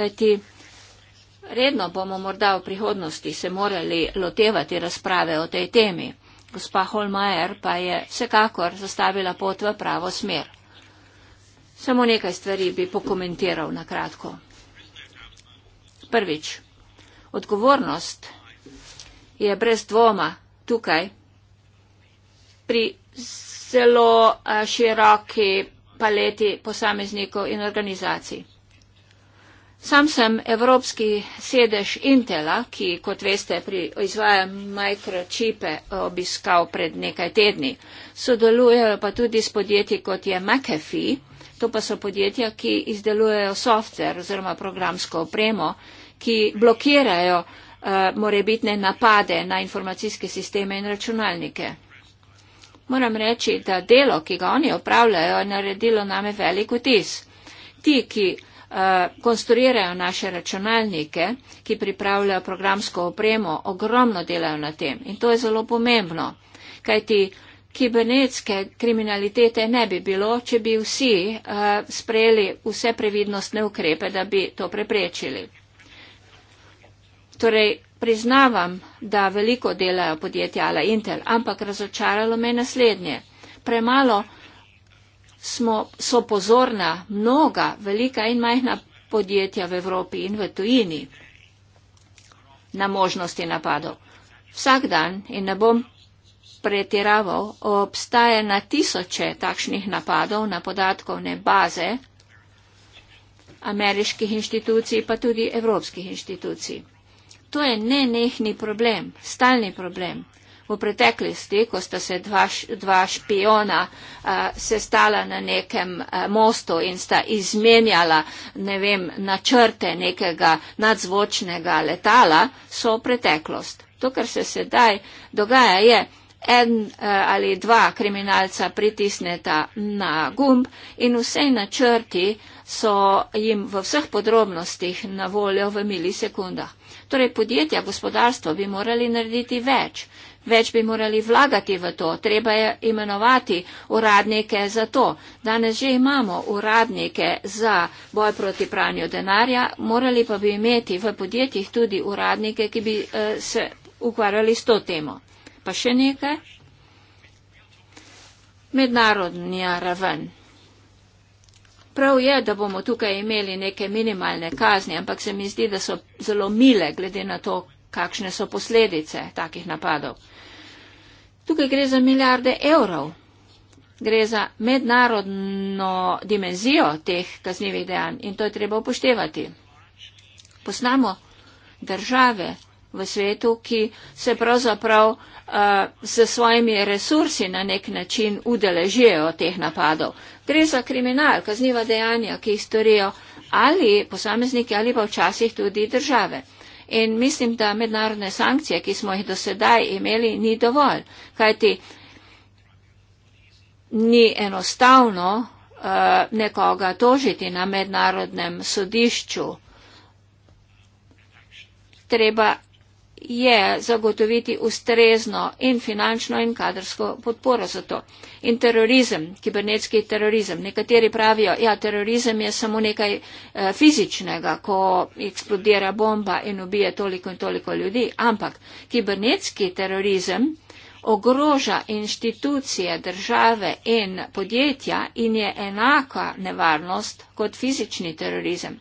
kajti. Redno bomo morda v prihodnosti se morali lotevati razprave o tej temi. Gospa Holmajer pa je vsekakor zastavila pot v pravo smer. Samo nekaj stvari bi pokomentiral na kratko. Prvič, odgovornost je brez dvoma tukaj pri zelo široki paleti posameznikov in organizacij. Sam sem evropski sedež Intela, ki, kot veste, izvaja mikročipe, obiskal pred nekaj tedni. Sodelujejo pa tudi s podjetji, kot je McAfee. To pa so podjetja, ki izdelujejo softver oziroma programsko opremo, ki blokirajo uh, morebitne napade na informacijske sisteme in računalnike. Moram reči, da delo, ki ga oni opravljajo, je naredilo name velik vtis. Ti, ki uh, Eh, konstruirajo naše računalnike, ki pripravljajo programsko opremo, ogromno delajo na tem in to je zelo pomembno, kajti kibernetske kriminalitete ne bi bilo, če bi vsi eh, sprejeli vse previdnostne ukrepe, da bi to preprečili. Torej, priznavam, da veliko delajo podjetja Ala Intel, ampak razočaralo me naslednje. Premalo smo, so pozorna mnoga velika in majhna podjetja v Evropi in v tujini na možnosti napadov. Vsak dan, in ne bom pretiraval, obstaja na tisoče takšnih napadov na podatkovne baze ameriških inštitucij, pa tudi evropskih inštitucij. To je nenehni problem, stalni problem v preteklosti, ko sta se dva, dva špiona uh, sestala na nekem uh, mostu in sta izmenjala ne vem, načrte nekega nadzvočnega letala, so preteklost. To, kar se sedaj dogaja, je en uh, ali dva kriminalca pritisneta na gumb in vse načrti so jim v vseh podrobnostih na voljo v milisekundah. Torej podjetja, gospodarstvo bi morali narediti več. Več bi morali vlagati v to, treba je imenovati uradnike za to. Danes že imamo uradnike za boj proti pranju denarja, morali pa bi imeti v podjetjih tudi uradnike, ki bi uh, se ukvarjali s to temo. Pa še nekaj? Mednarodnja raven. Prav je, da bomo tukaj imeli neke minimalne kazni, ampak se mi zdi, da so zelo mile glede na to, kakšne so posledice takih napadov. Tukaj gre za milijarde evrov. Gre za mednarodno dimenzijo teh kaznjivih dejanj in to je treba upoštevati. Poznamo države v svetu, ki se pravzaprav uh, s svojimi resursi na nek način udeležijo teh napadov. Gre za kriminal, kazniva dejanja, ki jih storijo ali posamezniki ali pa včasih tudi države. In mislim, da mednarodne sankcije, ki smo jih do sedaj imeli, ni dovolj. Kajti ni enostavno uh, nekoga tožiti na mednarodnem sodišču. Treba je zagotoviti ustrezno in finančno in kadrsko podporo za to. In terorizem, kibernetski terorizem. Nekateri pravijo, ja, terorizem je samo nekaj e, fizičnega, ko eksplodira bomba in ubije toliko in toliko ljudi, ampak kibernetski terorizem ogroža inštitucije, države in podjetja in je enaka nevarnost kot fizični terorizem.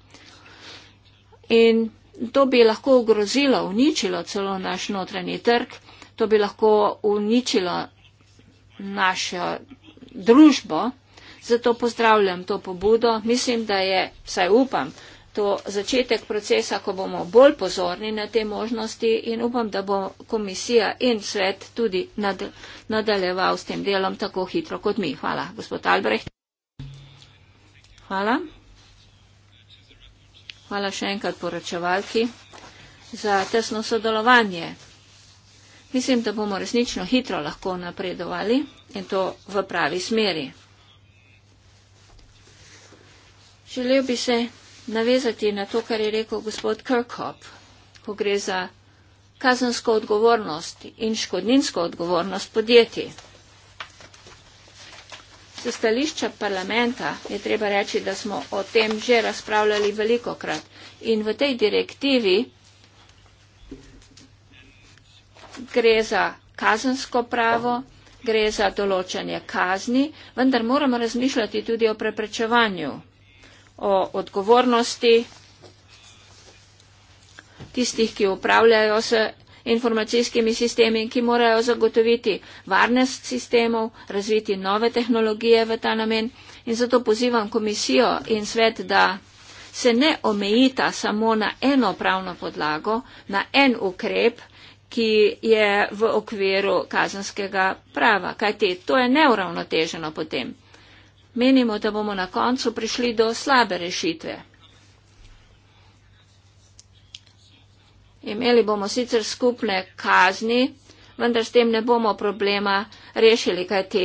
In to bi lahko ogrozilo, uničilo celo naš notranji trg, to bi lahko uničilo našo družbo. Zato pozdravljam to pobudo. Mislim, da je, vsaj upam, to začetek procesa, ko bomo bolj pozorni na te možnosti in upam, da bo komisija in svet tudi nad, nadaljeval s tem delom tako hitro kot mi. Hvala, gospod Albrecht. Hvala. Hvala še enkrat poročevalki za tesno sodelovanje. Mislim, da bomo resnično hitro lahko napredovali in to v pravi smeri. Želel bi se navezati na to, kar je rekel gospod Kirkhop, ko gre za kazensko odgovornost in škodninsko odgovornost podjetij stališča parlamenta je treba reči, da smo o tem že razpravljali veliko krat. In v tej direktivi gre za kazensko pravo, gre za določanje kazni, vendar moramo razmišljati tudi o preprečevanju, o odgovornosti tistih, ki upravljajo se informacijskimi sistemi, ki morajo zagotoviti varnost sistemov, razviti nove tehnologije v ta namen. In zato pozivam komisijo in svet, da se ne omejita samo na eno pravno podlago, na en ukrep, ki je v okviru kazanskega prava. Kajti to je neuravnoteženo potem. Menimo, da bomo na koncu prišli do slabe rešitve. Imeli bomo sicer skupne kazni, vendar s tem ne bomo problema rešili, kajti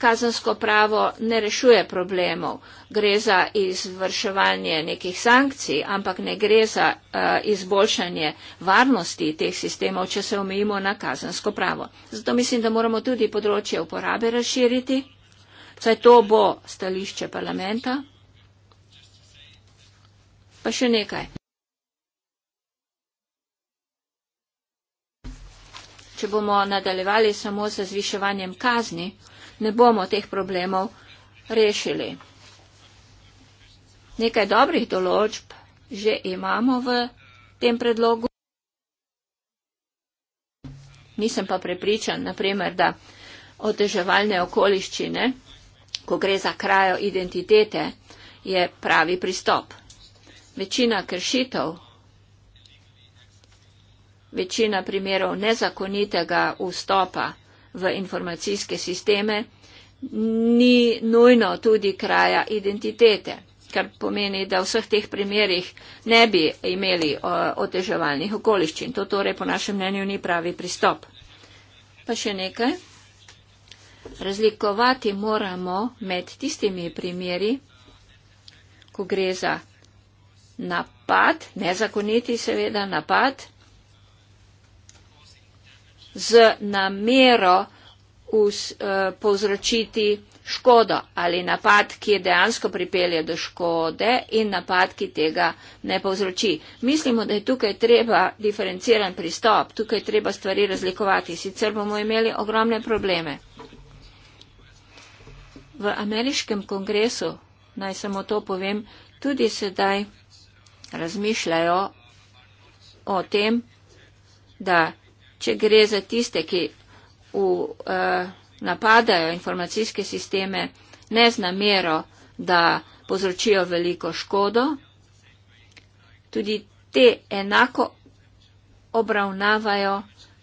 kazensko pravo ne rešuje problemov. Gre za izvrševanje nekih sankcij, ampak ne gre za uh, izboljšanje varnosti teh sistemov, če se omejimo na kazensko pravo. Zato mislim, da moramo tudi področje uporabe razširiti. Saj to bo stališče parlamenta. Pa še nekaj. če bomo nadaljevali samo z zviševanjem kazni, ne bomo teh problemov rešili. Nekaj dobrih določb že imamo v tem predlogu. Nisem pa prepričan, naprimer, da oteževalne okoliščine, ko gre za krajo identitete, je pravi pristop. Večina kršitev večina primerov nezakonitega vstopa v informacijske sisteme, ni nujno tudi kraja identitete, kar pomeni, da v vseh teh primerjih ne bi imeli oteževalnih okoliščin. To torej po našem mnenju ni pravi pristop. Pa še nekaj. Razlikovati moramo med tistimi primeri, ko gre za napad, nezakoniti seveda napad, z namero us, uh, povzročiti škodo ali napad, ki je dejansko pripelje do škode in napad, ki tega ne povzroči. Mislimo, da je tukaj treba diferenciran pristop, tukaj treba stvari razlikovati, sicer bomo imeli ogromne probleme. V ameriškem kongresu, naj samo to povem, tudi sedaj razmišljajo o tem, da če gre za tiste, ki v, uh, napadajo informacijske sisteme ne z namero, da povzročijo veliko škodo, tudi te enako obravnavajo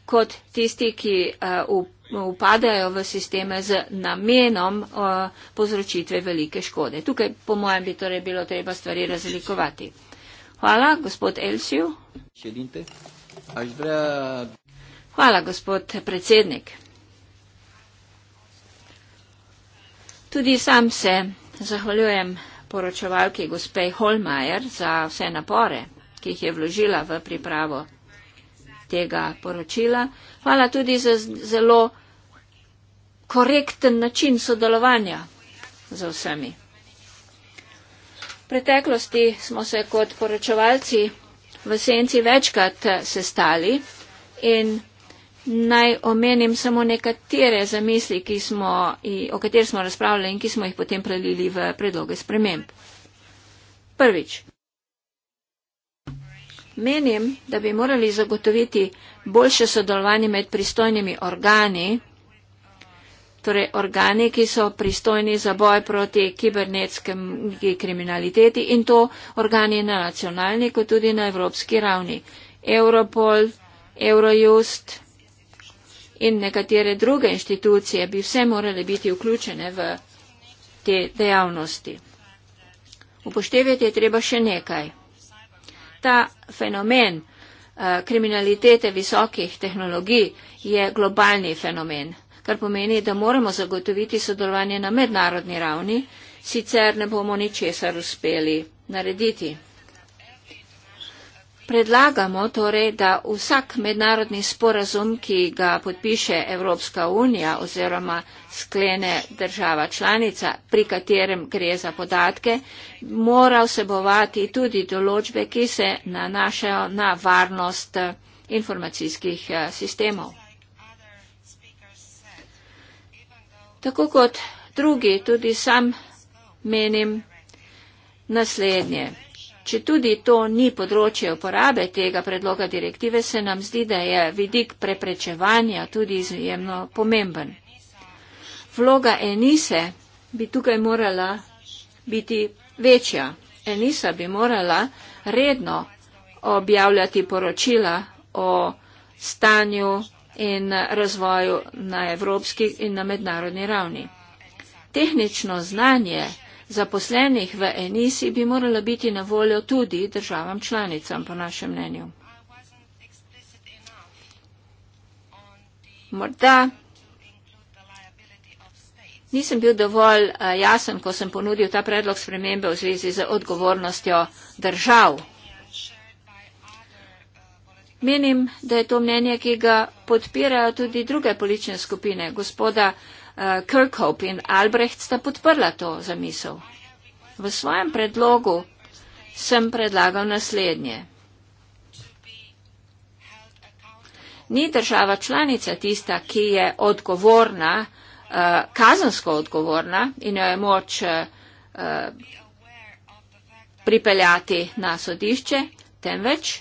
kot tisti, ki uh, upadajo v sisteme z namenom uh, povzročitve velike škode. Tukaj, po mojem, bi torej bilo treba stvari razlikovati. Hvala, gospod Elsiu. Hvala, gospod predsednik. Tudi sam se zahvaljujem poročevalki gospej Holmajer za vse napore, ki jih je vložila v pripravo tega poročila. Hvala tudi za zelo korekten način sodelovanja za vsemi. V preteklosti smo se kot poročevalci v senci večkrat sestali in Naj omenim samo nekatere zamisli, smo, o katerih smo razpravljali in ki smo jih potem prelili v predloge sprememb. Prvič. Menim, da bi morali zagotoviti boljše sodelovanje med pristojnimi organi, torej organi, ki so pristojni za boj proti kibernetskemu kriminaliteti in to organi na nacionalni, kot tudi na evropski ravni. Europol, Eurojust, in nekatere druge inštitucije bi vse morale biti vključene v te dejavnosti. Upoštevati je treba še nekaj. Ta fenomen eh, kriminalitete visokih tehnologij je globalni fenomen, kar pomeni, da moramo zagotoviti sodelovanje na mednarodni ravni, sicer ne bomo ničesar uspeli narediti predlagamo torej, da vsak mednarodni sporazum, ki ga podpiše Evropska unija oziroma sklene država članica, pri katerem gre za podatke, mora vsebovati tudi določbe, ki se nanašajo na varnost eh, informacijskih eh, sistemov. Tako kot drugi, tudi sam menim naslednje. Če tudi to ni področje uporabe tega predloga direktive, se nam zdi, da je vidik preprečevanja tudi izjemno pomemben. Vloga Enise bi tukaj morala biti večja. Enisa bi morala redno objavljati poročila o stanju in razvoju na evropski in na mednarodni ravni. Tehnično znanje zaposlenih v Enisi bi morala biti na voljo tudi državam članicam, po našem mnenju. Morda nisem bil dovolj eh, jasen, ko sem ponudil ta predlog spremembe v zvezi z odgovornostjo držav. Menim, da je to mnenje, ki ga podpirajo tudi druge politične skupine, gospoda uh, Kirkhope in Albrecht sta podprla to zamisel. V svojem predlogu sem predlagal naslednje. Ni država članica tista, ki je odgovorna, uh, eh, kazansko odgovorna in jo je moč uh, pripeljati na sodišče, temveč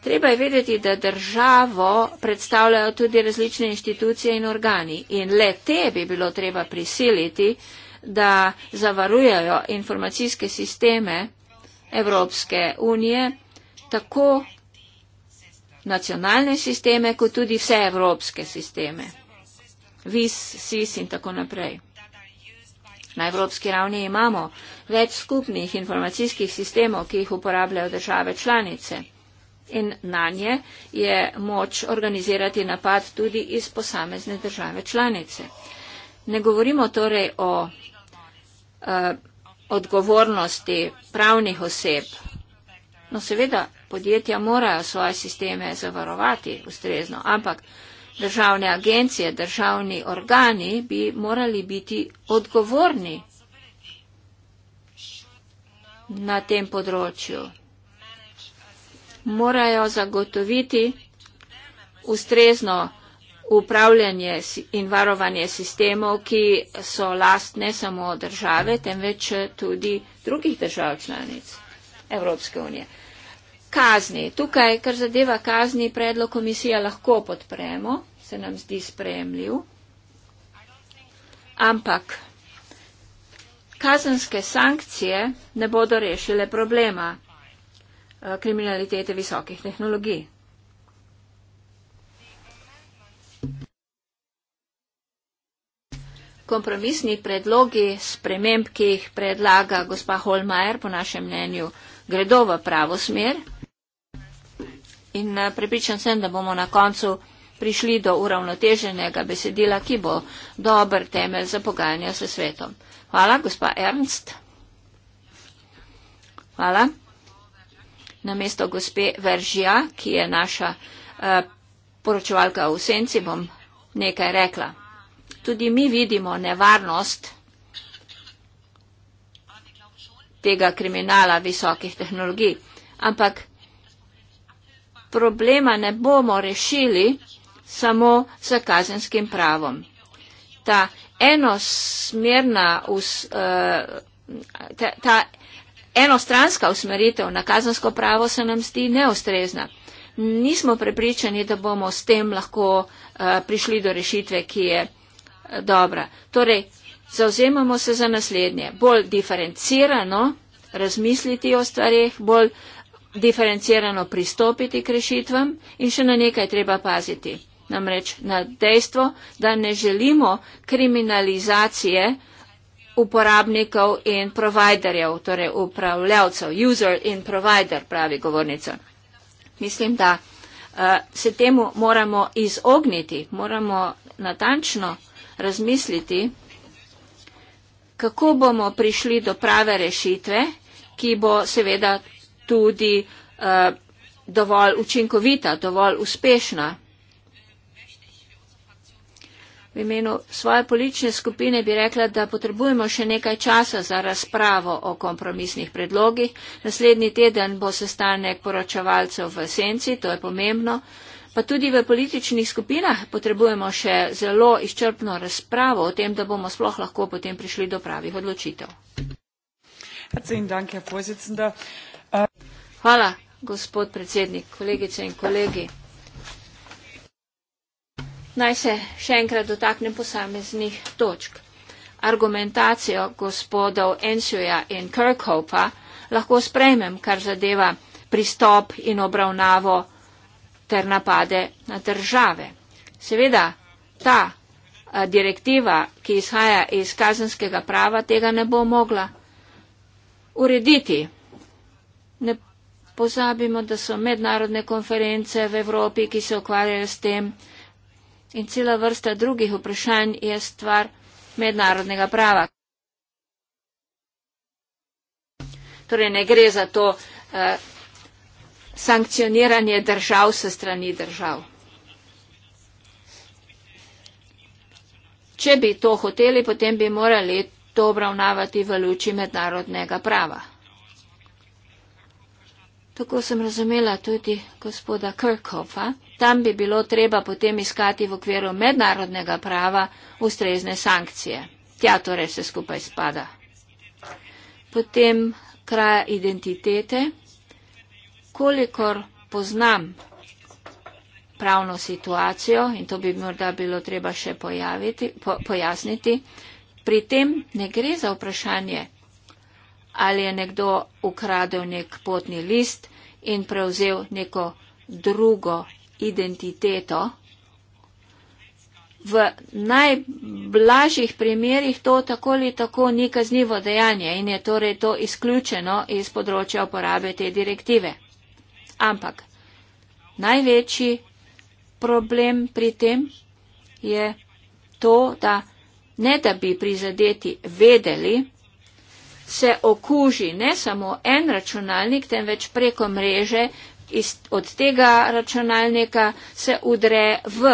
Treba je vedeti, da državo predstavljajo tudi različne inštitucije in organi in le te bi bilo treba prisiliti, da zavarujajo informacijske sisteme Evropske unije, tako nacionalne sisteme, kot tudi vse evropske sisteme, VIS, SIS in tako naprej. Na evropski ravni imamo več skupnih informacijskih sistemov, ki jih uporabljajo države članice in na nje je moč organizirati napad tudi iz posamezne države članice. Ne govorimo torej o a, eh, odgovornosti pravnih oseb. No seveda, podjetja morajo svoje sisteme zavarovati ustrezno, ampak državne agencije, državni organi bi morali biti odgovorni na tem področju morajo zagotoviti ustrezno upravljanje in varovanje sistemov, ki so last ne samo države, temveč tudi drugih držav članic Evropske unije. Kazni. Tukaj, kar zadeva kazni, predlog komisija lahko podpremo, se nam zdi spremljiv. Ampak kazenske sankcije ne bodo rešile problema. Eh, kriminalitete visokih tehnologij. Kompromisni predlogi sprememb, ki jih predlaga gospa Holmajer, po našem mnenju, gredo v pravo smer. In eh, prepričan sem, da bomo na koncu prišli do uravnoteženega besedila, ki bo dober temelj za pogajanja s svetom. Hvala, gospa Ernst. Hvala na mesto gospe Veržija, ki je naša eh, poročevalka v senci, bom nekaj rekla. Tudi mi vidimo nevarnost tega kriminala visokih tehnologij. Ampak problema ne bomo rešili samo z kazenskim pravom. Ta enosmerna, eh, ta enostranska usmeritev na kazansko pravo se nam zdi neustrezna. Nismo prepričani, da bomo s tem lahko uh, prišli do rešitve, ki je uh, dobra. Torej, zauzemamo se za naslednje. Bolj diferencirano razmisliti o stvarih, bolj diferencirano pristopiti k rešitvam in še na nekaj treba paziti. Namreč na dejstvo, da ne želimo kriminalizacije uh, uporabnikov in providerjev, torej upravljavcev, user in provider, pravi govornica. Mislim, da uh, se temu moramo izogniti, moramo natančno razmisliti, kako bomo prišli do prave rešitve, ki bo seveda tudi uh, dovolj učinkovita, dovolj uspešna imenu svoje politične skupine bi rekla, da potrebujemo še nekaj časa za razpravo o kompromisnih predlogih. Naslednji teden bo sestanek poročevalcev v senci, to je pomembno. Pa tudi v političnih skupinah potrebujemo še zelo izčrpno razpravo o tem, da bomo sploh lahko potem prišli do pravih odločitev. Hvala, gospod predsednik, kolegice in kolegi. Naj se še enkrat dotaknem posameznih točk. Argumentacijo gospodov Ensuja in Kirkhopa lahko sprejmem, kar zadeva pristop in obravnavo ter napade na države. Seveda, ta direktiva, ki izhaja iz kazenskega prava, tega ne bo mogla urediti. Ne pozabimo, da so mednarodne konference v Evropi, ki se ukvarjajo s tem, in cela vrsta drugih vprašanj je stvar mednarodnega prava. Torej ne gre za to eh, sankcioniranje držav se strani držav. Če bi to hoteli, potem bi morali to obravnavati v luči mednarodnega prava. Tako sem razumela tudi gospoda Krkova. Tam bi bilo treba potem iskati v okviru mednarodnega prava ustrezne sankcije. Tja torej se skupaj spada. Potem kraja identitete. Kolikor poznam pravno situacijo, in to bi morda bilo treba še pojaviti, po, pojasniti, pri tem ne gre za vprašanje, ali je nekdo ukradel nek potni list, in prevzel neko drugo identiteto. V najblažjih primerjih to tako ali tako ni kaznivo dejanje in je torej to izključeno iz področja uporabe te direktive. Ampak največji problem pri tem je to, da ne da bi prizadeti vedeli, se okuži ne samo en računalnik, temveč preko mreže iz, od tega računalnika se udre v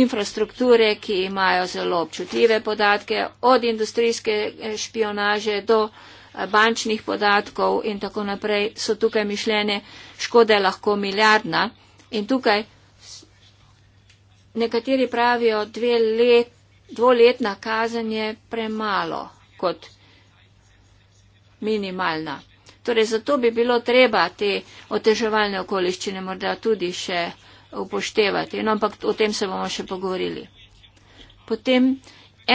infrastrukture, ki imajo zelo občutljive podatke, od industrijske eh, špionaže do eh, bančnih podatkov in tako naprej so tukaj mišljene, škoda je lahko milijardna. In tukaj nekateri pravijo, dve let, dvoletna kazanje premalo kot minimalna. Torej, zato bi bilo treba te oteževalne okoliščine morda tudi še upoštevati, no, ampak o tem se bomo še pogovorili. Potem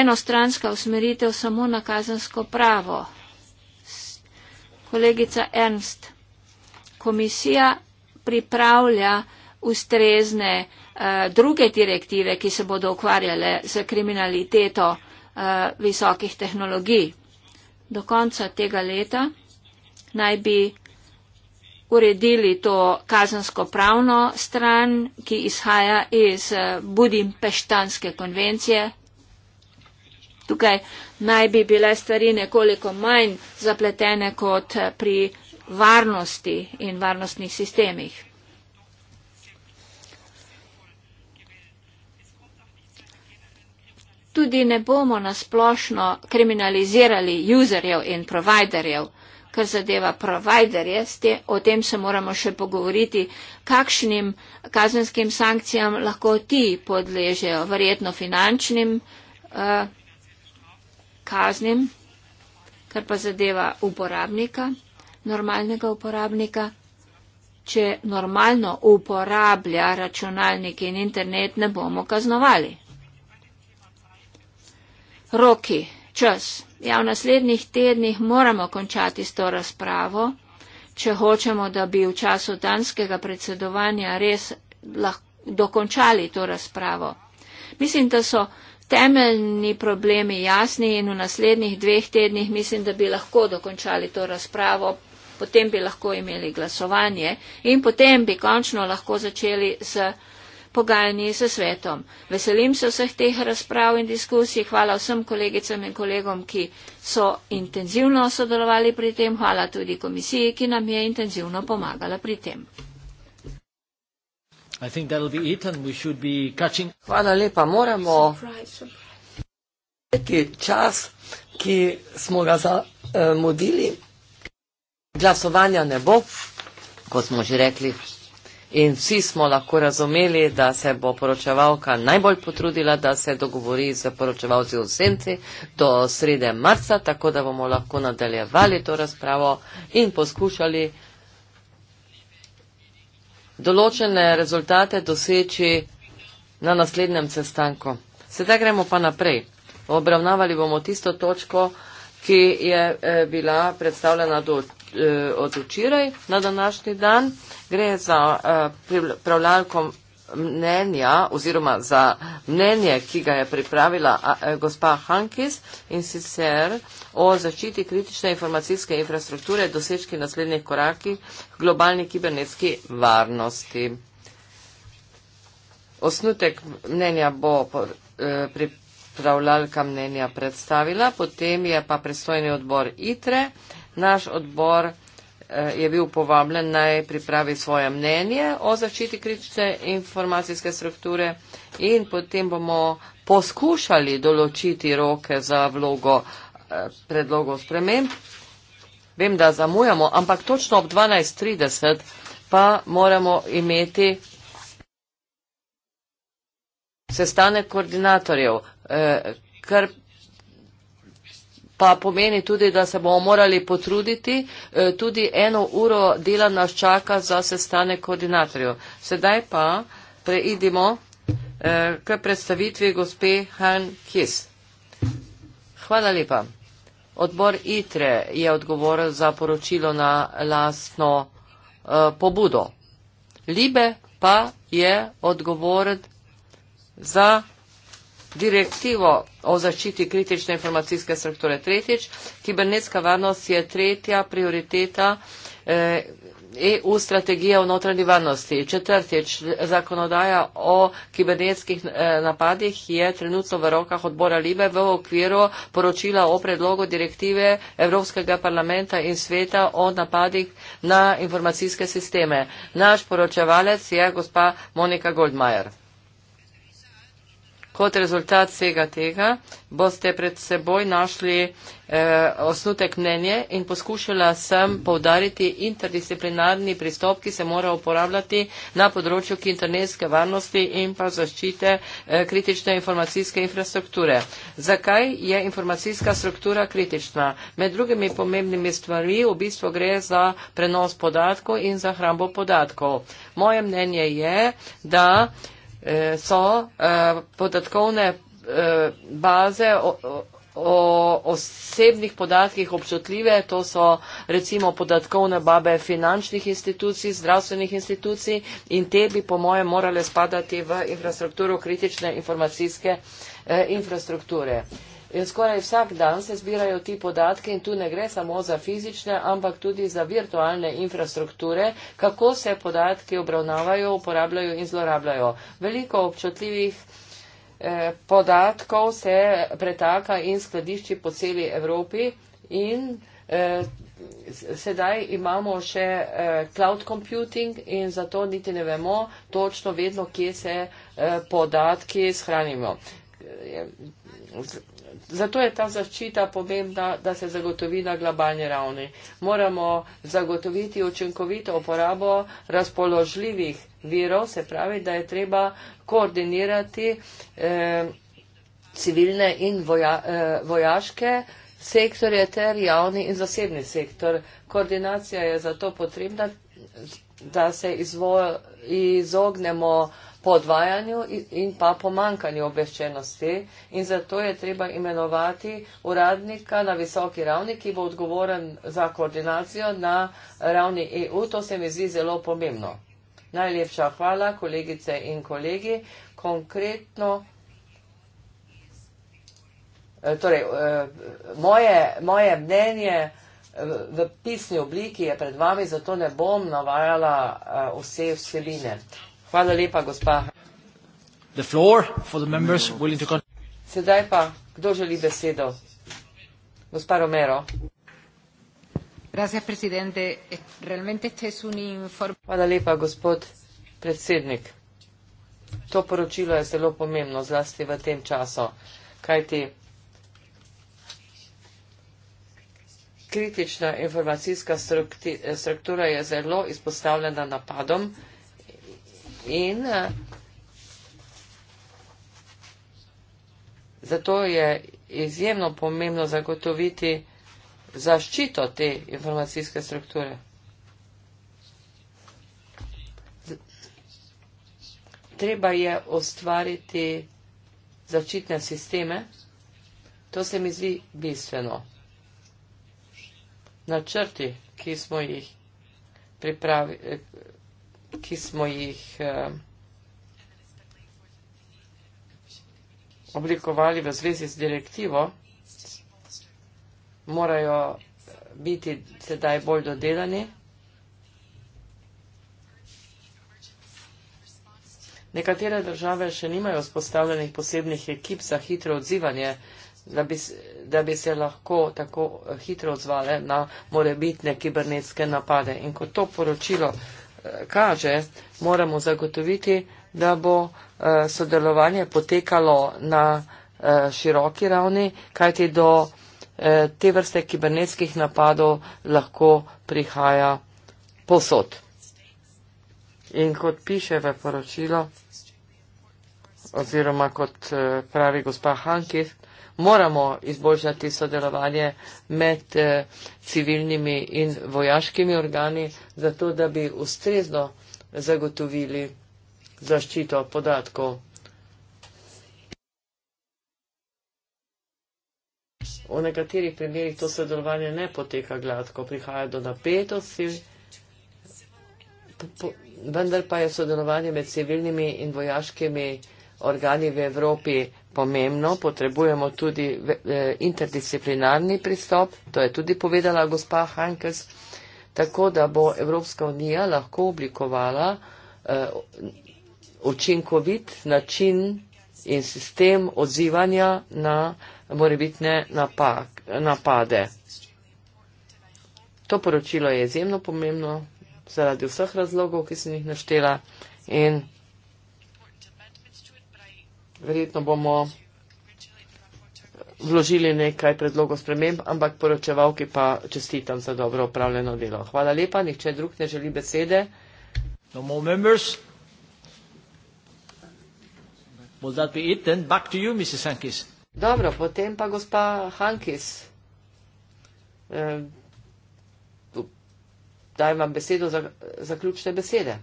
enostranska usmeritev samo na kazansko pravo. Kolegica Ernst, komisija pripravlja ustrezne eh, druge direktive, ki se bodo ukvarjale z kriminaliteto eh, visokih tehnologij do konca tega leta naj bi uredili to kazansko pravno stran, ki izhaja iz eh, Budimpeštanske konvencije. Tukaj naj bi bile stvari nekoliko manj zapletene kot eh, pri varnosti in varnostnih sistemih. tudi ne bomo nasplošno kriminalizirali userjev in providerjev. Kar zadeva providerje, ste, o tem se moramo še pogovoriti, kakšnim kazenskim sankcijam lahko ti podležejo, verjetno finančnim eh, kaznim, kar pa zadeva uporabnika, normalnega uporabnika. Če normalno uporablja računalnik in internet, ne bomo kaznovali roki, čas. Ja, v naslednjih tednih moramo končati s to razpravo, če hočemo, da bi v času danskega predsedovanja res lahko dokončali to razpravo. Mislim, da so temeljni problemi jasni in v naslednjih dveh tednih mislim, da bi lahko dokončali to razpravo, potem bi lahko imeli glasovanje in potem bi končno lahko začeli s. Za pogajanji s svetom. Veselim se vseh teh razprav in diskusij. Hvala vsem kolegicam in kolegom, ki so intenzivno sodelovali pri tem. Hvala tudi komisiji, ki nam je intenzivno pomagala pri tem. Hvala lepa. Moramo vzeti čas, ki smo ga zamudili. Eh, Glasovanja ne bo, kot smo že rekli in vsi smo lahko razumeli, da se bo poročevalka najbolj potrudila, da se dogovori z poročevalci v senci do srede marca, tako da bomo lahko nadaljevali to razpravo in poskušali določene rezultate doseči na naslednjem sestanku. Sedaj gremo pa naprej. Obravnavali bomo tisto točko, ki je eh, bila predstavljena do Eh, od včeraj na današnji dan. Gre za eh, pripravljalko mnenja oziroma za mnenje, ki ga je pripravila eh, gospa Hankis in sicer o zaščiti kritične informacijske infrastrukture, dosežki naslednjih koraki v globalni kibernetski varnosti. Osnutek mnenja bo pripravljalka mnenja predstavila, potem je pa predstojni odbor ITRE Naš odbor eh, je bil povabljen naj pripravi svoje mnenje o zaščiti kritične informacijske strukture in potem bomo poskušali določiti roke za vlogo eh, predlogov sprememb. Vem, da zamujamo, ampak točno ob 12.30 pa moramo imeti sestanek koordinatorjev, eh, kar pa pomeni tudi, da se bomo morali potruditi. E, tudi eno uro dela nas čaka za sestanek koordinatorjev. Sedaj pa preidimo e, k predstavitvi gospe Han Kis. Hvala lepa. Odbor ITRE je odgovoril za poročilo na lastno uh, pobudo. Libe pa je odgovoril za direktivo o zaščiti kritične informacijske strukture tretjič, kibernetska varnost je tretja prioriteta EU eh, e strategije vnotranje varnosti. Četrtič, zakonodaja o kibernetskih eh, napadih je trenutno v rokah odbora Libe v okviru poročila o predlogu direktive Evropskega parlamenta in sveta o napadih na informacijske sisteme. Naš poročevalec je gospa Monika Goldmajer. Kot rezultat vsega tega boste pred seboj našli eh, osnutek mnenje in poskušala sem povdariti interdisciplinarni pristop, ki se mora uporabljati na področju internetske varnosti in pa zaščite eh, kritične informacijske infrastrukture. Zakaj je informacijska struktura kritična? Med drugimi pomembnimi stvarmi v bistvu gre za prenos podatkov in za hrambo podatkov. Moje mnenje je, da eh, so e, podatkovne e, baze o osebnih podatkih občutljive, to so recimo podatkovne babe finančnih institucij, zdravstvenih institucij in te bi po moje morale spadati v infrastrukturo kritične informacijske e, infrastrukture. In skoraj vsak dan se zbirajo ti podatki in tu ne gre samo za fizične, ampak tudi za virtualne infrastrukture, kako se podatki obravnavajo, uporabljajo in zlorabljajo. Veliko občutljivih eh, podatkov se pretaka in skladišči po celi Evropi in eh, sedaj imamo še eh, cloud computing in zato niti ne vemo točno vedno, kje se eh, podatki shranimo. Eh, zato je ta zaščita pomembna, da se zagotovi na globalni ravni. Moramo zagotoviti učinkovito uporabo razpoložljivih virov, se pravi, da je treba koordinirati eh, civilne in voja, eh, vojaške sektorje ter javni in zasebni sektor. Koordinacija je zato potrebna, da se izvo, izognemo podvajanju in pa pomankanju obveščenosti in zato je treba imenovati uradnika na visoki ravni, ki bo odgovoren za koordinacijo na ravni EU. To se mi zdi zelo pomembno. Najlepša hvala, kolegice in kolegi. Konkretno, eh, torej, eh, moje, moje mnenje eh, v pisni obliki je pred vami, zato ne bom navajala vse vsebine. Hvala lepa, gospa. The floor for the members willing to come. Sedaj pa, kdo želi besedo? Gospa Romero. Hvala lepa, gospod predsednik. To poročilo je zelo pomembno, zlasti v tem času, kajti kritična informacijska struktura je zelo izpostavljena napadom. In eh, zato je izjemno pomembno zagotoviti zaščito te informacijske strukture. Treba je ustvariti začitne sisteme, to se mi zdi bistveno. Načrti, ki smo jih pripravili, ki smo jih eh, oblikovali v zvezi z direktivo, morajo biti sedaj bolj dodelani. Nekatere države še nimajo vzpostavljenih posebnih ekip za hitro odzivanje, da bi, da bi se lahko tako eh, hitro odzvale na morebitne kibernetske napade. In ko to poročilo kaže, moramo zagotoviti, da bo eh, sodelovanje potekalo na eh, široki ravni, kajti do eh, te vrste kibernetskih napadov lahko prihaja posod. In kot piše v poročilo, oziroma kot pravi gospa Hankis, moramo izboljšati sodelovanje med eh, civilnimi in vojaškimi organi, zato da bi ustrezno zagotovili zaščito podatkov. V nekaterih primerih to sodelovanje ne poteka gladko, prihaja do napetosti, vendar pa je sodelovanje med civilnimi in vojaškimi organi organi v Evropi pomembno, potrebujemo tudi eh, interdisciplinarni pristop, to je tudi povedala gospa Hankes, tako da bo Evropska unija lahko oblikovala eh, učinkovit način in sistem odzivanja na morebitne napade. To poročilo je izjemno pomembno zaradi vseh razlogov, ki sem jih naštela in vsega. Verjetno bomo vložili nekaj predlogov sprememb, ampak poročevalki pa čestitam za dobro upravljeno delo. Hvala lepa, nihče drug ne želi besede. No more members. Will that be it then? Back to you, Mrs. Hankis. Dobro, potem pa gospa Hankis. Eh, Dajem vam besedo za zaključne besede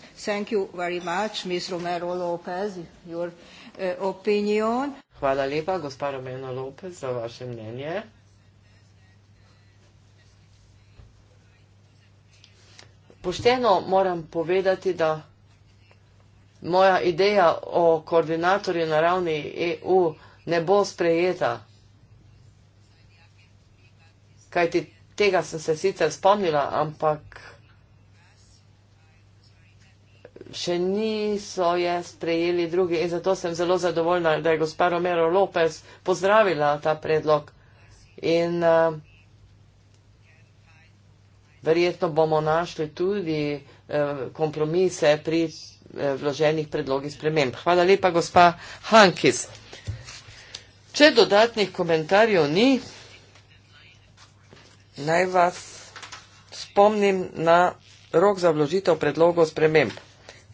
comments. Thank you very much, Ms. Romero Lopez, your uh, opinion. Hvala lepa, gospa Romero Lopez, za vaše mnenje. Pošteno moram povedati, da moja ideja o koordinatorju na ravni EU ne bo sprejeta. Kajti tega sem se sicer spomnila, ampak še niso je sprejeli drugi in zato sem zelo zadovoljna, da je gospa Romero Lopez pozdravila ta predlog. In uh, verjetno bomo našli tudi uh, kompromise pri uh, vloženih predlogih sprememb. Hvala lepa, gospa Hankis. Če dodatnih komentarjev ni, naj vas spomnim na rok za vložitev predlogov sprememb.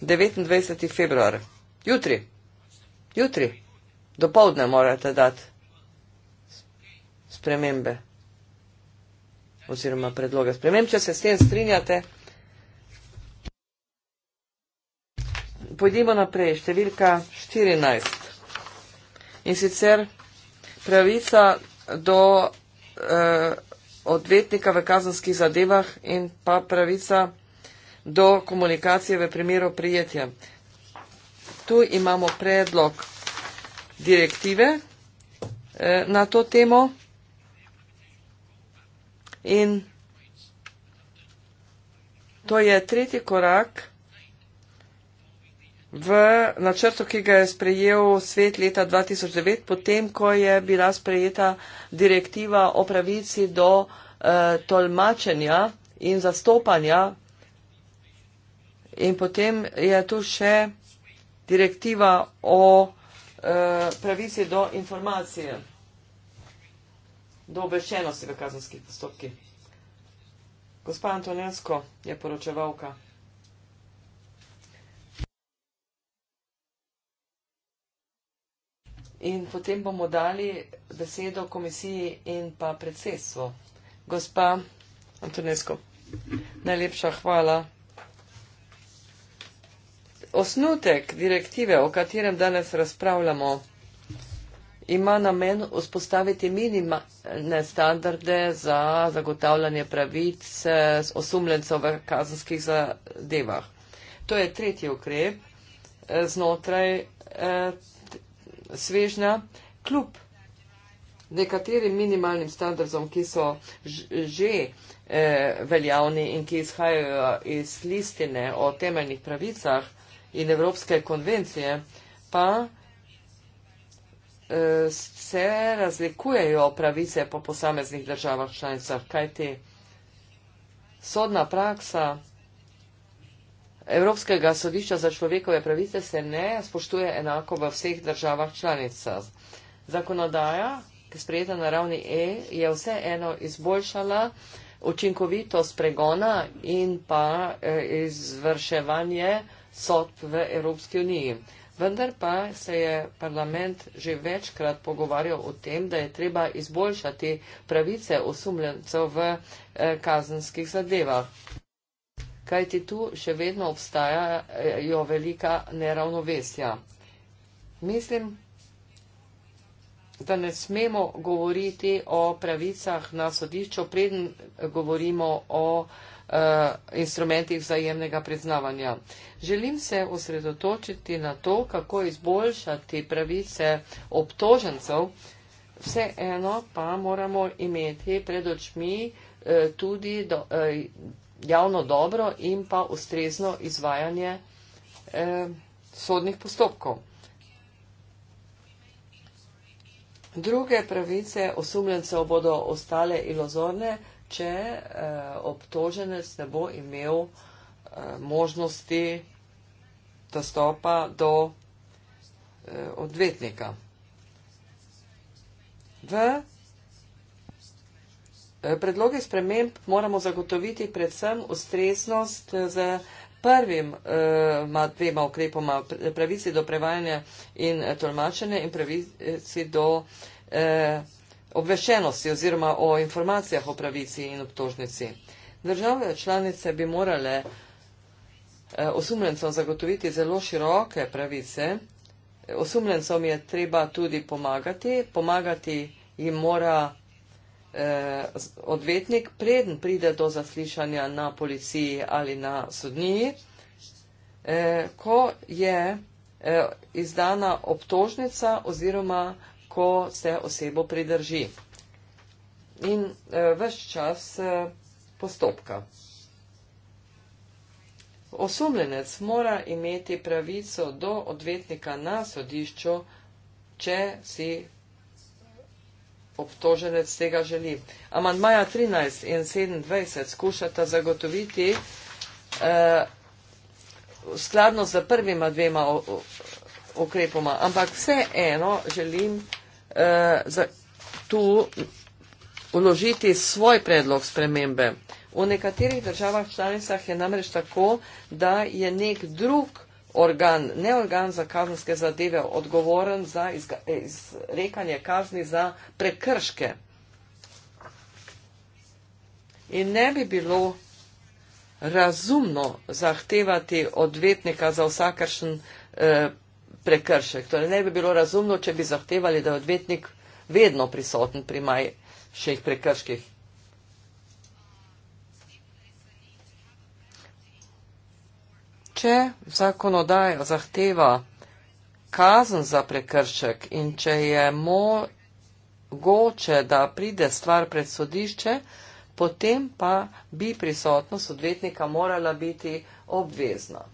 29. februar. Jutri. Jutri. Dopovdne morate dati spremembe oziroma predloge sprememb, če se s tem strinjate. Pojdimo naprej, številka 14. In sicer pravica do eh, odvetnika v kazanskih zadevah in pa pravica do komunikacije v primeru prijetja. Tu imamo predlog direktive eh, na to temo in to je tretji korak v načrtu, ki ga je sprejel svet leta 2009, potem, ko je bila sprejeta direktiva o pravici do eh, tolmačenja in zastopanja In potem je tu še direktiva o eh, pravici do informacije, do obveščenosti v kazenskih postopkih. Gospa Antonesko je poročevalka. In potem bomo dali besedo komisiji in pa predsedstvo. Gospa Antonesko, najlepša hvala osnutek direktive, o katerem danes razpravljamo, ima namen vzpostaviti minimalne standarde za zagotavljanje pravic eh, osumljencev v kazenskih zadevah. To je tretji ukrep eh, znotraj eh, svežnja. Kljub nekaterim minimalnim standardom, ki so že veljavni in ki izhajajo iz listine o temeljnih pravicah, in Evropske konvencije pa eh, se razlikujejo pravice po posameznih državah članicah, kajti sodna praksa Evropskega sodišča za človekove pravice se ne spoštuje enako v vseh državah članicah. Zakonodaja, ki je sprejeta na ravni E, je vse eno izboljšala učinkovitost pregona in pa eh, izvrševanje sodb v Evropski uniji. Vendar pa se je parlament že večkrat pogovarjal o tem, da je treba izboljšati pravice osumljencev v eh, kazenskih zadevah. Kajti tu še vedno obstajajo velika neravnovesja. Mislim, da ne smemo govoriti o pravicah na sodišču, preden govorimo o uh, uh, instrumentih vzajemnega priznavanja. Želim se osredotočiti na to, kako izboljšati pravice obtožencev, vseeno pa moramo imeti pred očmi uh, tudi do, uh, javno dobro in pa ustrezno izvajanje uh, sodnih postopkov. Druge pravice osumljencev bodo ostale ilozorne, če eh, obtoženec ne bo imel eh, možnosti dostopa do eh, odvetnika. V eh, predloge sprememb moramo zagotoviti predvsem ustreznost eh, z prvim eh, dvema ukrepoma, pravici do prevajanja in eh, tolmačenja in pravici do eh, obveščenosti oziroma o informacijah o pravici in obtožnici. Države članice bi morale eh, osumljencom zagotoviti zelo široke pravice. Osumljencom je treba tudi pomagati. Pomagati jim mora eh, odvetnik, preden pride do zaslišanja na policiji ali na sodniji. Eh, ko je eh, izdana obtožnica oziroma ko se osebo pridrži. In uh, ves čas uh, postopka. Osumljenec mora imeti pravico do odvetnika na sodišču, če si obtoženec tega želi. Amandmaja 13 in 27 skušata zagotoviti uh, skladno z prvima dvema ukrepoma, ampak vseeno želim eh, za, tu uložiti svoj predlog spremembe. V nekaterih državah članicah je namreč tako, da je nek drug organ, ne organ za kazenske zadeve, odgovoren za izrekanje kazni za prekrške. In ne bi bilo razumno zahtevati odvetnika za vsakršen eh, prekršek. Torej, ne bi bilo razumno, če bi zahtevali, da je odvetnik vedno prisoten pri majhnih prekrških. Če zakonodaja zahteva kazen za prekršek in če je mogoče, da pride stvar pred sodišče, potem pa bi prisotnost odvetnika morala biti obvezna.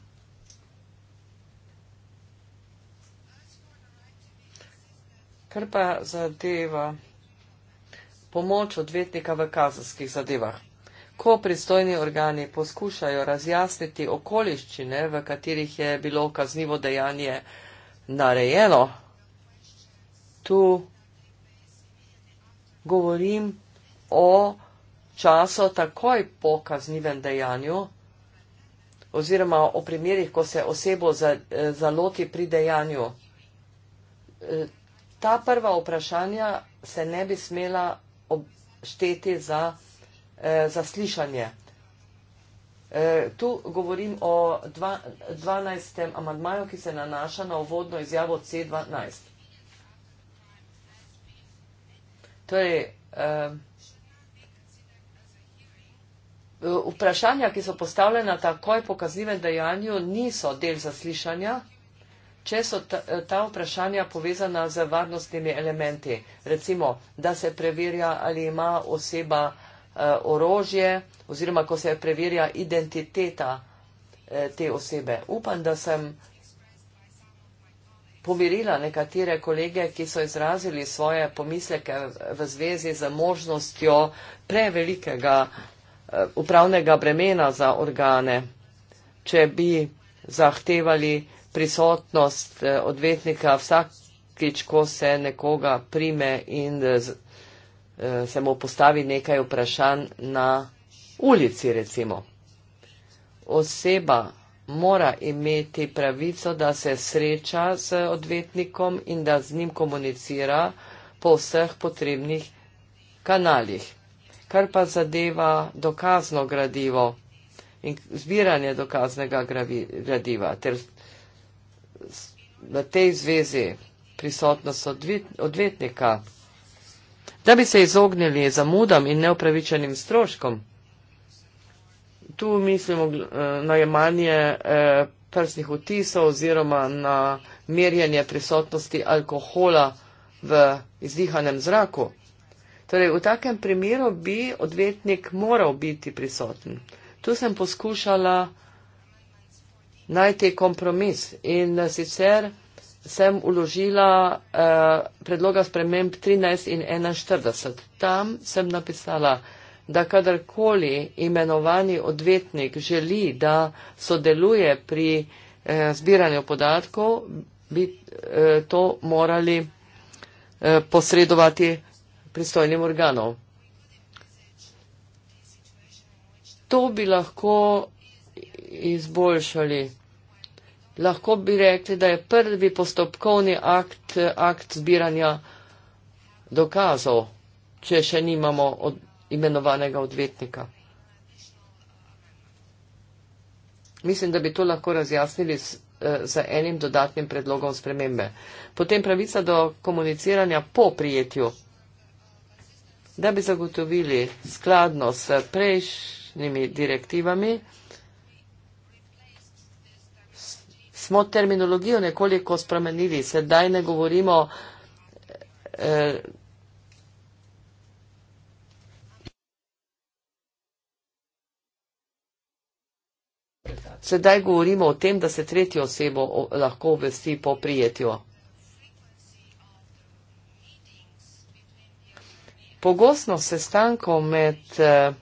Kar pa zadeva pomoč odvetnika v kazanskih zadevah. Ko pristojni organi poskušajo razjasniti okoliščine, v katerih je bilo kaznivo dejanje narejeno, tu govorim o času takoj po kaznivem dejanju oziroma o primerih, ko se osebo eh, zaloti pri dejanju. Eh, ta prva vprašanja se ne bi smela obšteti za eh, zaslišanje. Eh, tu govorim o dva, 12. amadmaju, ki se nanaša na uvodno izjavo C12. Torej, eh, vprašanja, ki so postavljena takoj po kaznivem dejanju, niso del zaslišanja če so ta, eh, ta vprašanja povezana z varnostnimi elementi, recimo, da se preverja, ali ima oseba eh, orožje oziroma, ko se preverja identiteta eh, te osebe. Upam, da sem pomirila nekatere kolege, ki so izrazili svoje pomisleke v zvezi z možnostjo prevelikega eh, upravnega bremena za organe, če bi zahtevali prisotnost eh, odvetnika vsakič, ko se nekoga prime in eh, eh, se mu postavi nekaj vprašanj na ulici, recimo. Oseba mora imeti pravico, da se sreča z odvetnikom in da z njim komunicira po vseh potrebnih kanalih. Kar pa zadeva dokazno gradivo in zbiranje dokaznega gradiva ter na tej zvezi prisotnost odvetnika, da bi se izognili zamudam in neupravičenim stroškom. Tu mislimo eh, na jemanje eh, prsnih vtisov oziroma na merjanje prisotnosti alkohola v izdihanem zraku. Torej, v takem primeru bi odvetnik moral biti prisoten. Tu sem poskušala najti kompromis. In eh, sicer sem uložila eh, predloga sprememb 13 in 41. Tam sem napisala, da kadarkoli imenovani odvetnik želi, da sodeluje pri eh, zbiranju podatkov, bi eh, to morali eh, posredovati pristojnim organom. To bi lahko izboljšali lahko bi rekli, da je prvi postopkovni akt, akt zbiranja dokazov, če še nimamo od, imenovanega odvetnika. Mislim, da bi to lahko razjasnili z, eh, z enim dodatnim predlogom spremembe. Potem pravica do komuniciranja po prijetju. Da bi zagotovili skladnost s prejšnjimi direktivami, smo terminologijo nekoliko spremenili. Sedaj ne govorimo. Eh, sedaj govorimo o tem, da se tretjo osebo lahko obvesti po prijetju. Pogostnost sestankov med. Eh,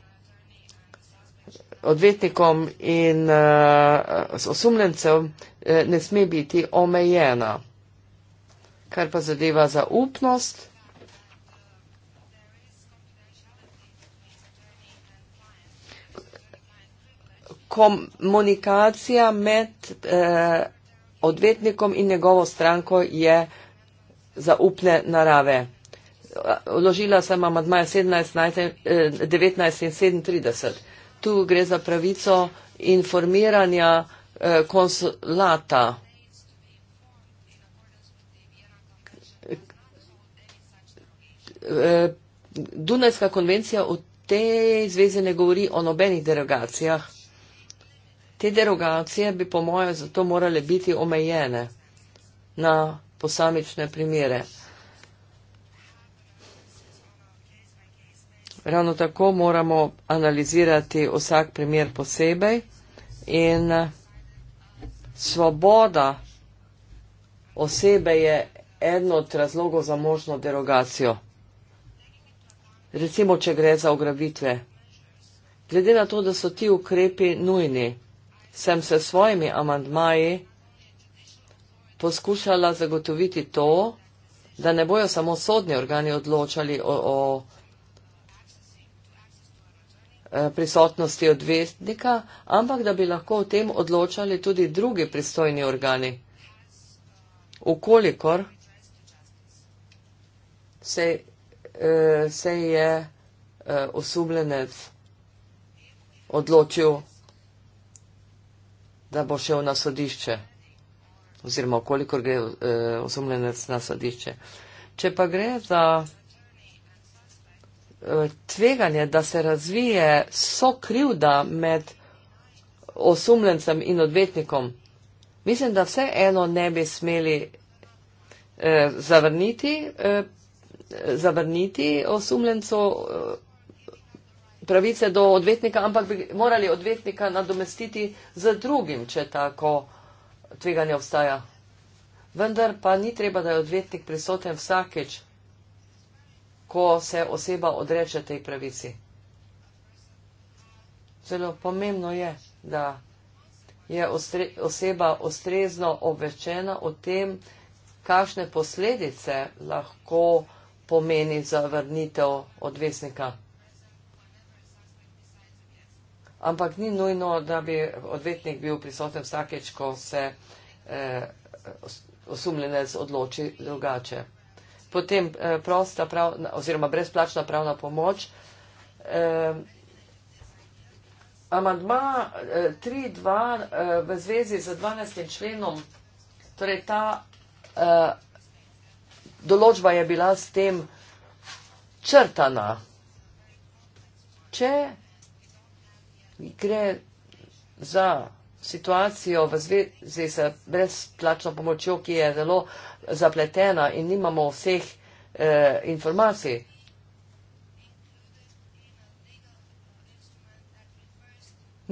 odvetnikom in uh, osumljencev uh, ne sme biti omejena. Kar pa zadeva zaupnost, komunikacija med uh, odvetnikom in njegovo stranko je zaupne narave. Vložila sem amadmaja 17, 19 in 37 tu gre za pravico informiranja eh, konsulata. Eh, Dunajska konvencija v tej zvezi ne govori o nobenih derogacijah. Te derogacije bi po mojo zato morale biti omejene na posamične primere. ravno tako moramo analizirati vsak primer posebej in eh, svoboda osebe je eden od razlogov za možno derogacijo. Recimo, če gre za ugrabitve. Glede na to, da so ti ukrepi nujni, sem se s svojimi amandmaji poskušala zagotoviti to, da ne bojo samo sodni organi odločali o, o Eh, prisotnosti odvetnika, ampak da bi lahko o tem odločali tudi drugi pristojni organi. Ukolikor se, eh, se je eh, osumljenec odločil, da bo šel na sodišče, oziroma okolikor gre osumljenec na sodišče. Če pa gre za tveganje, da se razvije sokrivda med osumljencem in odvetnikom, mislim, da vse eno ne bi smeli eh, zavrniti, eh, zavrniti osumljencu eh, pravice do odvetnika, ampak bi morali odvetnika nadomestiti z drugim, če tako tveganje obstaja. Vendar pa ni treba, da je odvetnik prisoten vsakeč ko se oseba odreče tej pravici. Zelo pomembno je, da je ostre, oseba ustrezno obveščena o tem, kakšne posledice lahko pomeni zavrnitev odvisnika. Ampak ni nujno, da bi odvetnik bil prisoten vsakeč, ko se eh, osumljenec odloči drugače potem eh, prosta pravna, oziroma brezplačna pravna pomoč. Eh, amandma eh, 3.2 eh, v zvezi z 12. členom, torej ta eh, določba je bila s tem črtana. Če gre za situacijo v zvezi z brezplačno pomočjo, ki je zelo zapletena in nimamo vseh eh, informacij.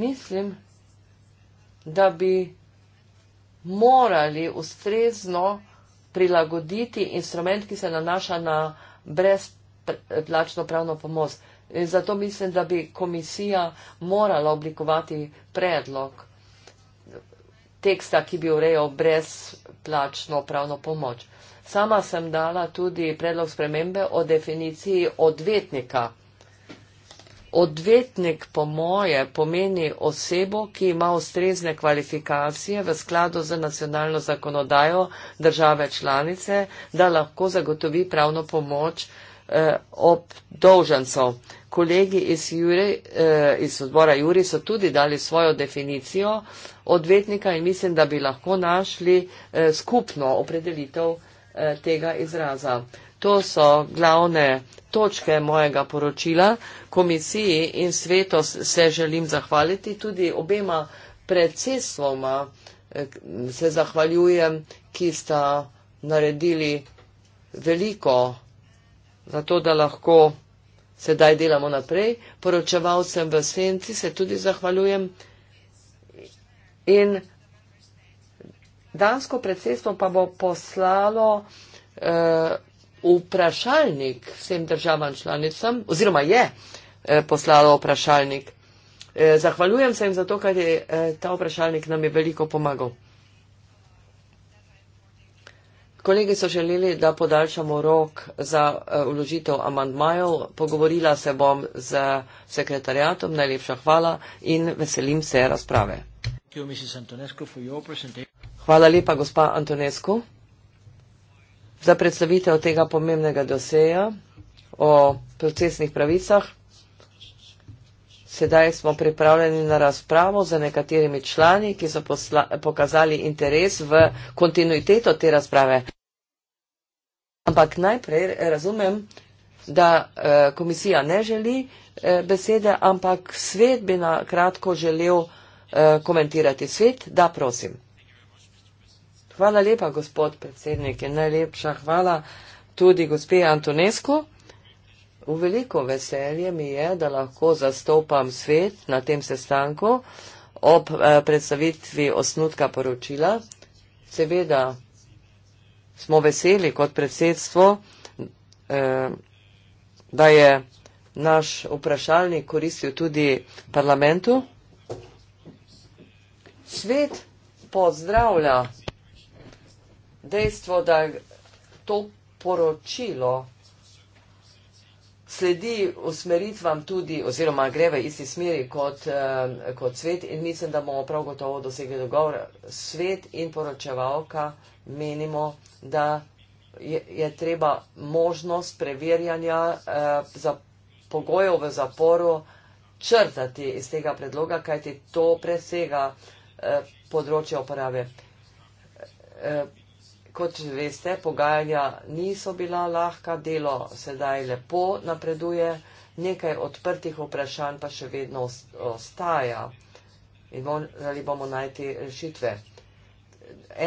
Mislim, da bi morali ustrezno prilagoditi instrument, ki se nanaša na brezplačno pravno pomoč. In zato mislim, da bi komisija morala oblikovati predlog teksta, ki bi urejal brezplačno pravno pomoč. Sama sem dala tudi predlog spremembe o definiciji odvetnika. Odvetnik po moje pomeni osebo, ki ima ustrezne kvalifikacije v skladu z nacionalno zakonodajo države članice, da lahko zagotovi pravno pomoč uh, eh, ob dolžancov. Kolegi iz, Jure, eh, iz odbora Juri so tudi dali svojo definicijo odvetnika in mislim, da bi lahko našli eh, skupno opredelitev eh, tega izraza. To so glavne točke mojega poročila. Komisiji in svetu se želim zahvaliti, tudi obema predsedstvoma eh, se zahvaljujem, ki sta naredili veliko zato da lahko sedaj delamo naprej. Poročevalcem v senci se tudi zahvaljujem. In dansko predsedstvo pa bo poslalo eh, vprašalnik vsem državam članicam, oziroma je eh, poslalo vprašalnik. Eh, zahvaljujem se jim zato, ker je eh, ta vprašalnik nam je veliko pomagal. Kolegi so želeli, da podaljšamo rok za uložitev eh, amandmajev. Pogovorila se bom z sekretarjatom. Najlepša hvala in veselim se razprave. Hvala lepa, gospa Antonescu, za predstavitev tega pomembnega doseja o procesnih pravicah. Sedaj smo pripravljeni na razpravo z nekaterimi člani, ki so posla, pokazali interes v kontinuiteto te razprave. Ampak najprej razumem, da eh, komisija ne želi eh, besede, ampak svet bi na kratko želel eh, komentirati. Svet, da prosim. Hvala lepa, gospod predsednik. Najlepša hvala tudi gospe Antonesku. V veliko veselje mi je, da lahko zastopam svet na tem sestanku ob eh, predstavitvi osnutka poročila. Seveda smo veseli kot predsedstvo, eh, da je naš vprašalnik koristil tudi parlamentu. Svet pozdravlja dejstvo, da to poročilo sledi usmeritvam tudi oziroma gre v isti smeri kot, eh, kot svet in mislim, da bomo prav gotovo dosegli dogovor. Svet in poročevalka menimo, da je, je treba možnost preverjanja eh, za pogojev v zaporu črtati iz tega predloga, kajti to presega eh, področje oprave. Eh, kot veste, pogajanja niso bila lahka, delo sedaj lepo napreduje, nekaj odprtih vprašanj pa še vedno ostaja in morali bomo najti rešitve.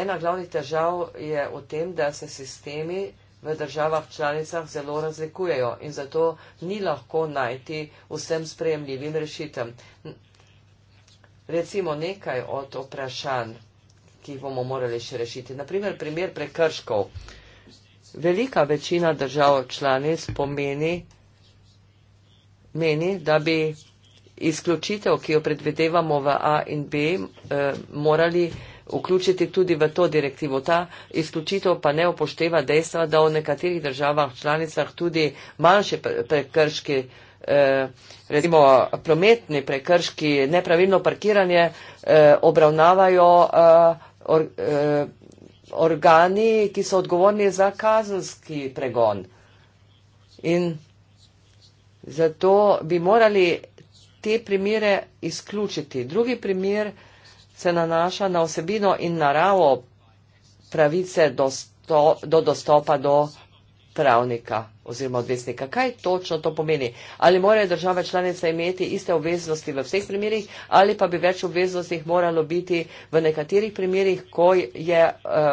Ena glavnih težav je v tem, da se sistemi v državah članicah zelo razlikujejo in zato ni lahko najti vsem sprejemljivim rešitem. Recimo nekaj od vprašanj ki jih bomo morali še rešiti. Naprimer, primer prekrškov. Velika večina držav članic pomeni, meni, da bi izključitev, ki jo predvidevamo v A in B, eh, morali vključiti tudi v to direktivo. Ta izključitev pa ne upošteva dejstva, da v nekaterih državah članicah tudi manjše prekrški, eh, recimo prometni prekrški, nepravilno parkiranje, eh, obravnavajo eh, or, eh, organi, ki so odgovorni za kazenski pregon. In zato bi morali te primere izključiti. Drugi primer se nanaša na osebino in naravo pravice do, sto, do dostopa do pravnika oziroma odvisnika. Kaj točno to pomeni? Ali morajo države članice imeti iste obveznosti v vseh primerjih ali pa bi več obveznosti moralo biti v nekaterih primerjih, ko je uh,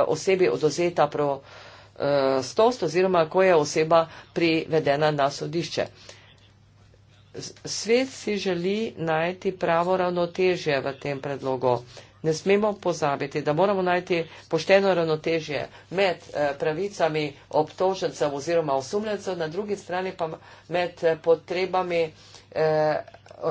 osebi odozeta prostost eh, uh, oziroma ko je oseba privedena na sodišče. Svet si želi najti pravo ravnotežje v tem predlogu ne smemo pozabiti, da moramo najti pošteno ravnotežje med eh, pravicami obtožencev oziroma osumljencev, na drugi strani pa med eh, potrebami eh,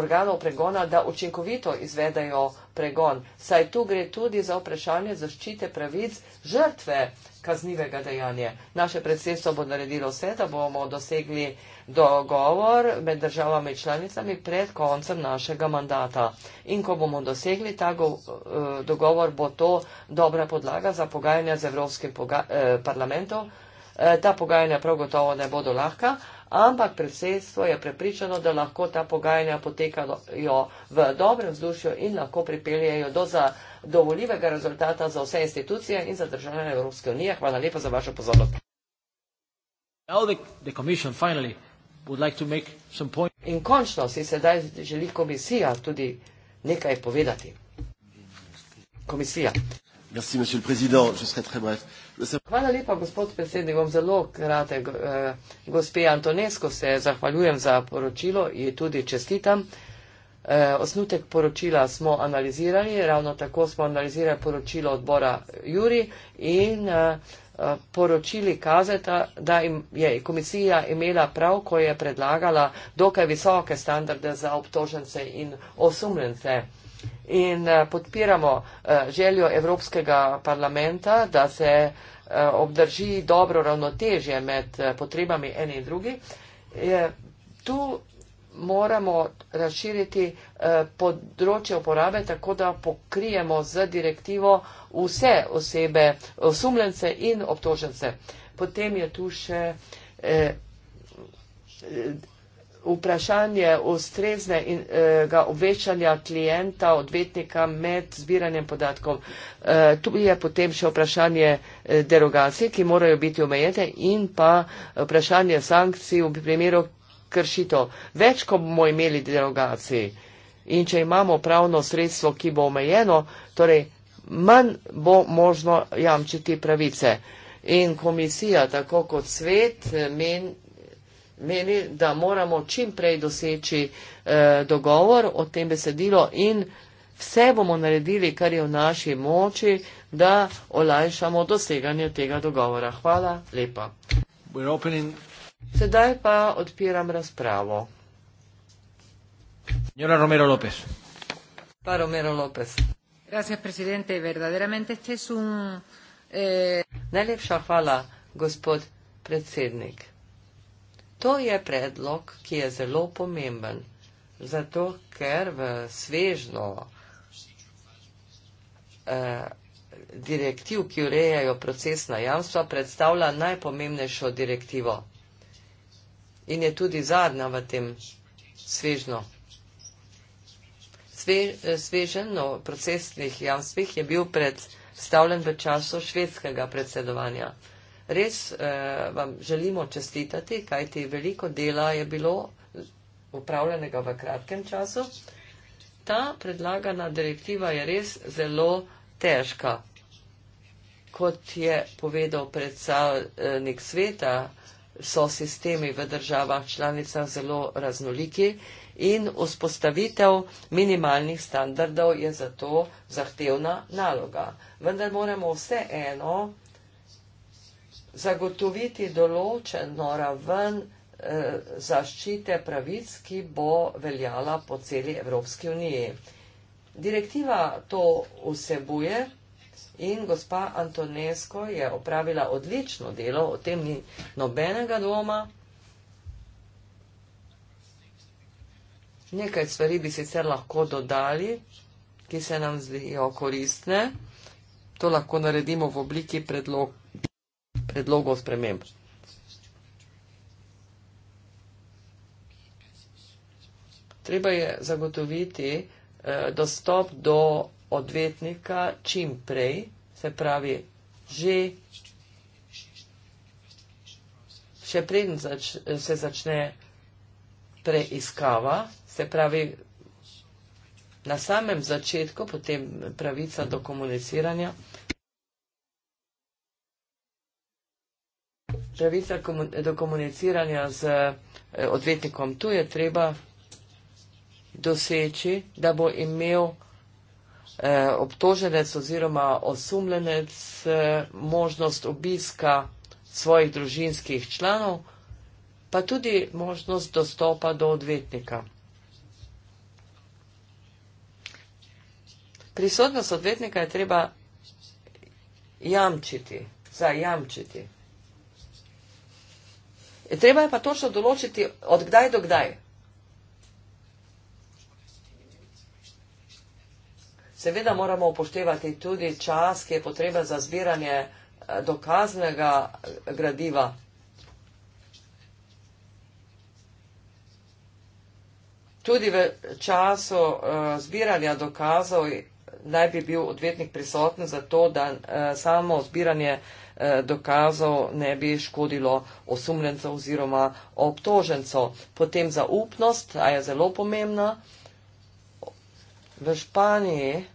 organov pregona, da učinkovito izvedajo pregon. Saj tu gre tudi za vprašanje zaščite pravic žrtve kaznivega dejanja. Naše predsedstvo bo naredilo vse, da bomo dosegli dogovor med državami članicami pred koncem našega mandata. In ko bomo dosegli ta go, eh, dogovor, bo to dobra podlaga za pogajanja z Evropskim poga, eh, parlamentom. Eh, ta pogajanja prav gotovo ne bodo lahka, ampak predsedstvo je prepričano, da lahko ta pogajanja potekajo v dobrem vzdušju in lahko pripeljejo do za dovoljivega rezultata za vse institucije in za državljane Evropske unije. Hvala lepa za vašo pozornost. In končno si sedaj želi komisija tudi nekaj povedati. Komisija. Merci, monsieur le président. Je serai très bref. Hvala lepa, gospod predsednik. Bom zelo kratek. Eh, gospe Antonesko se zahvaljujem za poročilo in tudi čestitam. Eh, osnutek poročila smo analizirali, ravno tako smo analizirali poročilo odbora Juri in eh, eh poročili kazeta, da im, je komisija imela prav, ko je predlagala dokaj visoke standarde za obtožence in osumljence. In eh, podpiramo eh, željo Evropskega parlamenta, da se eh, obdrži dobro ravnotežje med eh, potrebami ene in drugi. Eh, tu moramo razširiti eh, področje uporabe tako, da pokrijemo z direktivo vse osebe, osumljence in obtožence. Potem je tu še eh, vprašanje ustreznega eh, obveščanja klienta, odvetnika med zbiranjem podatkov. Tu je potem še vprašanje derogacij, ki morajo biti omejene in pa vprašanje sankcij v primeru, kršitev, več, ko bomo imeli delegacij. In če imamo pravno sredstvo, ki bo omejeno, torej manj bo možno jamčiti pravice. In komisija, tako kot svet, men, meni, da moramo čim prej doseči eh, dogovor o tem besedilo in vse bomo naredili, kar je v naši moči, da olajšamo doseganje tega dogovora. Hvala lepa. We're opening Sedaj pa odpiram razpravo. Njena Romero López. Pa Romero López. Gracias, presidente. Verdaderamente este es un. Eh... Najlepša hvala, gospod predsednik. To je predlog, ki je zelo pomemben, zato ker v svežno eh, direktiv, ki urejajo procesna jamstva, predstavlja najpomembnejšo direktivo in je tudi zadnja v tem svežno. Sve, eh, svežen o procesnih jamstvih je bil predstavljen v času švedskega predsedovanja. Res eh, vam želimo čestitati, kajti veliko dela je bilo upravljenega v kratkem času. Ta predlagana direktiva je res zelo težka. Kot je povedal predsednik sveta, so sistemi v državah članicah zelo raznoliki in vzpostavitev minimalnih standardov je zato zahtevna naloga. Vendar moramo vse eno zagotoviti določeno raven eh, zaščite pravic, ki bo veljala po celi Evropski uniji. Direktiva to vsebuje. In gospa Antonesko je opravila odlično delo, o tem ni nobenega dvoma. Nekaj stvari bi sicer lahko dodali, ki se nam zdijo koristne. To lahko naredimo v obliki predlog, predlogov sprememb. Treba je zagotoviti eh, dostop do odvetnika čim prej, se pravi, že še preden zač, se začne preiskava, se pravi, na samem začetku, potem pravica do komuniciranja. Pravica do komuniciranja z eh, odvetnikom. Tu je treba doseči, da bo imel Eh, obtoženec oziroma osumljenec eh, možnost obiska svojih družinskih članov, pa tudi možnost dostopa do odvetnika. Prisotnost odvetnika je treba jamčiti, zajamčiti. Treba je pa točno določiti, od kdaj do kdaj. Seveda moramo upoštevati tudi čas, ki je potreben za zbiranje eh, dokaznega eh, gradiva. Tudi v času eh, zbiranja dokazov naj bi bil odvetnik prisoten za to, da samo zbiranje dokazov ne bi škodilo osumljencov oziroma obtožencov. Potem zaupnost, a je zelo pomembna. V Španiji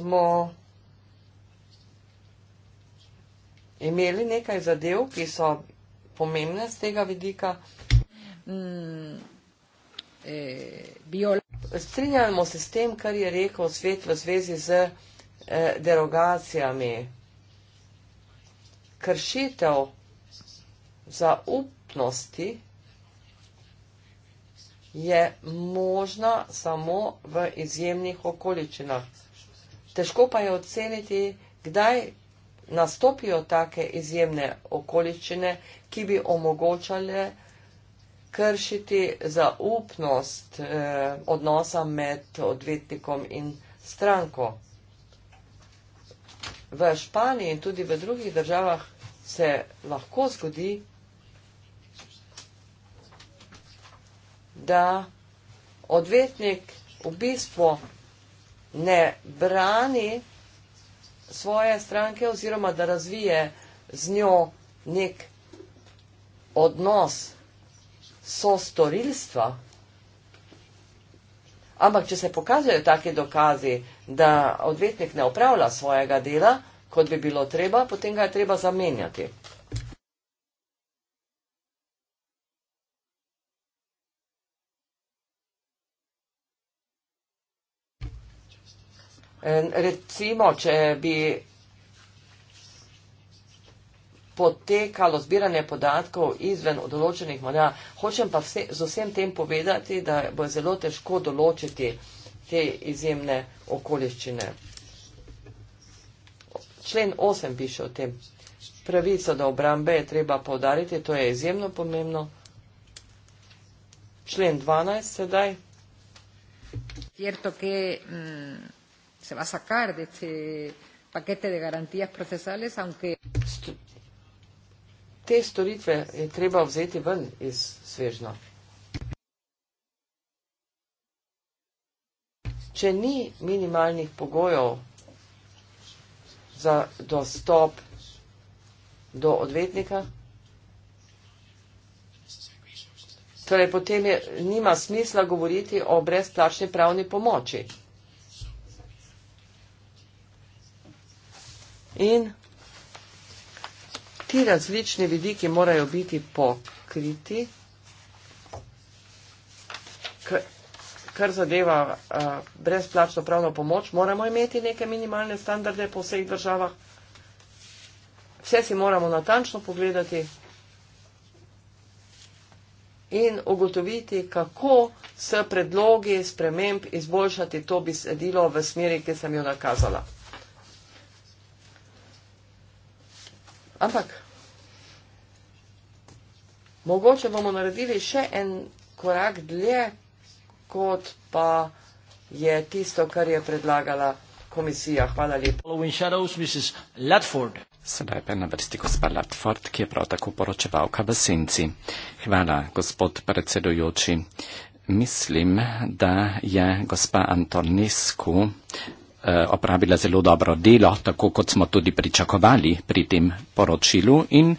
smo imeli nekaj zadev, ki so pomembne z tega vidika. Mm, eh, Strinjamo se s tem, kar je rekel svet v zvezi z eh, derogacijami. Kršitev zaupnosti je možna samo v izjemnih okoličinah težko pa je oceniti, kdaj nastopijo take izjemne okoliščine, ki bi omogočale kršiti zaupnost eh, odnosa med odvetnikom in stranko. V Španiji in tudi v drugih državah se lahko zgodi, da odvetnik v bistvu ne brani svoje stranke oziroma da razvije z njo nek odnos sostorilstva. Ampak, če se pokazujejo take dokazi, da odvetnik ne upravlja svojega dela, kot bi bilo treba, potem ga je treba zamenjati. Recimo, če bi potekalo zbiranje podatkov izven določenih morja, hočem pa vse, z vsem tem povedati, da bo zelo težko določiti te izjemne okoliščine. Člen 8 piše o tem. Pravico do obrambe je treba povdariti, to je izjemno pomembno. Člen 12 sedaj. Cierto, ki, mm, se va a sacar de este paquete de garantijas procesales, aunque. Te storitve je treba vzeti ven iz svežna. Če ni minimalnih pogojev za dostop do odvetnika, torej potem je, nima smisla govoriti o brezplačni pravni pomoči. In ti različni vidiki morajo biti pokriti, kar, kar zadeva uh, brezplačno pravno pomoč, moramo imeti neke minimalne standarde po vseh državah. Vse si moramo natančno pogledati in ugotoviti, kako s predlogi sprememb izboljšati to besedilo v smeri, ki sem jo nakazala. Ampak, mogoče bomo naredili še en korak dlje, kot pa je tisto, kar je predlagala komisija. Hvala lepa. Sedaj pa je na vrsti gospa Latford, ki je prav tako poročevalka v senci. Hvala, gospod predsedujoči. Mislim, da je gospa Antonescu Eh, opravila zelo dobro delo, tako kot smo tudi pričakovali pri tem poročilu in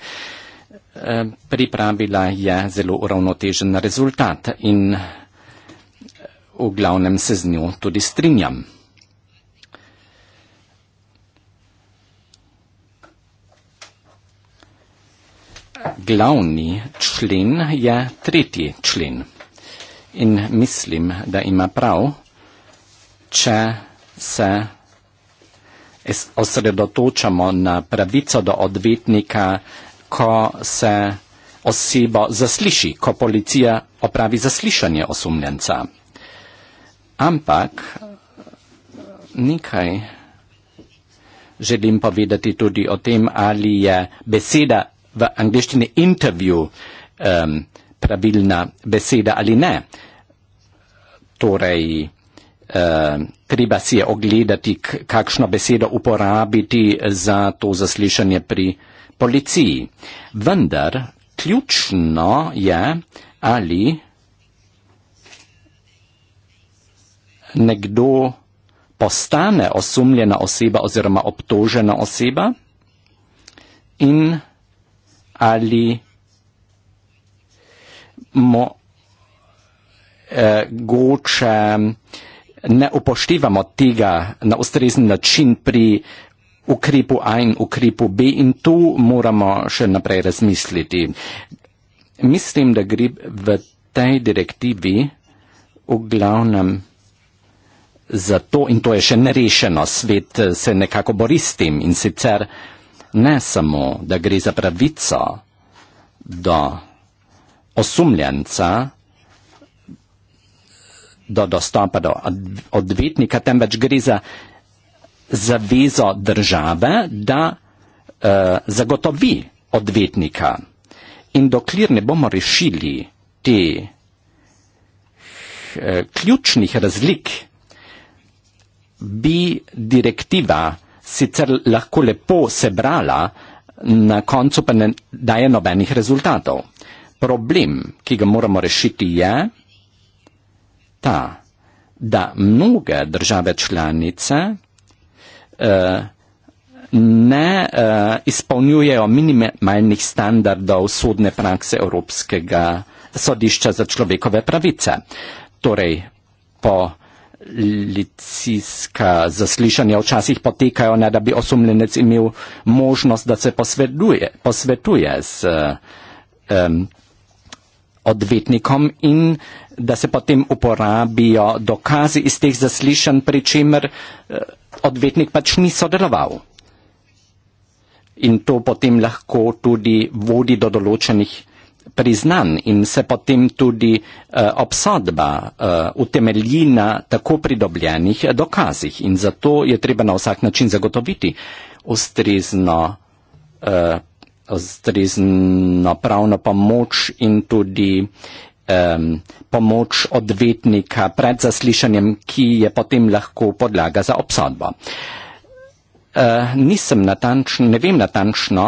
eh, pripravila je zelo uravnotežen rezultat in eh, v glavnem se z njo tudi strinjam. Glavni člen je tretji člen in mislim, da ima prav, če se osredotočamo na pravico do odvetnika, ko se osebo zasliši, ko policija opravi zaslišanje osumljenca. Ampak nekaj želim povedati tudi o tem, ali je beseda v angliščini intervju um, pravilna beseda ali ne. Torej, Eh, treba si je ogledati, kakšno besedo uporabiti za to zaslišanje pri policiji. Vendar ključno je, ali nekdo postane osumljena oseba oziroma obtožena oseba in ali mo, eh, goče eh, ne upoštevamo tega na ustrezen način pri ukrepu A in ukrepu B in tu moramo še naprej razmisliti. Mislim, da gre v tej direktivi v glavnem za to in to je še nerešeno. Svet se nekako bori s tem in sicer ne samo, da gre za pravico do osumljenca, do dostopa do odvetnika, temveč gre za zavezo države, da eh, zagotovi odvetnika. In dokler ne bomo rešili te eh, ključnih razlik, bi direktiva sicer lahko lepo sebrala, na koncu pa ne daje nobenih rezultatov. Problem, ki ga moramo rešiti, je, ta, da mnoge države članice eh, ne eh, izpolnjujejo minimalnih standardov sodne prakse Evropskega sodišča za človekove pravice. Torej, po policijska zaslišanja včasih potekajo, ne da bi osumljenec imel možnost, da se posveduje, posvetuje z um, odvetnikom in da se potem uporabijo dokazi iz teh zaslišanj, pri čemer eh, odvetnik pač ni sodeloval. In to potem lahko tudi vodi do določenih priznan in se potem tudi uh, obsodba uh, utemelji na tako pridobljenih dokazih. In zato je treba na vsak način zagotoviti ustrezno uh, ustrezna pravna pomoč in tudi um, pomoč odvetnika pred zaslišanjem, ki je potem lahko podlaga za obsodbo. Uh, nisem natančno, ne vem natančno,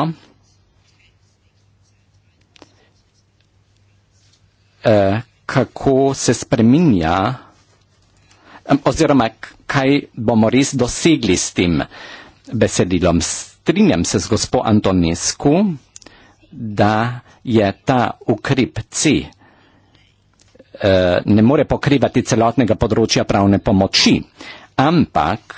uh, kako se spreminja um, oziroma kaj bomo res dosegli s tem besedilom strinjam se z gospo Antonescu, da je ta ukrep C eh, ne more pokrivati celotnega področja pravne pomoči, ampak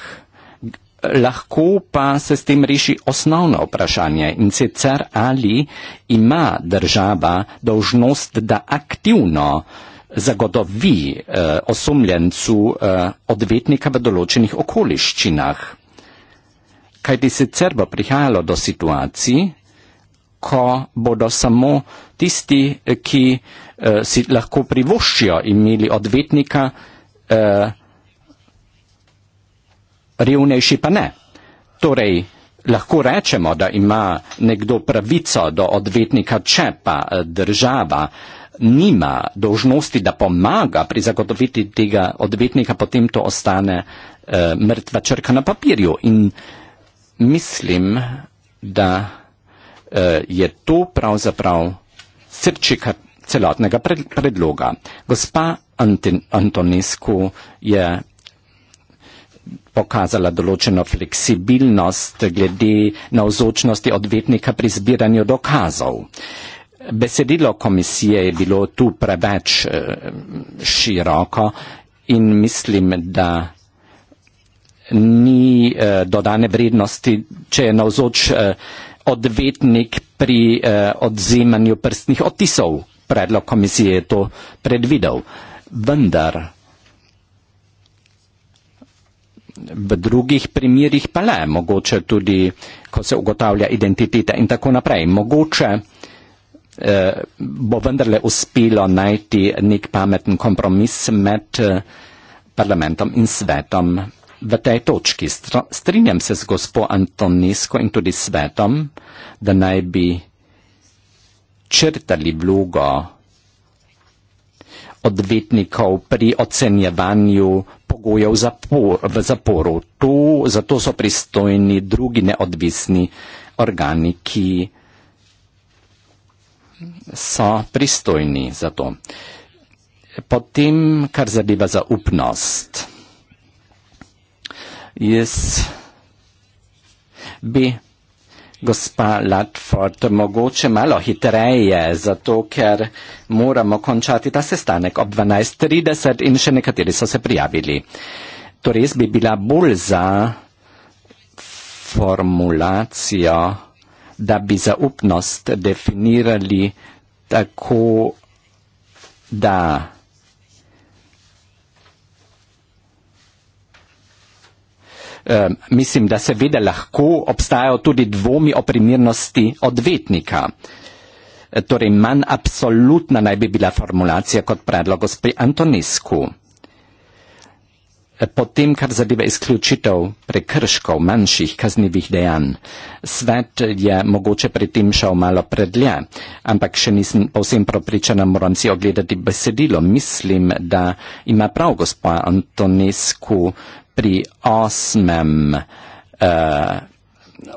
lahko pa se s tem reši osnovno vprašanje in sicer ali ima država dožnost, da aktivno zagotovi eh, osumljencu eh, odvetnika v določenih okoliščinah kajti sicer bo prihajalo do situacij, ko bodo samo tisti, ki eh, si lahko privoščijo imeli odvetnika, eh, revnejši pa ne. Torej, lahko rečemo, da ima nekdo pravico do odvetnika, če pa eh, država nima dožnosti, da pomaga pri zagotoviti tega odvetnika, potem to ostane eh, mrtva črka na papirju. In, eh, mislim, da uh, je to pravzaprav srčika celotnega predloga. Gospa Antin Antonisku je pokazala določeno fleksibilnost glede na vzočnosti odvetnika pri zbiranju dokazov. Besedilo komisije je bilo tu preveč eh, široko in mislim, da ni eh, dodane vrednosti, če je navzoč eh, odvetnik pri eh, odzemanju prstnih otisov. Predlog komisije je to predvidel. Vendar v drugih primerjih pa le, mogoče tudi, ko se ugotavlja identiteta in tako naprej. Mogoče eh, bo vendarle uspelo najti nek pameten kompromis med eh, parlamentom in svetom v tej točki strinjam se z gospo Antonesko in tudi svetom, da naj bi črtali vlogo odvetnikov pri ocenjevanju pogojev zapor, v zaporu. Tu zato so pristojni drugi neodvisni organi, ki so pristojni za to. Potem, kar zadeva zaupnost jaz bi gospa Latford mogoče malo hitreje, zato ker moramo končati ta sestanek ob 12.30 in še nekateri so se prijavili. Torej, jaz bi bila bolj za formulacijo, da bi zaupnost definirali tako, da Ehm, mislim, da seveda lahko obstajajo tudi dvomi o primernosti odvetnika. E, torej, manj absolutna naj bi bila formulacija kot predlog gospe Antonescu. Eh, potem, kar zadeva izključitev prekrškov manjših kaznivih dejanj, svet eh, je mogoče pri tem šel malo predlje, ampak še nisem povsem prepričana, moram si ogledati besedilo. Mislim, da ima prav gospa Antonescu pri osmem. Uh,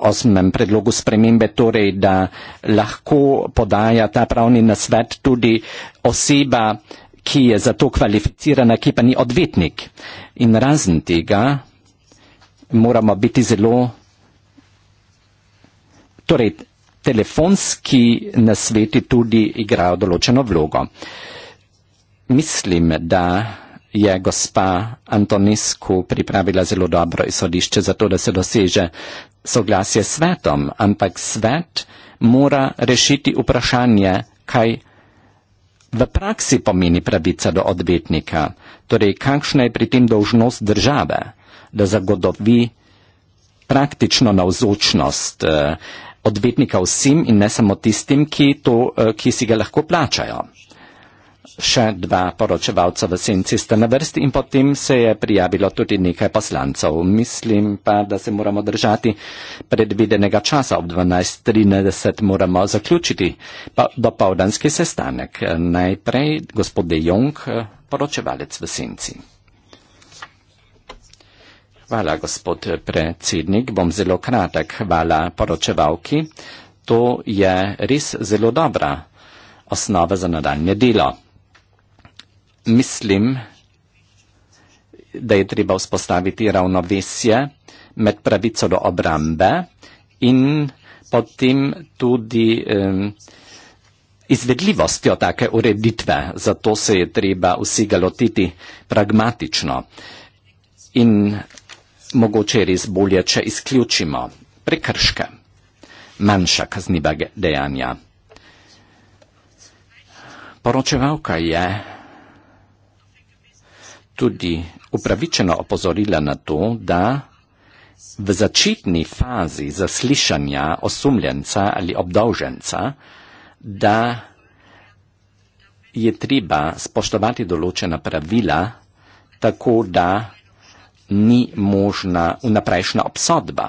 osmem predlogu spremembe, torej, da lahko podaja ta pravni nasvet tudi oseba, uh, ki je za to kvalificirana, ki pa ni odvetnik. In razen tega moramo biti zelo. Torej, telefonski nasveti tudi igrajo določeno vlogo. Mislim, da je gospa Antonisku pripravila zelo dobro izhodišče za to, da se doseže soglasje s svetom, ampak svet mora rešiti vprašanje, kaj V praksi pomeni pravica do odvetnika, torej kakšna je pri tem dolžnost države, da zagotovi praktično navzočnost eh, odvetnika vsem in ne samo tistim, ki, to, eh, ki si ga lahko plačajo še dva poročevalca v senci sta na vrsti in potem se je prijavilo tudi nekaj poslancov. Mislim pa, da se moramo držati predvidenega časa. Ob 12.30 moramo zaključiti pa dopovdanski sestanek. Najprej gospod De Jong, poročevalec v senci. Hvala, gospod predsednik. Bom zelo kratek. Hvala poročevalki. To je res zelo dobra osnova za nadaljne delo mislim, da je treba vzpostaviti ravnovesje med pravico do obrambe in potem tudi um, izvedljivostjo take ureditve. Zato se je treba vsi galotiti pragmatično in mogoče res bolje, če izključimo prekrške, manjša kazniva dejanja. Poročevalka je tudi upravičeno opozorila na to, da v začetni fazi zaslišanja osumljenca ali obdolženca, da je treba spoštovati določena pravila, tako da ni možna unaprejšna obsodba.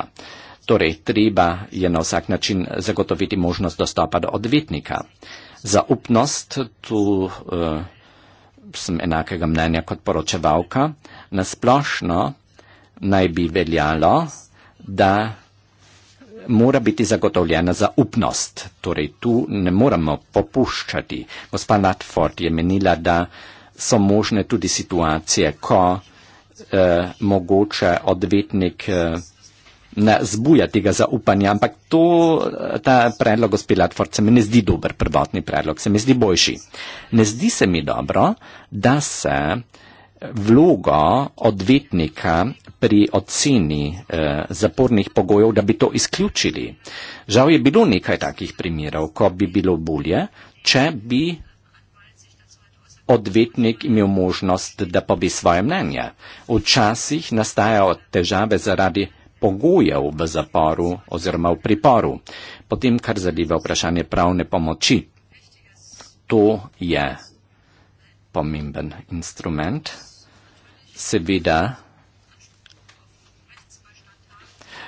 Torej, treba je na vsak način zagotoviti možnost dostopa do odvetnika. Zaupnost tu. Uh, sem enakega mnenja kot poročevalka, nasplošno naj bi veljalo, da mora biti zagotovljena zaupnost. Torej tu ne moramo popuščati. Gospa Latford je menila, da so možne tudi situacije, ko eh, mogoče odvetnik eh, ne zbuja tega zaupanja, ampak to, ta predlog gospe Latford se mi ne zdi dober prvotni predlog, se mi zdi boljši. Ne zdi se mi dobro, da se vlogo odvetnika pri oceni eh, zapornih pogojev, da bi to izključili. Žal je bilo nekaj takih primerov, ko bi bilo bolje, če bi odvetnik imel možnost, da pa bi svoje mnenje. Včasih nastajajo težave zaradi pogojev v zaporu oziroma v priporu, potem kar zadeva vprašanje pravne pomoči. To je pomemben instrument. Seveda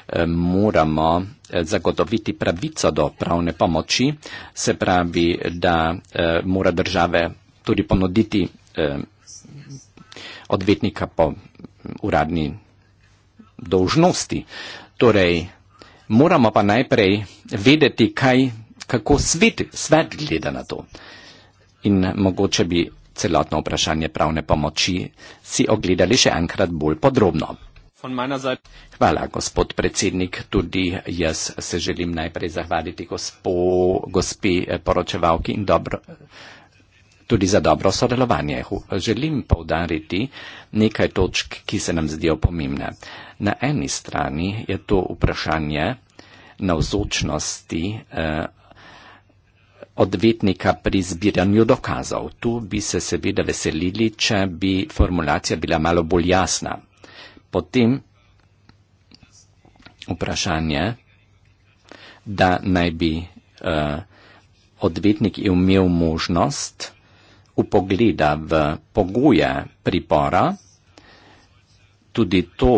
eh, moramo eh, zagotoviti pravico do pravne pomoči, se pravi, da eh, mora države tudi ponuditi odvetnika po uradni dolžnosti. Torej, moramo pa najprej vedeti, kaj, kako svet, svet gleda na to. In mogoče bi celotno vprašanje pravne pomoči si ogledali še enkrat bolj podrobno. Hvala, gospod predsednik. Tudi jaz se želim najprej zahvaliti gospo, gospi eh, poročevalki in dobro, tudi za dobro sodelovanje. Želim povdariti nekaj točk, ki se nam zdijo pomembne. Na eni strani je to vprašanje navzočnosti eh, odvetnika pri zbiranju dokazov. Tu bi se seveda veselili, če bi formulacija bila malo bolj jasna. Potem vprašanje, da naj bi eh, odvetnik imel možnost upogleda v pogoje pripora, tudi to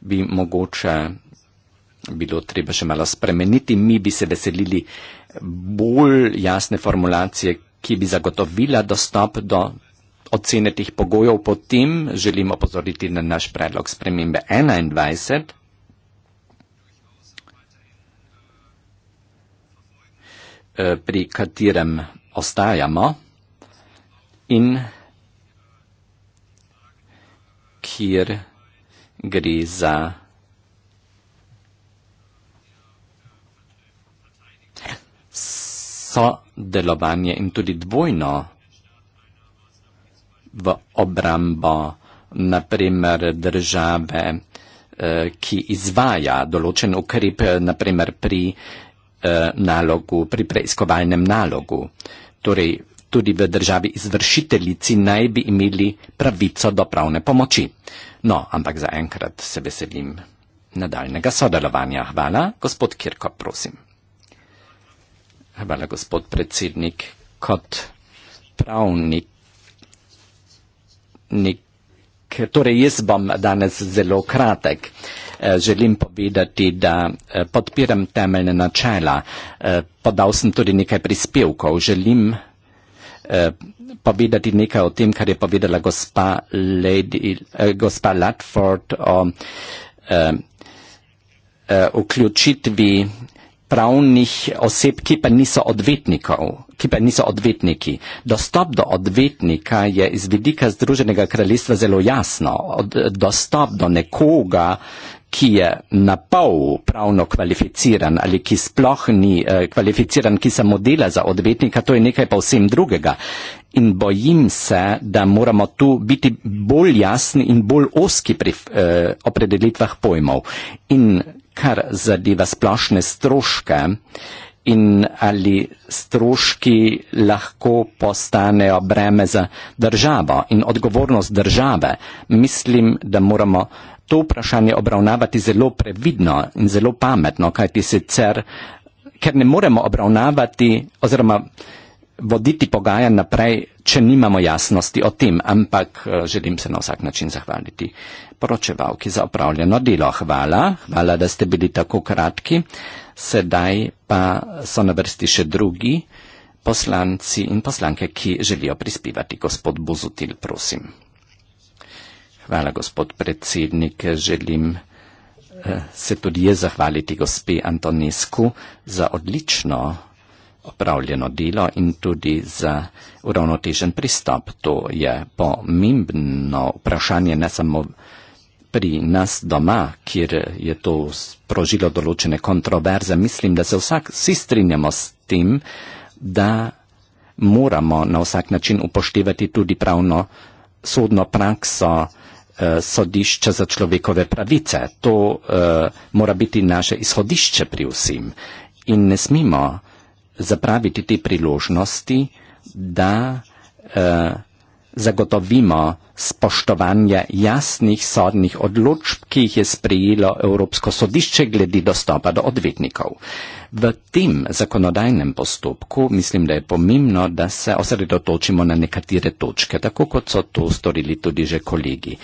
bi mogoče bilo treba še malo spremeniti. Mi bi se veselili bolj jasne formulacije, ki bi zagotovila dostop do ocene tih pogojev. Potem želimo pozoriti na naš predlog spremembe 21. E, pri katerem ostajamo in kjer gre za sodelovanje in tudi dvojno v obrambo, naprimer države, eh, ki izvaja določen ukrep, naprimer pri eh, nalogu, pri preiskovalnem nalogu. Torej, tudi v državi izvršiteljici naj bi imeli pravico do pravne pomoči. No, ampak zaenkrat se veselim nadaljnega sodelovanja. Hvala, gospod Kirko, prosim. Hvala, gospod predsednik. Kot pravnik. Nik, torej, jaz bom danes zelo kratek. Eh, želim povedati, da eh, podpiram temeljne načela. Eh, podal sem tudi nekaj prispevkov. Želim Eh, povedati nekaj o tem, kar je povedala gospa, Lady, eh, gospa Latford o eh, eh, vključitvi pravnih oseb, ki pa niso odvetnikov, ki pa niso odvetniki. Dostop do odvetnika je iz vidika Združenega kraljestva zelo jasno. Od, dostop do nekoga, ki je na pol pravno kvalificiran ali ki sploh ni eh, kvalificiran, ki samo dela za odvetnika, to je nekaj povsem drugega. In bojim se, da moramo tu biti bolj jasni in bolj oski pri eh, opredelitvah pojmov. In kar zadeva splošne stroške in ali stroški lahko postanejo breme za državo in odgovornost države, mislim, da moramo to vprašanje obravnavati zelo previdno in zelo pametno, kajti sicer, ker ne moremo obravnavati oziroma voditi pogajanj naprej, če nimamo jasnosti o tem, ampak eh, želim se na vsak način zahvaliti poročevalki za opravljeno delo. Hvala, hvala, da ste bili tako kratki. Sedaj pa so na vrsti še drugi poslanci in poslanke, ki želijo prispevati. Gospod Buzutil, prosim. Hvala, gospod predsednik. Želim eh, se tudi jaz zahvaliti gospe Antonescu za odlično opravljeno delo in tudi za uravnotežen pristop. To je pomembno vprašanje ne samo pri nas doma, kjer je to sprožilo določene kontroverze. Mislim, da se vsak, vsi strinjamo s tem, da moramo na vsak način upoštevati tudi pravno sodno prakso, Eh, sodišče za človekove pravice. To uh, mora biti naše izhodišče pri vsem. In ne smemo zapraviti te priložnosti, da uh, zagotovimo spoštovanje jasnih sodnih odločb, ki jih je sprejelo Evropsko sodišče glede dostopa do odvetnikov. V tem zakonodajnem postopku mislim, da je pomembno, da se osredotočimo na nekatere točke, tako kot so to storili tudi že kolegi.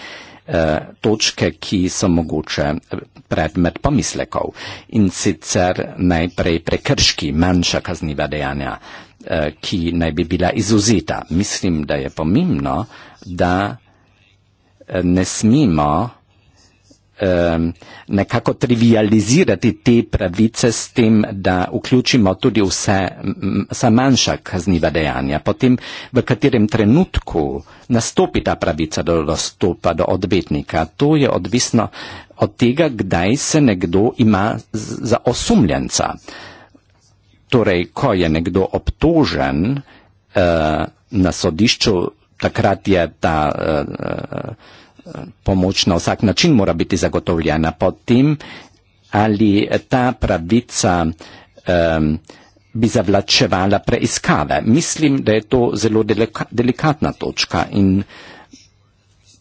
E, točke, ki so mogoče eh, predmet pomislekov in sicer najprej prekrški, manjša kazniva dejanja, Eh, ki naj bi bila izuzeta. Mislim, da je pomembno, da eh, ne smemo eh, nekako trivializirati te pravice s tem, da vključimo tudi vse, vsa manjša kazniva dejanja, potem v katerem trenutku nastopi ta pravica do dostopa do odvetnika. To je odvisno od tega, kdaj se nekdo ima za osumljenca torej, ko je nekdo obtožen uh, na sodišču, takrat je ta uh, pomoč na vsak način mora biti zagotovljena. Potem, ali ta pravica um, bi zavlačevala preiskave. Mislim, da je to zelo delika delikatna točka in uh,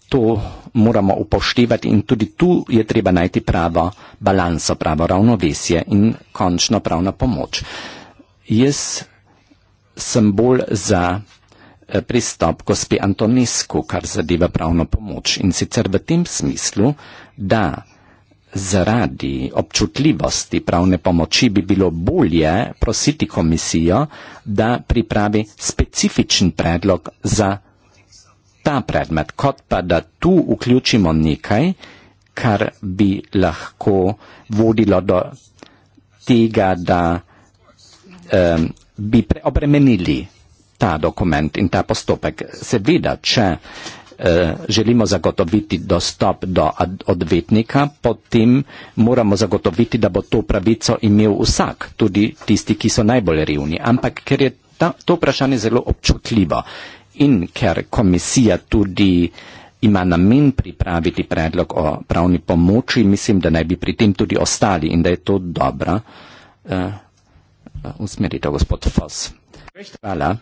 to moramo upoštevati in tudi tu je treba najti pravo balanso, pravo ravnovesje in končno pravna pomoč. Jaz sem bolj za eh, pristop gospe Antonescu, kar zadeva pravno pomoč in sicer v tem smislu, da zaradi občutljivosti pravne pomoči bi bilo bolje prositi komisijo, da pripravi specifičen predlog za ta predmet, kot pa da tu vključimo nekaj, kar bi lahko vodilo do tega, da um, bi preobremenili ta dokument in ta postopek. Seveda, če e, želimo zagotoviti dostop do odvetnika, potem moramo zagotoviti, da bo to pravico imel vsak, tudi tisti, ki so najbolj revni. Ampak ker je ta, to vprašanje zelo občutljivo, uh, in ker komisija tudi ima namen pripraviti predlog o pravni pomoči, mislim, da naj bi pri tem tudi ostali in da je to dobra uh, usmeritev, gospod Fos. Hvala.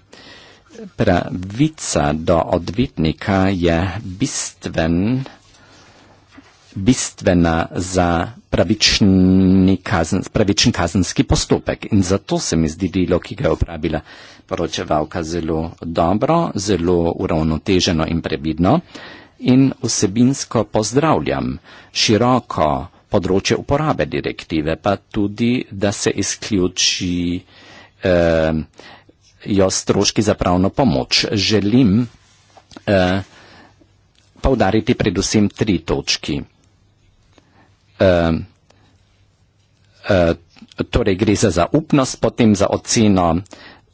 Pravica do odvetnika je bistven bistvena za pravični, kazen, pravičen kazenski postopek. In zato se mi zdi delo, ki ga je upravila poročevalka, zelo dobro, zelo uravnoteženo in previdno. In vsebinsko pozdravljam široko področje uporabe direktive, pa tudi, da se izključi eh, jo stroški za pravno pomoč. Želim eh, poudariti predvsem tri točki. Ehm, eh, torej gre za zaupnost, potem za oceno,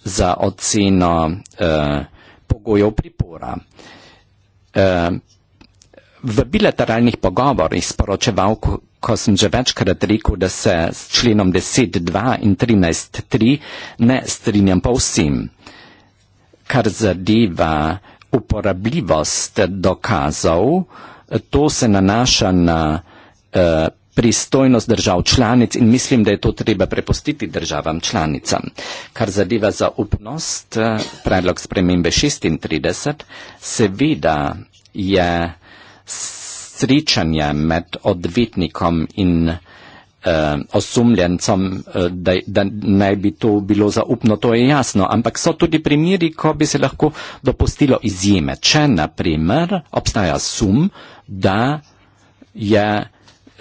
za oceno eh, pogojev pripora. Eh, v bilateralnih pogovorih sporočeval, ko sem že večkrat rekel, da se s členom 10.2 in 13.3 ne strinjam povsem, kar zadeva uporabljivost dokazov, to se nanaša na eh, Eh, pristojnost držav članic in mislim, da je to treba prepustiti državam članicam. Kar zadeva za upnost, eh, predlog spremembe 36, seveda je srečanje med odvetnikom in eh, osumljencem, eh, da, da naj bi to bilo zaupno, to je jasno, ampak so tudi primeri, ko bi se lahko dopustilo izjeme. Če, na primer, obstaja sum, da je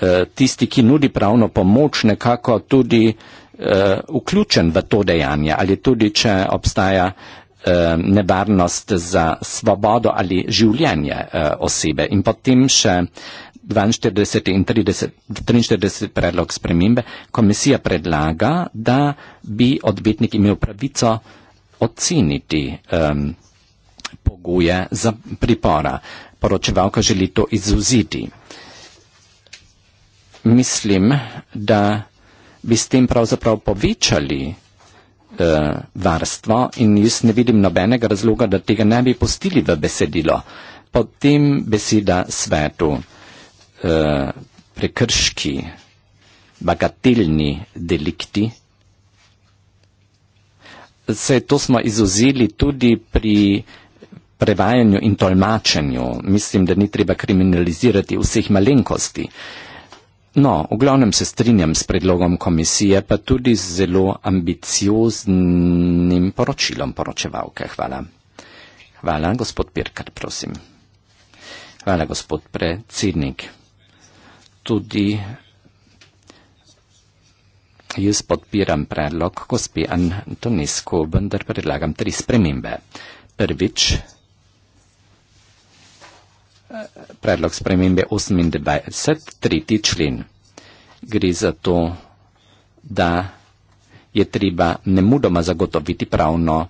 Eh, tisti, ki nudi pravno pomoč, nekako tudi eh, vključen v to dejanje ali tudi, če obstaja eh, nevarnost za svobodo ali življenje osebe. In potem še 42 in 30, 43 predlog spremembe, komisija predlaga, da bi odvetnik imel pravico oceniti um, pogoje za pripora. Poročevalka želi to izuziti mislim, da bi s tem pravzaprav povečali uh, varstvo in jaz ne vidim nobenega razloga, da tega ne bi postili v besedilo. Potem beseda svetu, uh, prekrški, bagatelni delikti. Se to smo izuzeli tudi pri prevajanju in tolmačenju. Mislim, da ni treba kriminalizirati vseh malenkosti. Uh, No, v glavnem se strinjam s predlogom komisije, pa tudi z zelo ambicioznim poročilom poročevalke. Hvala. Hvala, gospod Pirkar, prosim. Hvala, gospod predsednik. Tudi jaz podpiram predlog gospe Antonisko, vendar predlagam tri spremembe. Prvič, predlog spremembe 28, tretji člen. Gre za to, da je treba nemudoma zagotoviti pravno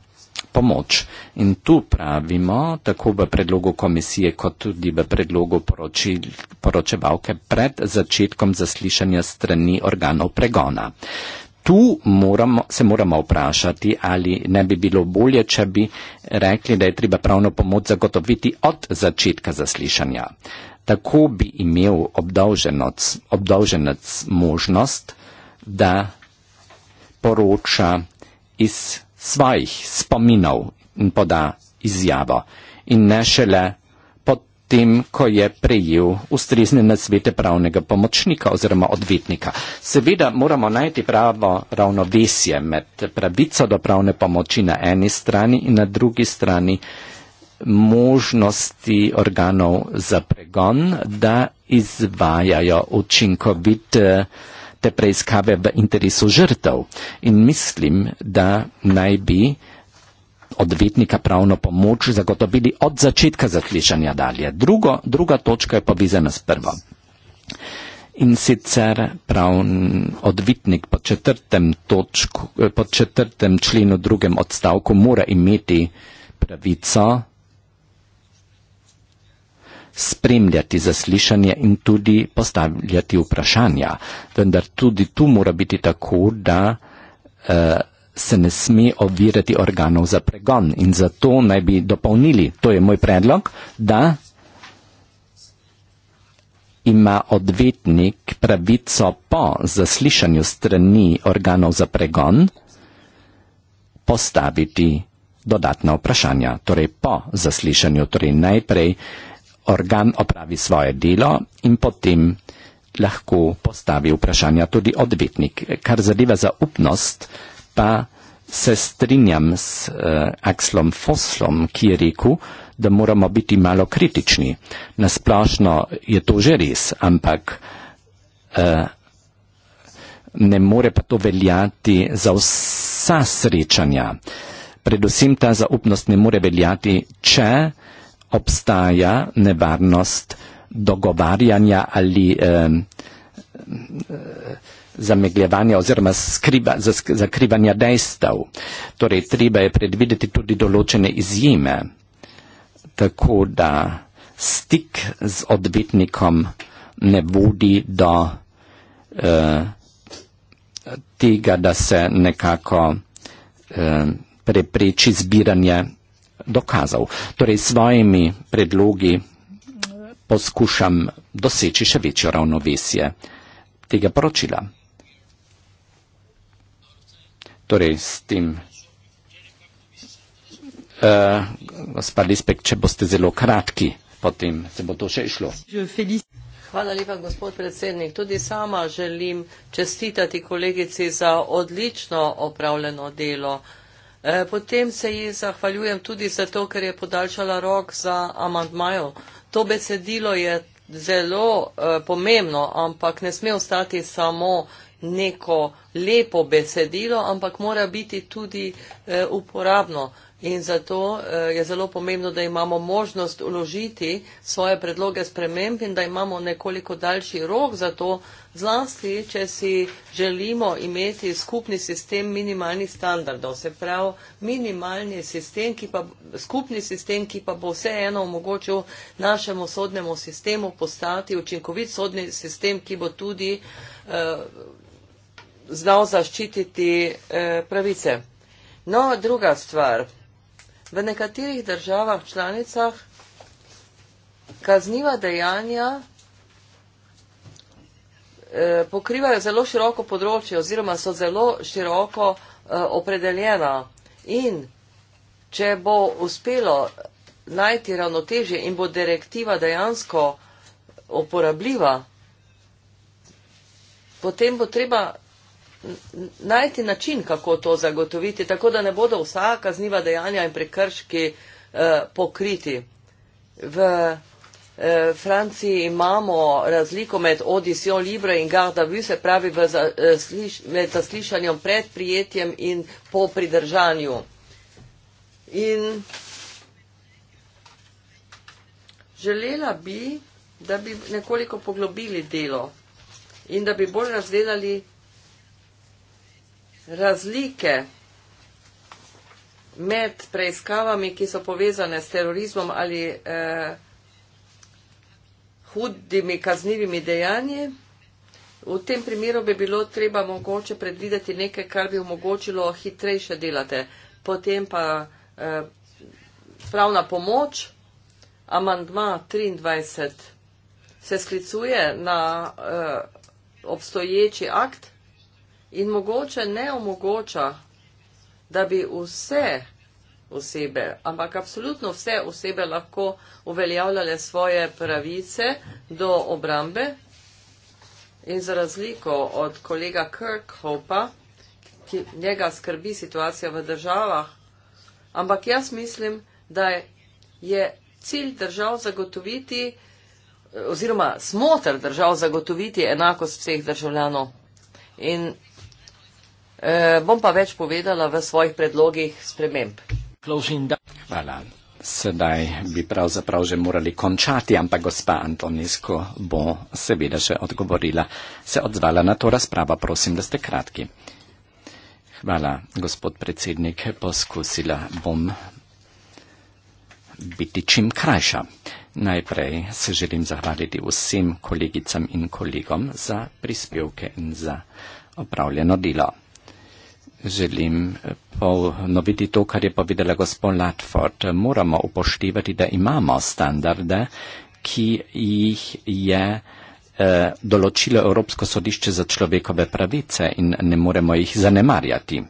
pomoč. In tu pravimo, tako v predlogu komisije, kot tudi v predlogu poročil, poročevalke, pred začetkom zaslišanja strani organov pregona tu moramo, se moramo vprašati, ali ne bi bilo bolje, če bi rekli, da je treba pravno pomoč zagotoviti od začetka zaslišanja. Tako bi imel obdolženec, obdolženec možnost, da poroča iz svojih spominov in poda izjavo in ne šele potem, ko je prejel ustrezne nasvete pravnega pomočnika oziroma odvetnika. Seveda moramo najti pravo ravnovesje med pravico do pravne pomoči na eni strani in na drugi strani možnosti organov za pregon, da izvajajo učinkovite te preiskave v interesu žrtev. In mislim, da naj bi odvetnika pravno pomoč zagotovili od začetka zaslišanja dalje. Drugo, druga točka je povezana s prvo. In sicer pravni odvitnik po četrtem, točku, eh, po četrtem členu drugem odstavku mora imeti pravico spremljati zaslišanje in tudi postavljati vprašanja. Vendar tudi tu mora biti tako, da uh, se ne sme ovirati organov za pregon in zato naj bi dopolnili, to je moj predlog, da ima odvetnik pravico po zaslišanju strani organov za pregon postaviti dodatna vprašanja, torej po zaslišanju, torej najprej organ opravi svoje delo in potem lahko postavi vprašanja tudi odvetnik. Kar zadeva zaupnost, pa se strinjam s uh, Axlom Foslom, ki je rekel, da moramo biti malo kritični. Nasplošno je to že res, ampak uh, ne more pa to veljati za vsa srečanja. Predvsem ta zaupnost ne more veljati, če obstaja nevarnost dogovarjanja ali. Uh, uh, zamegljevanja oziroma skriba, za, zakrivanja dejstev. Torej, treba je predvideti tudi določene izjeme, tako da stik z odvetnikom ne vodi do eh, tega, da se nekako eh, prepreči zbiranje dokazov. Torej, s svojimi predlogi eh, poskušam doseči še večjo ravnovesje tega poročila torej s tem. Uh, gospa Lispek, če boste zelo kratki, potem se bo to še išlo. Hvala lepa, gospod predsednik. Tudi sama želim čestitati kolegici za odlično opravljeno delo. E, potem se ji zahvaljujem tudi zato, ker je podaljšala rok za amantmajo. To besedilo je zelo e, pomembno, ampak ne sme ostati samo neko lepo besedilo, ampak mora biti tudi eh, uporabno. In zato eh, je zelo pomembno, da imamo možnost uložiti svoje predloge sprememb in da imamo nekoliko daljši rok za to, zlasti, če si želimo imeti skupni sistem minimalnih standardov, se pravi minimalni sistem, ki pa, skupni sistem, ki pa bo vseeno omogočil našemu sodnemu sistemu postati učinkovit sodni sistem, ki bo tudi. Eh, znal zaščititi eh, pravice. No, druga stvar. V nekaterih državah članicah kazniva dejanja eh, pokrivajo zelo široko področje oziroma so zelo široko eh, opredeljena. In če bo uspelo najti ravnotežje in bo direktiva dejansko uporabljiva, potem bo treba najti način, kako to zagotoviti, tako da ne bodo vsa kazniva dejanja in prekrški eh, pokriti. V eh, Franciji imamo razliko med audition libre in garda vu, se pravi za, eh, sliš, med zaslišanjem pred prijetjem in po pridržanju. In želela bi, da bi nekoliko poglobili delo in da bi bolj razdelali razlike med preiskavami, ki so povezane s terorizmom ali eh, hudimi kaznivimi dejanji. V tem primeru bi bilo treba mogoče predvideti nekaj, kar bi omogočilo hitrejše delate. Potem pa eh, pravna pomoč, amandma 23 se sklicuje na eh, obstoječi akt in mogoče ne omogoča, da bi vse osebe, ampak absolutno vse osebe lahko uveljavljale svoje pravice do obrambe. In za razliko od kolega Kirkhopa, ki njega skrbi situacija v državah, ampak jaz mislim, da je cilj držav zagotoviti, oziroma smotr držav zagotoviti enakost vseh državljanov. In Eh, bom pa več povedala v svojih predlogih sprememb. Hvala. Sedaj bi pravzaprav že morali končati, ampak gospa Antonisko bo seveda še odgovorila, se odzvala na to razpravo. Prosim, da ste kratki. Hvala, gospod predsednik. Poskusila bom biti čim krajša. Najprej se želim zahvaliti vsem kolegicam in kolegom za prispevke in za opravljeno delo. Želim eh, ponoviti to, kar je povedala gospod Latford. Moramo upoštevati, da imamo standarde, ki jih je eh, določilo Evropsko sodišče za človekove pravice in ne moremo jih zanemarjati.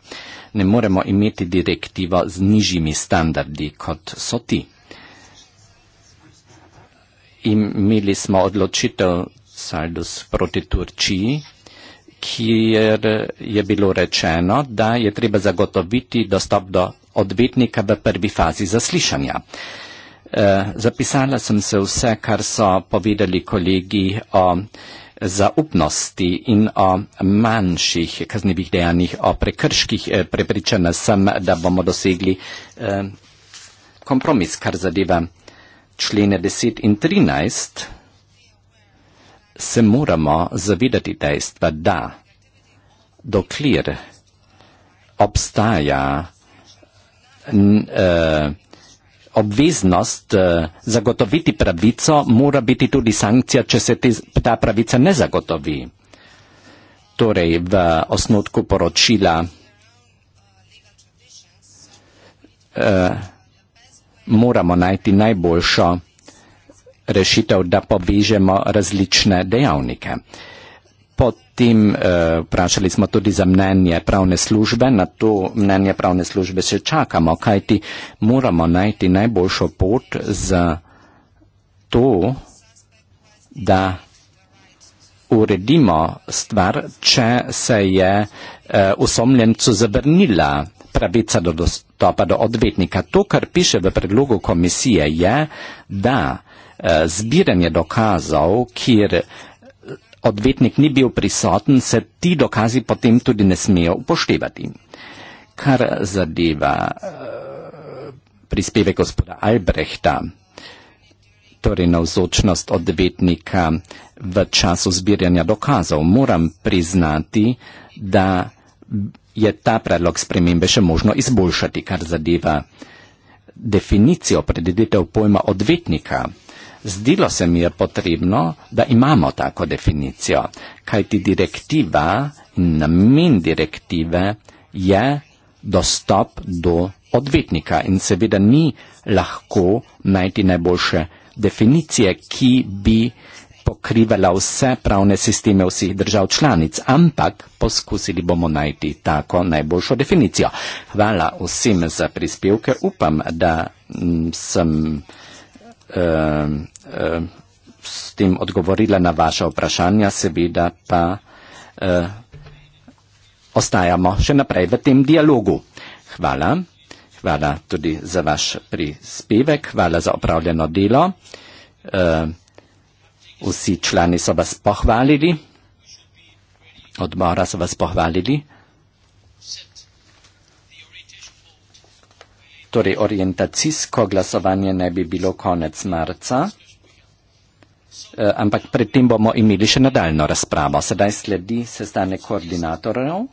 Ne moremo imeti direktivo z nižjimi standardi, kot so ti. Imeli smo odločitev Saldus proti Turčiji, kjer je bilo rečeno, da je treba zagotoviti dostop do odvetnika v prvi fazi zaslišanja. Eh, zapisala sem se vse, kar so povedali kolegi o zaupnosti in o manjših kaznevih dejanjih, o prekrških. Eh, prepričana sem, da bomo dosegli eh, kompromis, kar zadeva člene 10 in 13 se moramo zavedati dejstva, da dokler obstaja n, eh, obveznost eh, zagotoviti pravico, mora biti tudi sankcija, če se te, ta pravica ne zagotovi. Torej, v osnotku poročila eh, moramo najti najboljšo rešitev, da pobižemo različne dejavnike. Potem uh, vprašali smo tudi za mnenje pravne službe, na to mnenje pravne službe še čakamo, kajti moramo najti najboljšo pot za to, da uredimo stvar, če se je uh, eh, osomljencu zabrnila pravica do dostopa do odvetnika. To, kar piše v predlogu komisije, je, da Eh, zbiranje dokazov, kjer odvetnik ni bil prisoten, se ti dokazi potem tudi ne smejo upoštevati. Kar zadeva eh, prispevek gospoda Albrehta, torej navzočnost odvetnika v času zbiranja dokazov, moram priznati, da je ta predlog spremembe še možno izboljšati, kar zadeva definicijo prededitev pojma odvetnika zdilo se mi je potrebno, da imamo tako definicijo, kajti direktiva in namen direktive je dostop do odvetnika in seveda ni lahko najti najboljše definicije, ki bi pokrivala vse pravne sisteme vseh držav članic, ampak poskusili bomo najti tako najboljšo definicijo. Hvala vsem za prispevke, upam, da mm, sem eh, s tem odgovorila na vaše vprašanja, seveda pa eh, ostajamo še naprej v tem dialogu. Hvala. Hvala tudi za vaš prispevek, hvala za opravljeno delo. Ehm, vsi člani so vas pohvalili, odbora so vas pohvalili. Torej, orientacijsko glasovanje ne bi bilo konec marca, eh, ampak predtem bomo imeli še nadaljno razpravo. Sedaj sledi sestane koordinatorjev.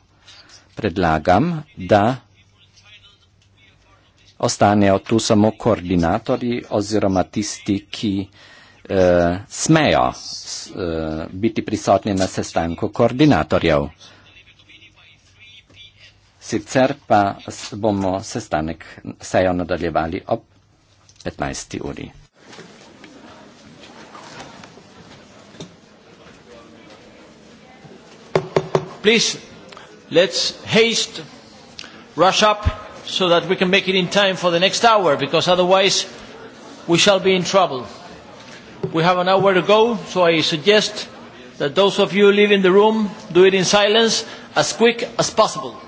Predlagam, da ostanejo tu samo koordinatorji oziroma tisti, ki uh, smejo uh, biti prisotni na sestanku koordinatorjev sicer pa bomo sestanek sejo nadaljevali ob 15. uri. Please, let's haste, rush up, so that we can make it in time for the next hour, because otherwise we shall be in trouble. We have an hour to go, so I suggest that those of you who live in the room do it in silence as quick as possible.